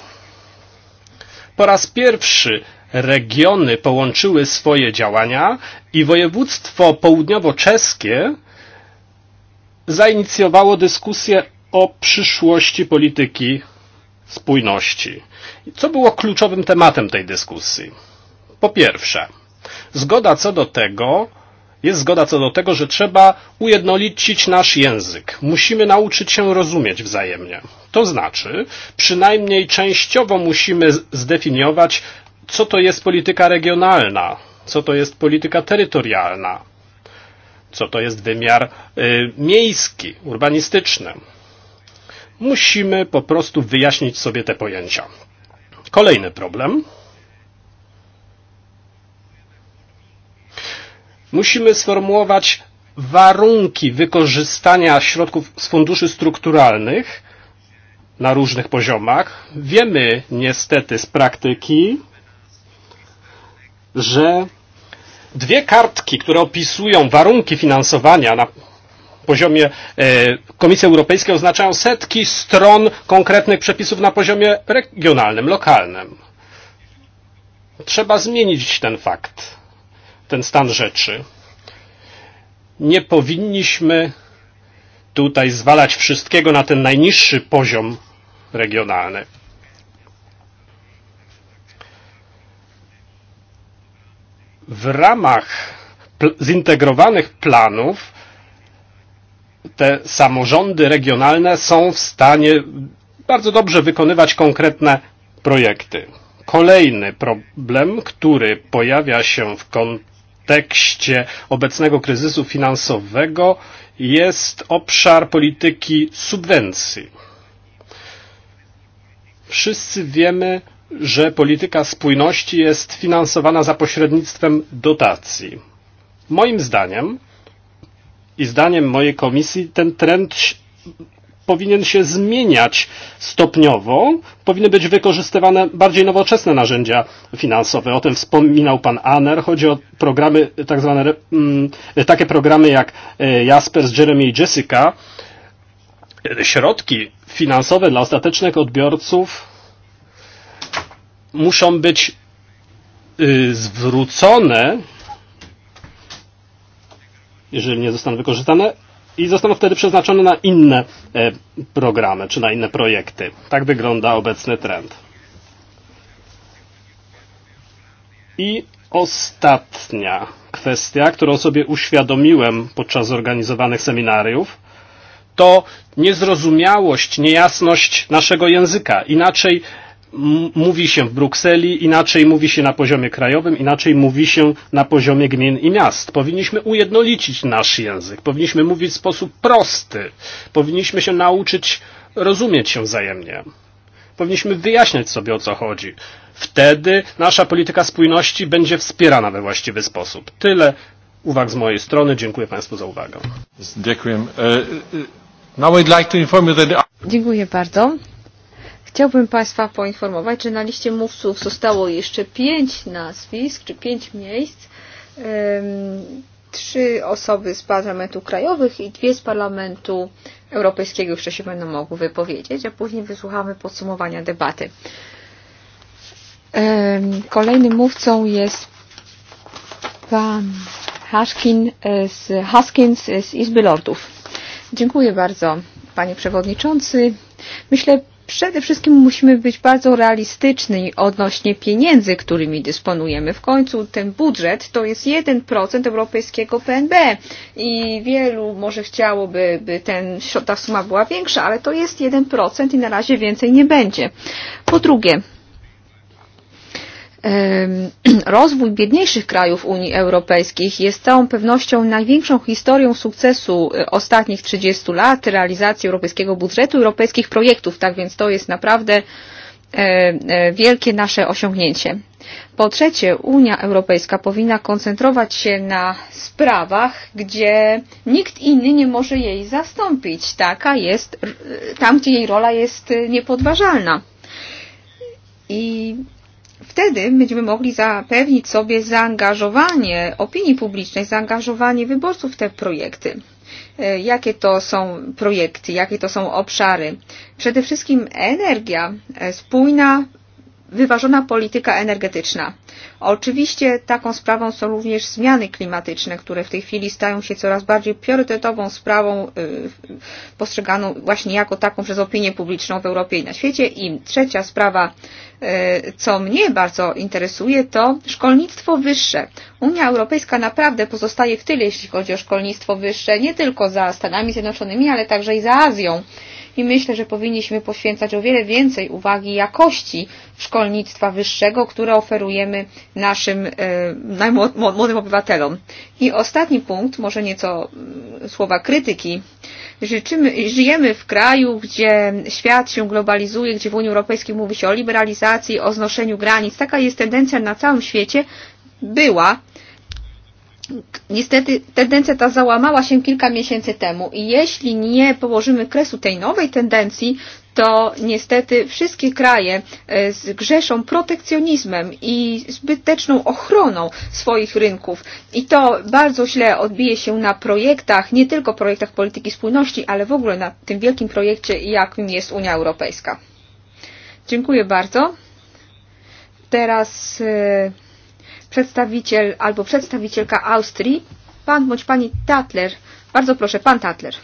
Po raz pierwszy regiony połączyły swoje działania i województwo południowo-czeskie zainicjowało dyskusję o przyszłości polityki spójności. Co było kluczowym tematem tej dyskusji? Po pierwsze, zgoda co do tego, jest zgoda co do tego, że trzeba ujednolicić nasz język. Musimy nauczyć się rozumieć wzajemnie. To znaczy, przynajmniej częściowo musimy zdefiniować, co to jest polityka regionalna, co to jest polityka terytorialna, co to jest wymiar y, miejski, urbanistyczny, Musimy po prostu wyjaśnić sobie te pojęcia. Kolejny problem. Musimy sformułować warunki wykorzystania środków z funduszy strukturalnych na różnych poziomach. Wiemy niestety z praktyki, że dwie kartki, które opisują warunki finansowania na poziomie e, Komisji Europejskiej oznaczają setki stron konkretnych przepisów na poziomie regionalnym, lokalnym. Trzeba zmienić ten fakt, ten stan rzeczy. Nie powinniśmy tutaj zwalać wszystkiego na ten najniższy poziom regionalny. W ramach zintegrowanych planów te samorządy regionalne są w stanie bardzo dobrze wykonywać konkretne projekty. Kolejny problem, który pojawia się w kontekście obecnego kryzysu finansowego jest obszar polityki subwencji. Wszyscy wiemy, że polityka spójności jest finansowana za pośrednictwem dotacji. Moim zdaniem i zdaniem mojej komisji ten trend powinien się zmieniać stopniowo. Powinny być wykorzystywane bardziej nowoczesne narzędzia finansowe. O tym wspominał pan Aner. Chodzi o programy, tak zwane, mm, takie programy jak e, Jaspers, Jeremy i Jessica. E, środki finansowe dla ostatecznych odbiorców muszą być zwrócone jeżeli nie zostaną wykorzystane i zostaną wtedy przeznaczone na inne e, programy czy na inne projekty. Tak wygląda obecny trend. I ostatnia kwestia, którą sobie uświadomiłem podczas organizowanych seminariów, to niezrozumiałość, niejasność naszego języka. Inaczej mówi się w Brukseli, inaczej mówi się na poziomie krajowym, inaczej mówi się na poziomie gmin i miast. Powinniśmy ujednolicić nasz język, powinniśmy mówić w sposób prosty, powinniśmy się nauczyć rozumieć się wzajemnie. Powinniśmy wyjaśniać sobie o co chodzi. Wtedy nasza polityka spójności będzie wspierana we właściwy sposób. Tyle uwag z mojej strony. Dziękuję Państwu za uwagę. Dziękuję. Now I'd like to inform you that... Dziękuję bardzo. Chciałbym Państwa poinformować, że na liście mówców zostało jeszcze pięć nazwisk, czy pięć miejsc. Trzy osoby z Parlamentu Krajowych i dwie z Parlamentu Europejskiego jeszcze się będą mogły wypowiedzieć, a później wysłuchamy podsumowania debaty. Kolejnym mówcą jest pan Hashkin e, z, Haskins e, z Izby Lordów. Dziękuję bardzo, panie przewodniczący. Myślę, przede wszystkim musimy być bardzo realistyczni odnośnie pieniędzy, którymi dysponujemy. W końcu ten budżet to jest 1% europejskiego PNB i wielu może chciałoby, by ten, ta suma była większa, ale to jest 1% i na razie więcej nie będzie. Po drugie, rozwój biedniejszych krajów Unii Europejskich jest całą pewnością największą historią sukcesu e, ostatnich 30 lat realizacji europejskiego budżetu, europejskich projektów, tak więc to jest naprawdę e, e, wielkie nasze osiągnięcie. Po trzecie, Unia Europejska powinna koncentrować się na sprawach, gdzie nikt inny nie może jej zastąpić. Taka jest tam, gdzie jej rola jest niepodważalna. I Wtedy będziemy mogli zapewnić sobie zaangażowanie opinii publicznej, zaangażowanie wyborców w te projekty. E, jakie to są projekty, jakie to są obszary? Przede wszystkim energia, e, spójna wyważona polityka energetyczna. Oczywiście taką sprawą są również zmiany klimatyczne, które w tej chwili stają się coraz bardziej priorytetową sprawą postrzeganą właśnie jako taką przez opinię publiczną w Europie i na świecie. I trzecia sprawa, co mnie bardzo interesuje, to szkolnictwo wyższe. Unia Europejska naprawdę pozostaje w tyle, jeśli chodzi o szkolnictwo wyższe, nie tylko za Stanami Zjednoczonymi, ale także i za Azją i myślę, że powinniśmy poświęcać o wiele więcej uwagi jakości szkolnictwa wyższego, które oferujemy naszym e, młodym obywatelom. I ostatni punkt, może nieco mm, słowa krytyki. Życzymy, żyjemy w kraju, gdzie świat się globalizuje, gdzie w Unii Europejskiej mówi się o liberalizacji, o znoszeniu granic. Taka jest tendencja na całym świecie. Była, niestety tendencja ta załamała się kilka miesięcy temu i jeśli nie położymy kresu tej nowej tendencji, to niestety wszystkie kraje e, zgrzeszą protekcjonizmem i zbyteczną ochroną swoich rynków. I to bardzo źle odbije się na projektach, nie tylko projektach polityki spójności, ale w ogóle na tym wielkim projekcie, jakim jest Unia Europejska. Dziękuję bardzo. Teraz. Yy e, przedstawiciel albo przedstawicielka Austrii, pan bądź pani Tatler. Bardzo proszę, pan Tatler.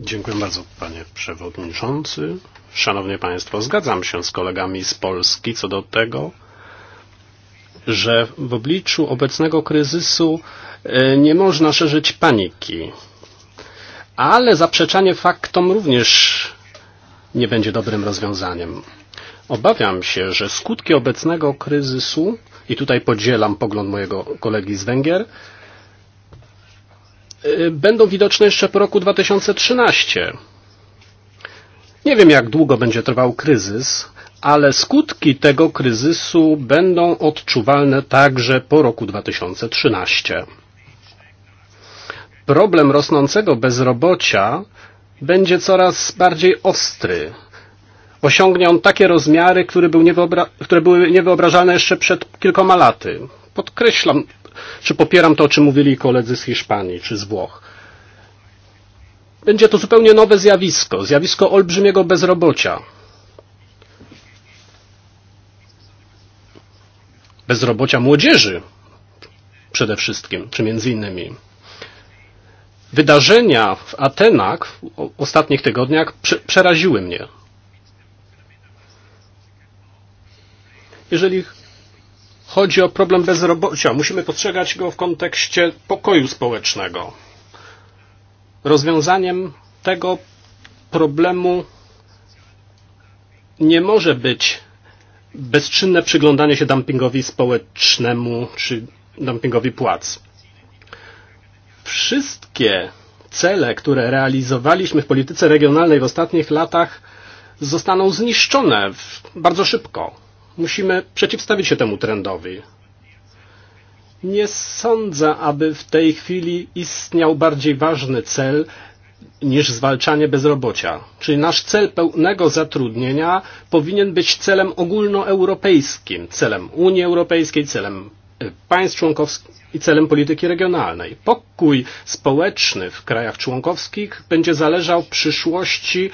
Dziękuję bardzo, panie przewodniczący. Szanowni Państwo, zgadzam się z kolegami z Polski co do tego, że w obliczu obecnego kryzysu e, nie można szerzyć paniki. Ale zaprzeczanie faktom również nie będzie dobrym rozwiązaniem. Obawiam się, że skutki obecnego kryzysu, i tutaj podzielam pogląd mojego kolegi z Węgier, będą widoczne jeszcze po roku 2013. Nie wiem, jak długo będzie trwał kryzys, ale skutki tego kryzysu będą odczuwalne także po roku 2013. Problem rosnącego bezrobocia będzie coraz bardziej ostry osiągnie on takie rozmiary, które, był niewyobra które były niewyobrażalne jeszcze przed kilkoma laty. Podkreślam, czy popieram to, o czym mówili koledzy z Hiszpanii czy z Włoch. Będzie to zupełnie nowe zjawisko, zjawisko olbrzymiego bezrobocia. Bezrobocia młodzieży przede wszystkim, czy między innymi. Wydarzenia w Atenach w ostatnich tygodniach przeraziły mnie. Jeżeli chodzi o problem bezrobocia, musimy postrzegać go w kontekście pokoju społecznego. Rozwiązaniem tego problemu nie może być bezczynne przyglądanie się dumpingowi społecznemu czy dumpingowi płac. Wszystkie cele, które realizowaliśmy w polityce regionalnej w ostatnich latach, zostaną zniszczone bardzo szybko Musimy przeciwstawić się temu trendowi. Nie sądzę, aby w tej chwili istniał bardziej ważny cel niż zwalczanie bezrobocia. Czyli nasz cel pełnego zatrudnienia powinien być celem ogólnoeuropejskim, celem Unii Europejskiej, celem państw członkowskich i celem polityki regionalnej. Pokój społeczny w krajach członkowskich będzie zależał w przyszłości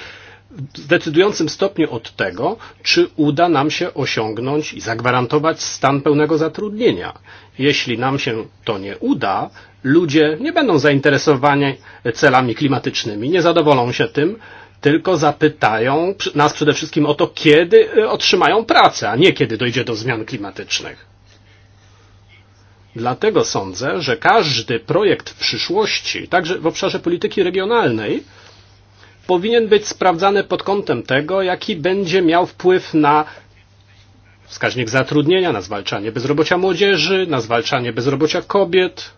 decydującym stopniu od tego, czy uda nam się osiągnąć i zagwarantować stan pełnego zatrudnienia. Jeśli nam się to nie uda, ludzie nie będą zainteresowani celami klimatycznymi, nie zadowolą się tym, tylko zapytają nas przede wszystkim o to, kiedy otrzymają pracę, a nie kiedy dojdzie do zmian klimatycznych. Dlatego sądzę, że każdy projekt w przyszłości, także w obszarze polityki regionalnej, powinien być sprawdzany pod kątem tego, jaki będzie miał wpływ na wskaźnik zatrudnienia, na zwalczanie bezrobocia młodzieży, na zwalczanie bezrobocia kobiet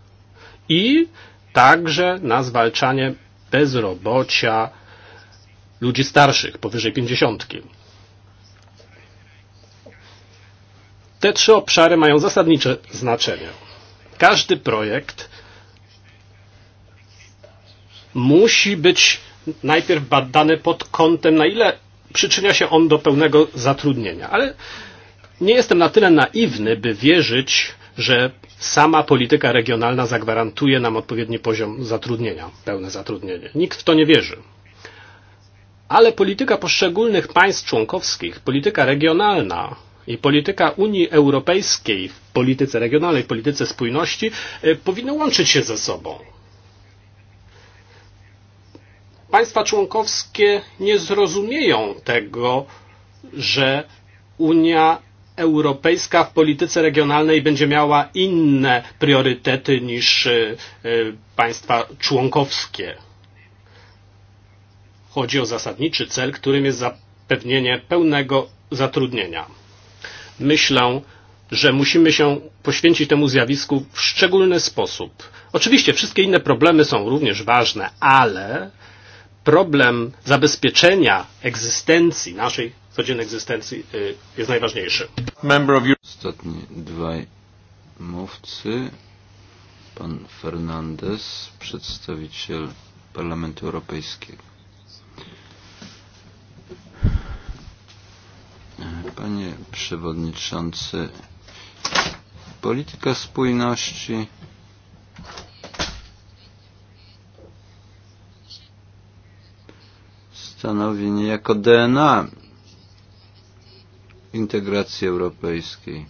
i także na zwalczanie bezrobocia ludzi starszych, powyżej pięćdziesiątki. Te trzy obszary mają zasadnicze znaczenie. Każdy projekt musi być najpierw badany pod kątem, na ile przyczynia się on do pełnego zatrudnienia. Ale nie jestem na tyle naiwny, by wierzyć, że sama polityka regionalna zagwarantuje nam odpowiedni poziom zatrudnienia, pełne zatrudnienie. Nikt w to nie wierzy. Ale polityka poszczególnych państw członkowskich, polityka regionalna i polityka Unii Europejskiej w polityce regionalnej, w polityce spójności e, powinny łączyć się ze sobą. Państwa członkowskie nie zrozumieją tego, że Unia Europejska w polityce regionalnej będzie miała inne priorytety niż e, państwa członkowskie. Chodzi o zasadniczy cel, którym jest zapewnienie pełnego zatrudnienia. Myślę, że musimy się poświęcić temu zjawisku w szczególny sposób. Oczywiście wszystkie inne problemy są również ważne, ale problem zabezpieczenia egzystencji, naszej codziennej egzystencji jest najważniejszy. Member of Ostatni dwaj mówcy, pan Fernandez, przedstawiciel Parlamentu Europejskiego. Panie Przewodniczący, polityka spójności stanowi niejako DNA integracji europejskiej.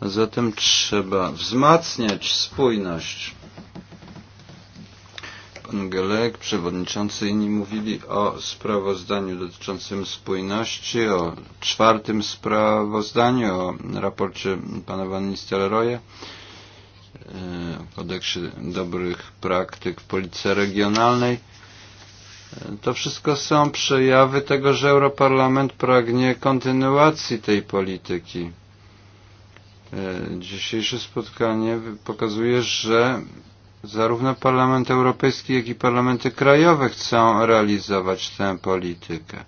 A zatem trzeba wzmacniać spójność. Pan Gelek, przewodniczący, inni mówili o sprawozdaniu dotyczącym spójności, o czwartym sprawozdaniu, o raporcie pana Van Nistelrooya. E, kodeksie dobrych praktyk w polityce regionalnej. E, to wszystko są przejawy tego, że Europarlament pragnie kontynuacji tej polityki. E, dzisiejsze spotkanie pokazuje, że zarówno Parlament Europejski, jak i parlamenty krajowe chcą realizować tę politykę.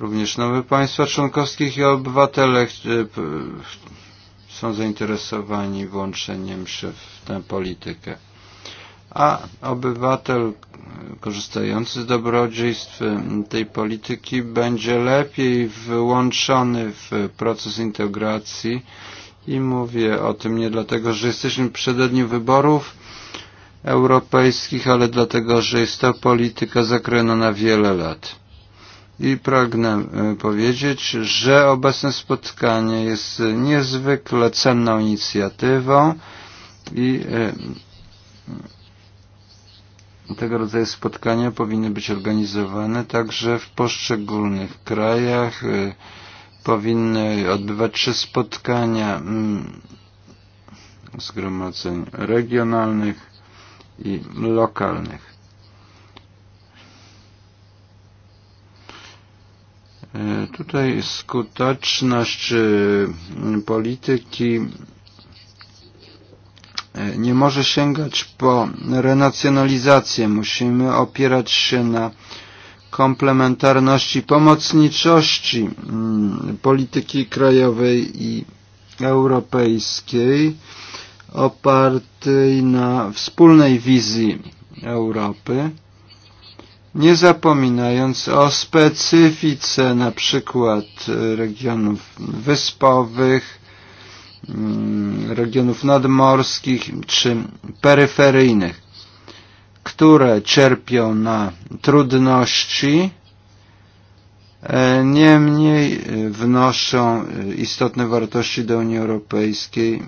Również nowe państwa członkowskich i obywatele e, są zainteresowani włączeniem się w tę politykę. A obywatel e, korzystający z dobrodziejstw e, tej polityki będzie lepiej włączony w proces integracji i mówię o tym nie dlatego, że jesteśmy w przededniu wyborów europejskich, ale dlatego, że jest to polityka zakrojona na wiele lat i pragnę e, powiedzieć, że obecne spotkanie jest niezwykle cenną inicjatywą i e, tego rodzaju spotkania powinny być organizowane także w poszczególnych krajach. E, powinny odbywać się spotkania mm, zgromadzeń regionalnych i lokalnych. E, tutaj skuteczność e, polityki e, nie może sięgać po renacjonalizację. Musimy opierać się na komplementarności, pomocniczości mm, polityki krajowej i europejskiej opartej na wspólnej wizji Europy nie zapominając o specyfice na przykład e, regionów wyspowych, mm, regionów nadmorskich czy peryferyjnych, które cierpią na trudności, e, niemniej wnoszą e, istotne wartości do Unii Europejskiej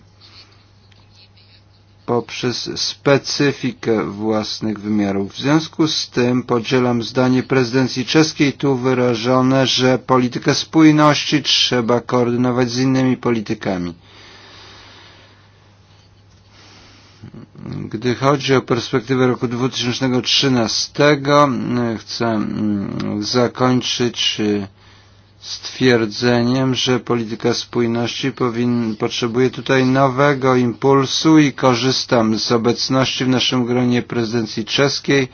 poprzez specyfikę własnych wymiarów. W związku z tym podzielam zdanie prezydencji czeskiej tu wyrażone, że politykę spójności trzeba koordynować z innymi politykami. Gdy chodzi o perspektywę roku 2013, chcę mm, zakończyć stwierdzeniem, że polityka spójności powin, potrzebuje tutaj nowego impulsu i korzystam z obecności w naszym gronie prezydencji czeskiej.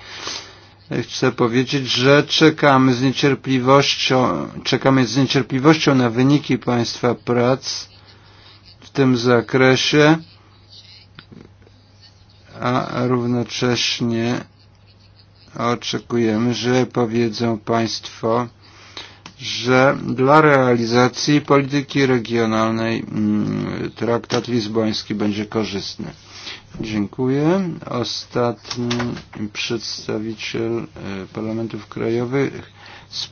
Chcę powiedzieć, że czekamy z niecierpliwością, czekamy z niecierpliwością na wyniki Państwa prac w tym zakresie, a równocześnie oczekujemy, że powiedzą Państwo, że dla realizacji polityki regionalnej mm, traktat lizboński będzie korzystny. Dziękuję. Ostatni przedstawiciel e, parlamentów krajowych z,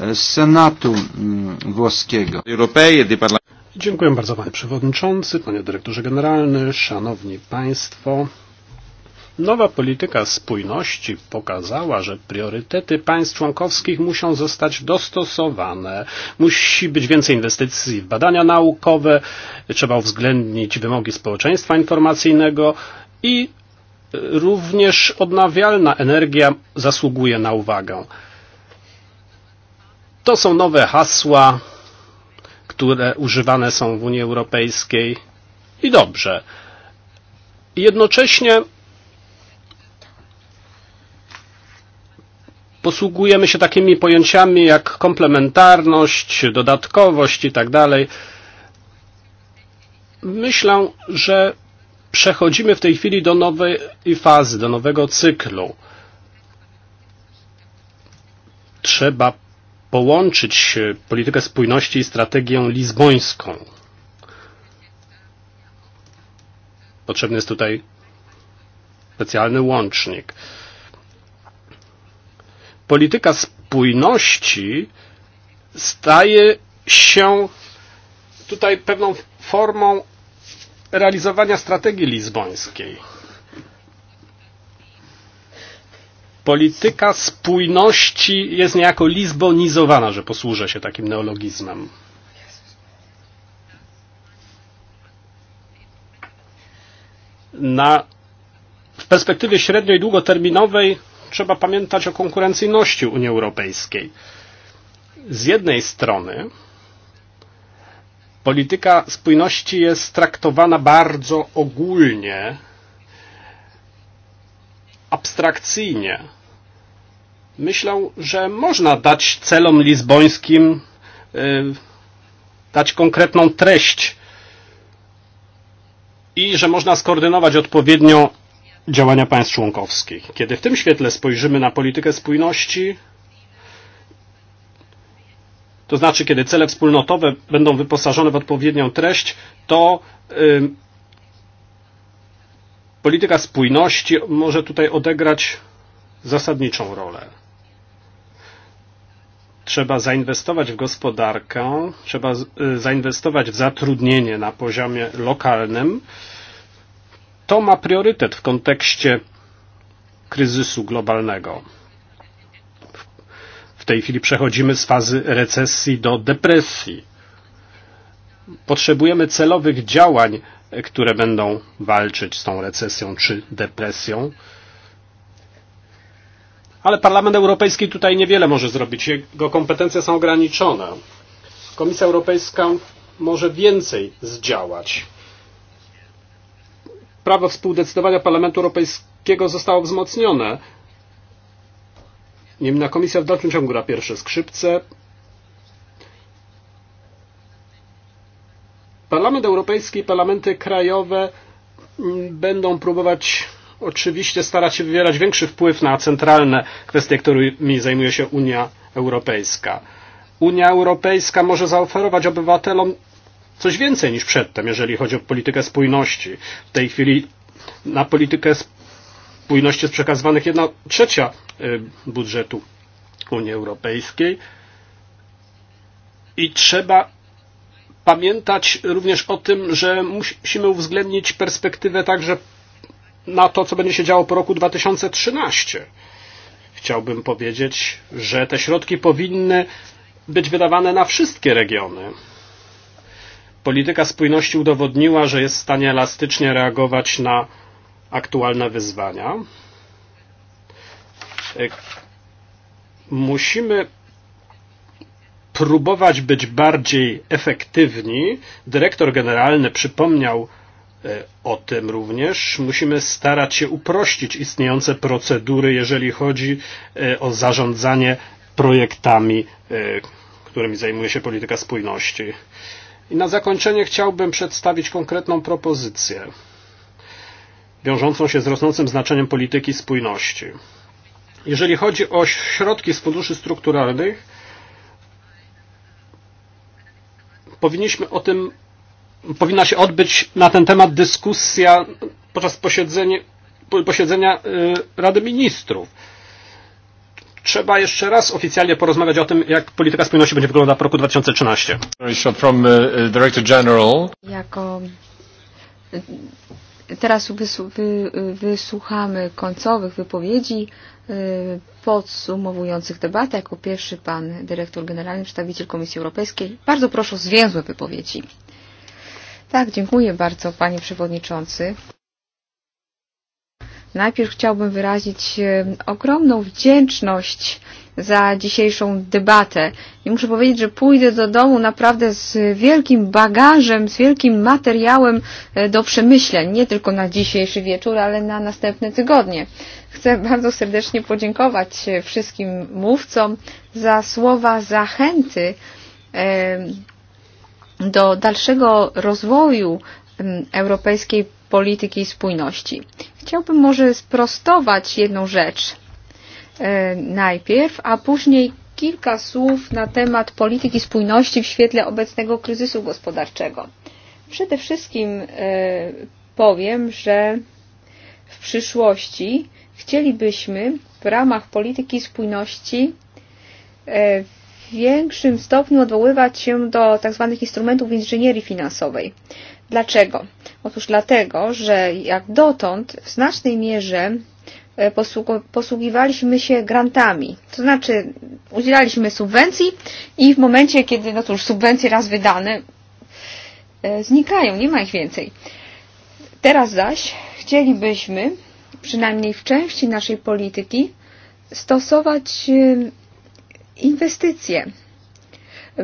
e, z Senatu mm, włoskiego. E Dziękuję bardzo panie przewodniczący, panie dyrektorze generalny, szanowni państwo. Nowa polityka spójności pokazała, że priorytety państw członkowskich muszą zostać dostosowane. Musi być więcej inwestycji w badania naukowe, trzeba uwzględnić wymogi społeczeństwa informacyjnego i również odnawialna energia zasługuje na uwagę. To są nowe hasła, które używane są w Unii Europejskiej i dobrze. Jednocześnie posługujemy się takimi pojęciami jak komplementarność, dodatkowość i tak dalej. Myślę, że przechodzimy w tej chwili do nowej fazy, do nowego cyklu. Trzeba połączyć politykę spójności i strategię lizbońską. Potrzebny jest tutaj specjalny łącznik polityka spójności staje się tutaj pewną formą realizowania strategii lizbońskiej. Polityka spójności jest niejako lizbonizowana, że posłużę się takim neologizmem. Na, w perspektywie średnio i długoterminowej trzeba pamiętać o konkurencyjności Unii Europejskiej. Z jednej strony polityka spójności jest traktowana bardzo ogólnie, abstrakcyjnie. Myślę, że można dać celom lizbońskim yy, dać konkretną treść i że można skoordynować odpowiednio działania państw członkowskich. Kiedy w tym świetle spojrzymy na politykę spójności, to znaczy kiedy cele wspólnotowe będą wyposażone w odpowiednią treść, to y, polityka spójności może tutaj odegrać zasadniczą rolę. Trzeba zainwestować w gospodarkę, trzeba zainwestować w zatrudnienie na poziomie lokalnym, y, To ma priorytet w kontekście kryzysu globalnego. W tej chwili przechodzimy z fazy recesji do depresji. Potrzebujemy celowych działań, które będą walczyć z tą recesją czy depresją. Ale Parlament Europejski tutaj niewiele może zrobić. Jego kompetencje są ograniczone. Komisja Europejska może więcej zdziałać prawo współdecydowania Parlamentu Europejskiego zostało wzmocnione. Niemna komisja w dalszym ciągu gra pierwsze skrzypce. Parlament Europejski i parlamenty krajowe mm, będą próbować oczywiście starać się wywierać większy wpływ na centralne kwestie, którymi zajmuje się Unia Europejska. Unia Europejska może zaoferować obywatelom coś więcej niż przedtem, jeżeli chodzi o politykę spójności. W tej chwili na politykę spójności jest przekazywanych jedna trzecia budżetu Unii Europejskiej. I trzeba pamiętać również o tym, że musimy uwzględnić perspektywę także na to, co będzie się działo po roku 2013. Chciałbym powiedzieć, że te środki powinny być wydawane na wszystkie regiony Polityka spójności udowodniła, że jest w stanie elastycznie reagować na aktualne wyzwania. E, musimy próbować być bardziej efektywni. Dyrektor generalny przypomniał e, o tym również. Musimy starać się uprościć istniejące procedury, jeżeli chodzi e, o zarządzanie projektami, którymi zajmuje się polityka spójności. I na zakończenie chciałbym przedstawić konkretną propozycję wiążącą się z rosnącym znaczeniem polityki spójności. Jeżeli chodzi o środki z funduszy strukturalnych, powinniśmy o tym, powinna się odbyć na ten temat dyskusja podczas posiedzenia, posiedzenia Rady Ministrów trzeba jeszcze raz oficjalnie porozmawiać o tym, jak polityka spójności będzie wyglądała w roku 2013. From, uh, uh, Director General. Jako teraz wysu, wy, wysłuchamy końcowych wypowiedzi y, podsumowujących debatę. Jako pierwszy pan dyrektor generalny, przedstawiciel Komisji Europejskiej. Bardzo proszę o zwięzłe wypowiedzi. Tak, dziękuję bardzo panie przewodniczący. Najpierw chciałbym wyrazić e, ogromną wdzięczność za dzisiejszą debatę. I muszę powiedzieć, że pójdę do domu naprawdę z wielkim bagażem, z wielkim materiałem e, do przemyśleń, nie tylko na dzisiejszy wieczór, ale na następne tygodnie. Chcę bardzo serdecznie podziękować e, wszystkim mówcom za słowa zachęty do dalszego rozwoju europejskiej polityki spójności. Chciałbym może sprostować jedną rzecz e, najpierw, a później kilka słów na temat polityki spójności w świetle obecnego kryzysu gospodarczego. Przede wszystkim e, powiem, że w przyszłości chcielibyśmy w ramach polityki spójności e, w większym stopniu odwoływać się do tzw. instrumentów inżynierii finansowej. Dlaczego? Otóż dlatego, że jak dotąd w znacznej mierze e, posługiwaliśmy się grantami. To znaczy udzielaliśmy subwencji i w momencie, kiedy no cóż, subwencje raz wydane e, znikają, nie ma ich więcej. Teraz zaś chcielibyśmy, przynajmniej w części naszej polityki, stosować e, inwestycje,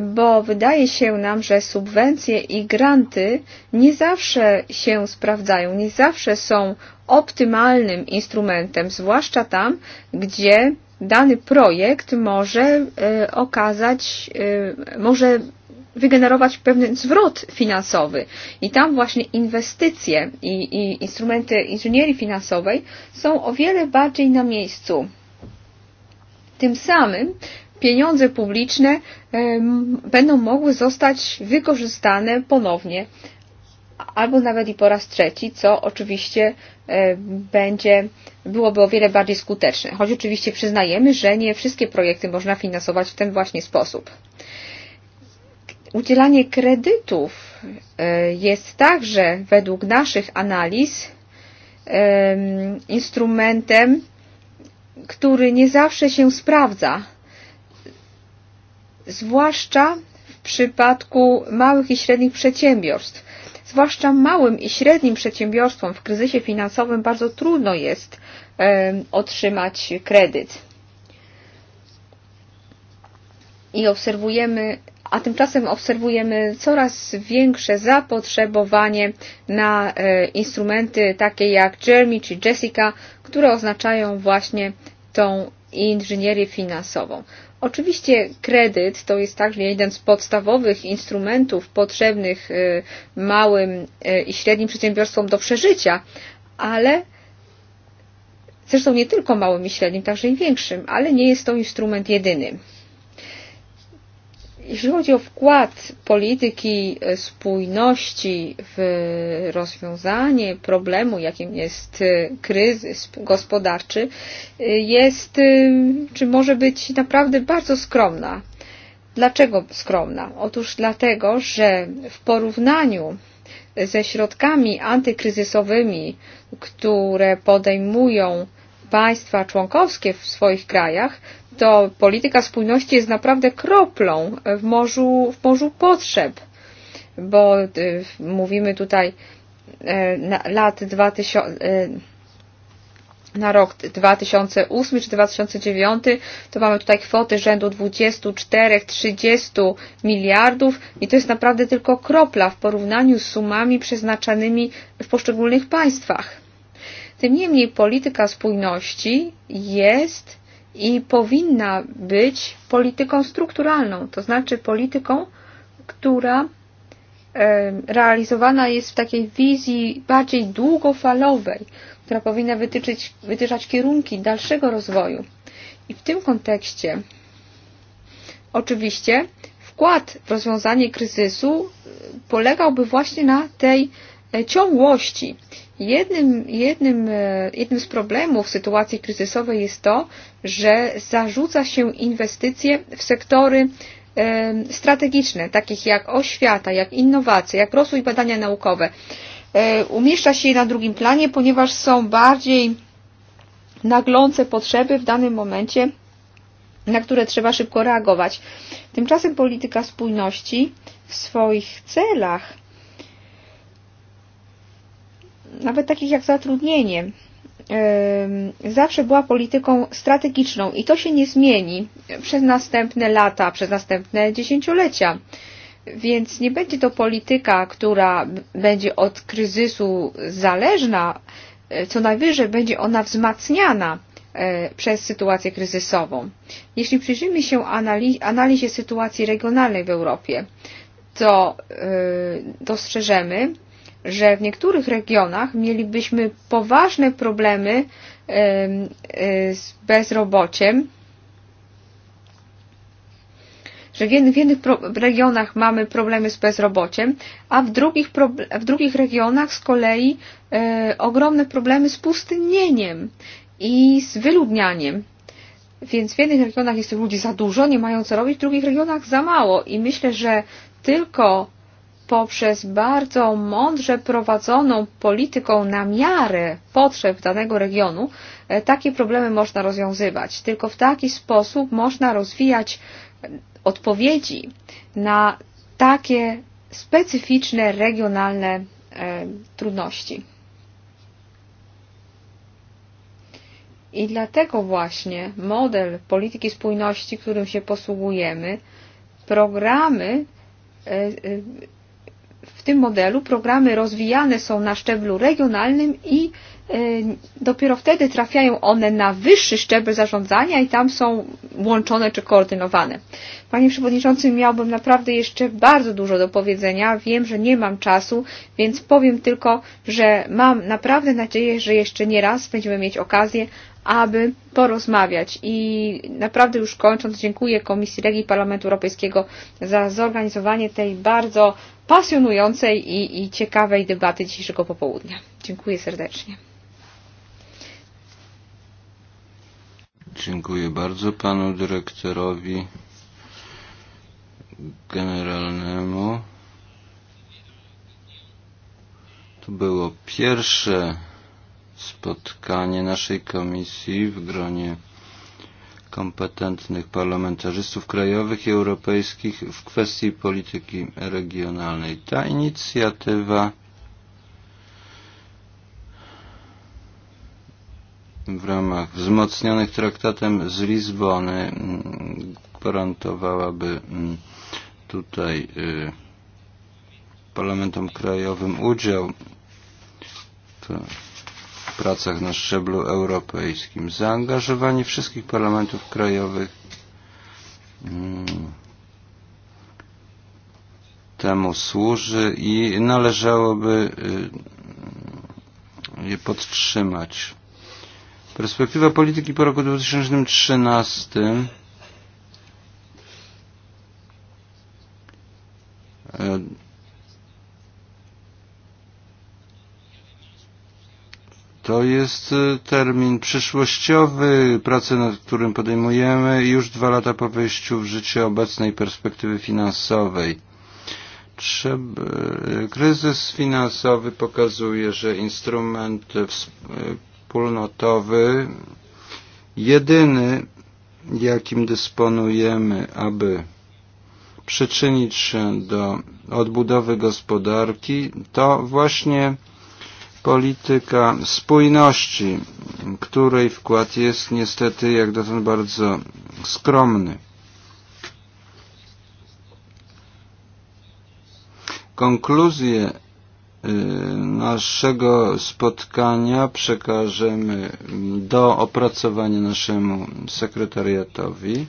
bo wydaje się nam, że subwencje i granty nie zawsze się sprawdzają, nie zawsze są optymalnym instrumentem, zwłaszcza tam, gdzie dany projekt może y, e, okazać, y, e, może wygenerować pewien zwrot finansowy. I tam właśnie inwestycje i, i instrumenty inżynierii finansowej są o wiele bardziej na miejscu. Tym samym pieniądze publiczne będą mogły zostać wykorzystane ponownie, albo nawet i po raz trzeci, co oczywiście będzie, byłoby o wiele bardziej skuteczne. Choć oczywiście przyznajemy, że nie wszystkie projekty można finansować w ten właśnie sposób. Udzielanie kredytów e, jest także według naszych analiz instrumentem, który nie zawsze się sprawdza zwłaszcza w przypadku małych i średnich przedsiębiorstw. Zwłaszcza małym i średnim przedsiębiorstwom w kryzysie finansowym bardzo trudno jest e, otrzymać kredyt. I obserwujemy, a tymczasem obserwujemy coraz większe zapotrzebowanie na e, instrumenty takie jak Jeremy czy Jessica, które oznaczają właśnie tą inżynierię finansową. Oczywiście kredyt to jest także jeden z podstawowych instrumentów potrzebnych e, małym e, i średnim przedsiębiorstwom do przeżycia, ale zresztą nie tylko małym i średnim, także i większym, ale nie jest to instrument jedyny. Jeśli chodzi o wkład polityki e, spójności w rozwiązanie problemu, jakim jest e, kryzys gospodarczy, e, jest, czy może być naprawdę bardzo skromna. Dlaczego skromna? Otóż dlatego, że w porównaniu ze środkami antykryzysowymi, które podejmują państwa członkowskie w swoich krajach, to polityka spójności jest naprawdę kroplą w morzu, w morzu potrzeb, bo mówimy tutaj e, na, lat 2000, e, na rok 2008 czy 2009, to mamy tutaj kwoty rzędu 24-30 miliardów i to jest naprawdę tylko kropla w porównaniu z sumami przeznaczanymi w poszczególnych państwach. Tym niemniej polityka spójności jest i powinna być polityką strukturalną, to znaczy polityką, która e, realizowana jest w takiej wizji bardziej długofalowej, która powinna wytyczyć, wytyczać kierunki dalszego rozwoju. I w tym kontekście oczywiście wkład w rozwiązanie kryzysu polegałby właśnie na tej e, ciągłości Jednym, jednym, e, jednym z problemów sytuacji kryzysowej jest to, że zarzuca się inwestycje w sektory e, strategiczne, takich jak oświata, jak innowacje, jak rozwój badania naukowe. E, umieszcza się je na drugim planie, ponieważ są bardziej naglące potrzeby w danym momencie, na które trzeba szybko reagować. Tymczasem polityka spójności w swoich celach nawet takich jak zatrudnienie, zawsze była polityką strategiczną i to się nie zmieni przez następne lata, przez następne dziesięciolecia. Więc nie będzie to polityka, która będzie od kryzysu zależna, e, co najwyżej będzie ona wzmacniana e, przez sytuację kryzysową. Jeśli przyjrzymy się analiz analizie sytuacji regionalnej w Europie, to e, dostrzeżemy, że w niektórych regionach mielibyśmy poważne problemy z bezrobociem, że w jednych, w jednych regionach mamy problemy z bezrobociem, a w drugich, w drugich regionach z kolei e, ogromne problemy z pustynnieniem i z wyludnianiem. Więc w jednych regionach jest tych ludzi za dużo, nie mają co robić, w drugich regionach za mało. I myślę, że tylko poprzez bardzo mądrze prowadzoną polityką na miarę potrzeb danego regionu e, takie problemy można rozwiązywać. Tylko w taki sposób można rozwijać e, odpowiedzi na takie specyficzne regionalne e, trudności. I dlatego właśnie model polityki spójności, którym się posługujemy, programy w tym modelu programy rozwijane są na szczeblu regionalnym i e, dopiero wtedy trafiają one na wyższy szczebel zarządzania i tam są łączone czy koordynowane. Panie Przewodniczący, miałbym naprawdę jeszcze bardzo dużo do powiedzenia. Wiem, że nie mam czasu, więc powiem tylko, że mam naprawdę nadzieję, że jeszcze nie raz będziemy mieć okazję, aby porozmawiać. I naprawdę już kończąc, dziękuję Komisji Regii Parlamentu Europejskiego za zorganizowanie tej bardzo pasjonującej i, i ciekawej debaty dzisiejszego popołudnia. Dziękuję serdecznie. Dziękuję bardzo panu dyrektorowi generalnemu. To było pierwsze spotkanie naszej komisji w gronie kompetentnych parlamentarzystów krajowych i europejskich w kwestii polityki regionalnej. Ta inicjatywa w ramach wzmocnionych traktatem z Lizbony mm, gwarantowałaby mm, tutaj parlamentom krajowym udział w pracach na szczeblu europejskim. Zaangażowanie wszystkich parlamentów krajowych temu służy i należałoby je podtrzymać. Perspektywa polityki po roku 2013 E, to jest e, termin przyszłościowy, pracę nad którym podejmujemy już dwa lata po wejściu w życie obecnej perspektywy finansowej. Trzeba, e, kryzys finansowy pokazuje, że instrument wspólnotowy jedyny, jakim dysponujemy, aby przyczynić się do odbudowy gospodarki, to właśnie polityka spójności, której wkład jest niestety jak dotąd bardzo skromny. Konkluzje naszego spotkania przekażemy do opracowania naszemu sekretariatowi.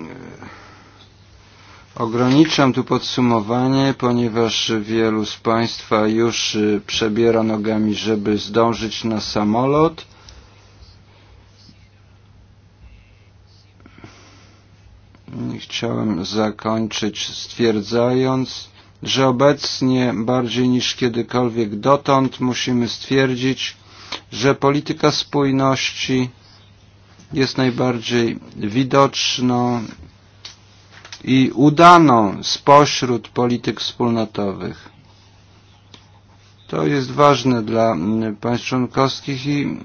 E, ograniczam tu podsumowanie, ponieważ wielu z Państwa już e, przebiera nogami, żeby zdążyć na samolot. Chciałem zakończyć stwierdzając, że obecnie bardziej niż kiedykolwiek dotąd musimy stwierdzić, że polityka spójności jest najbardziej widoczną i udaną spośród polityk wspólnotowych. To jest ważne dla państw członkowskich i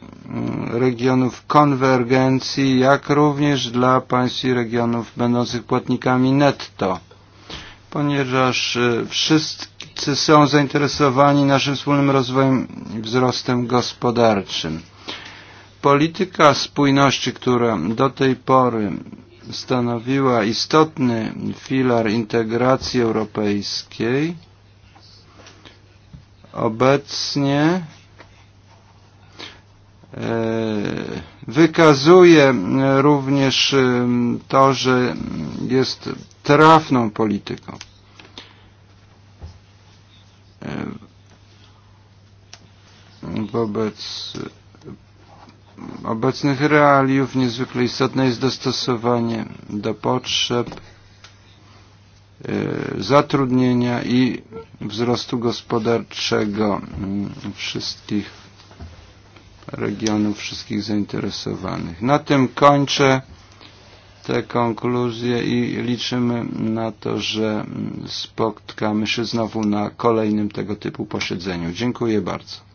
regionów konwergencji, jak również dla państw i regionów będących płatnikami netto, ponieważ wszyscy są zainteresowani naszym wspólnym rozwojem i wzrostem gospodarczym. Polityka spójności, która do tej pory stanowiła istotny filar integracji europejskiej, obecnie e, wykazuje również e, to, że jest trafną polityką. E, wobec obecnych realiów niezwykle istotne jest dostosowanie do potrzeb zatrudnienia i wzrostu gospodarczego mm, wszystkich regionów, wszystkich zainteresowanych. Na tym kończę te konkluzje i liczymy na to, że mm, spotkamy się znowu na kolejnym tego typu posiedzeniu. Dziękuję bardzo.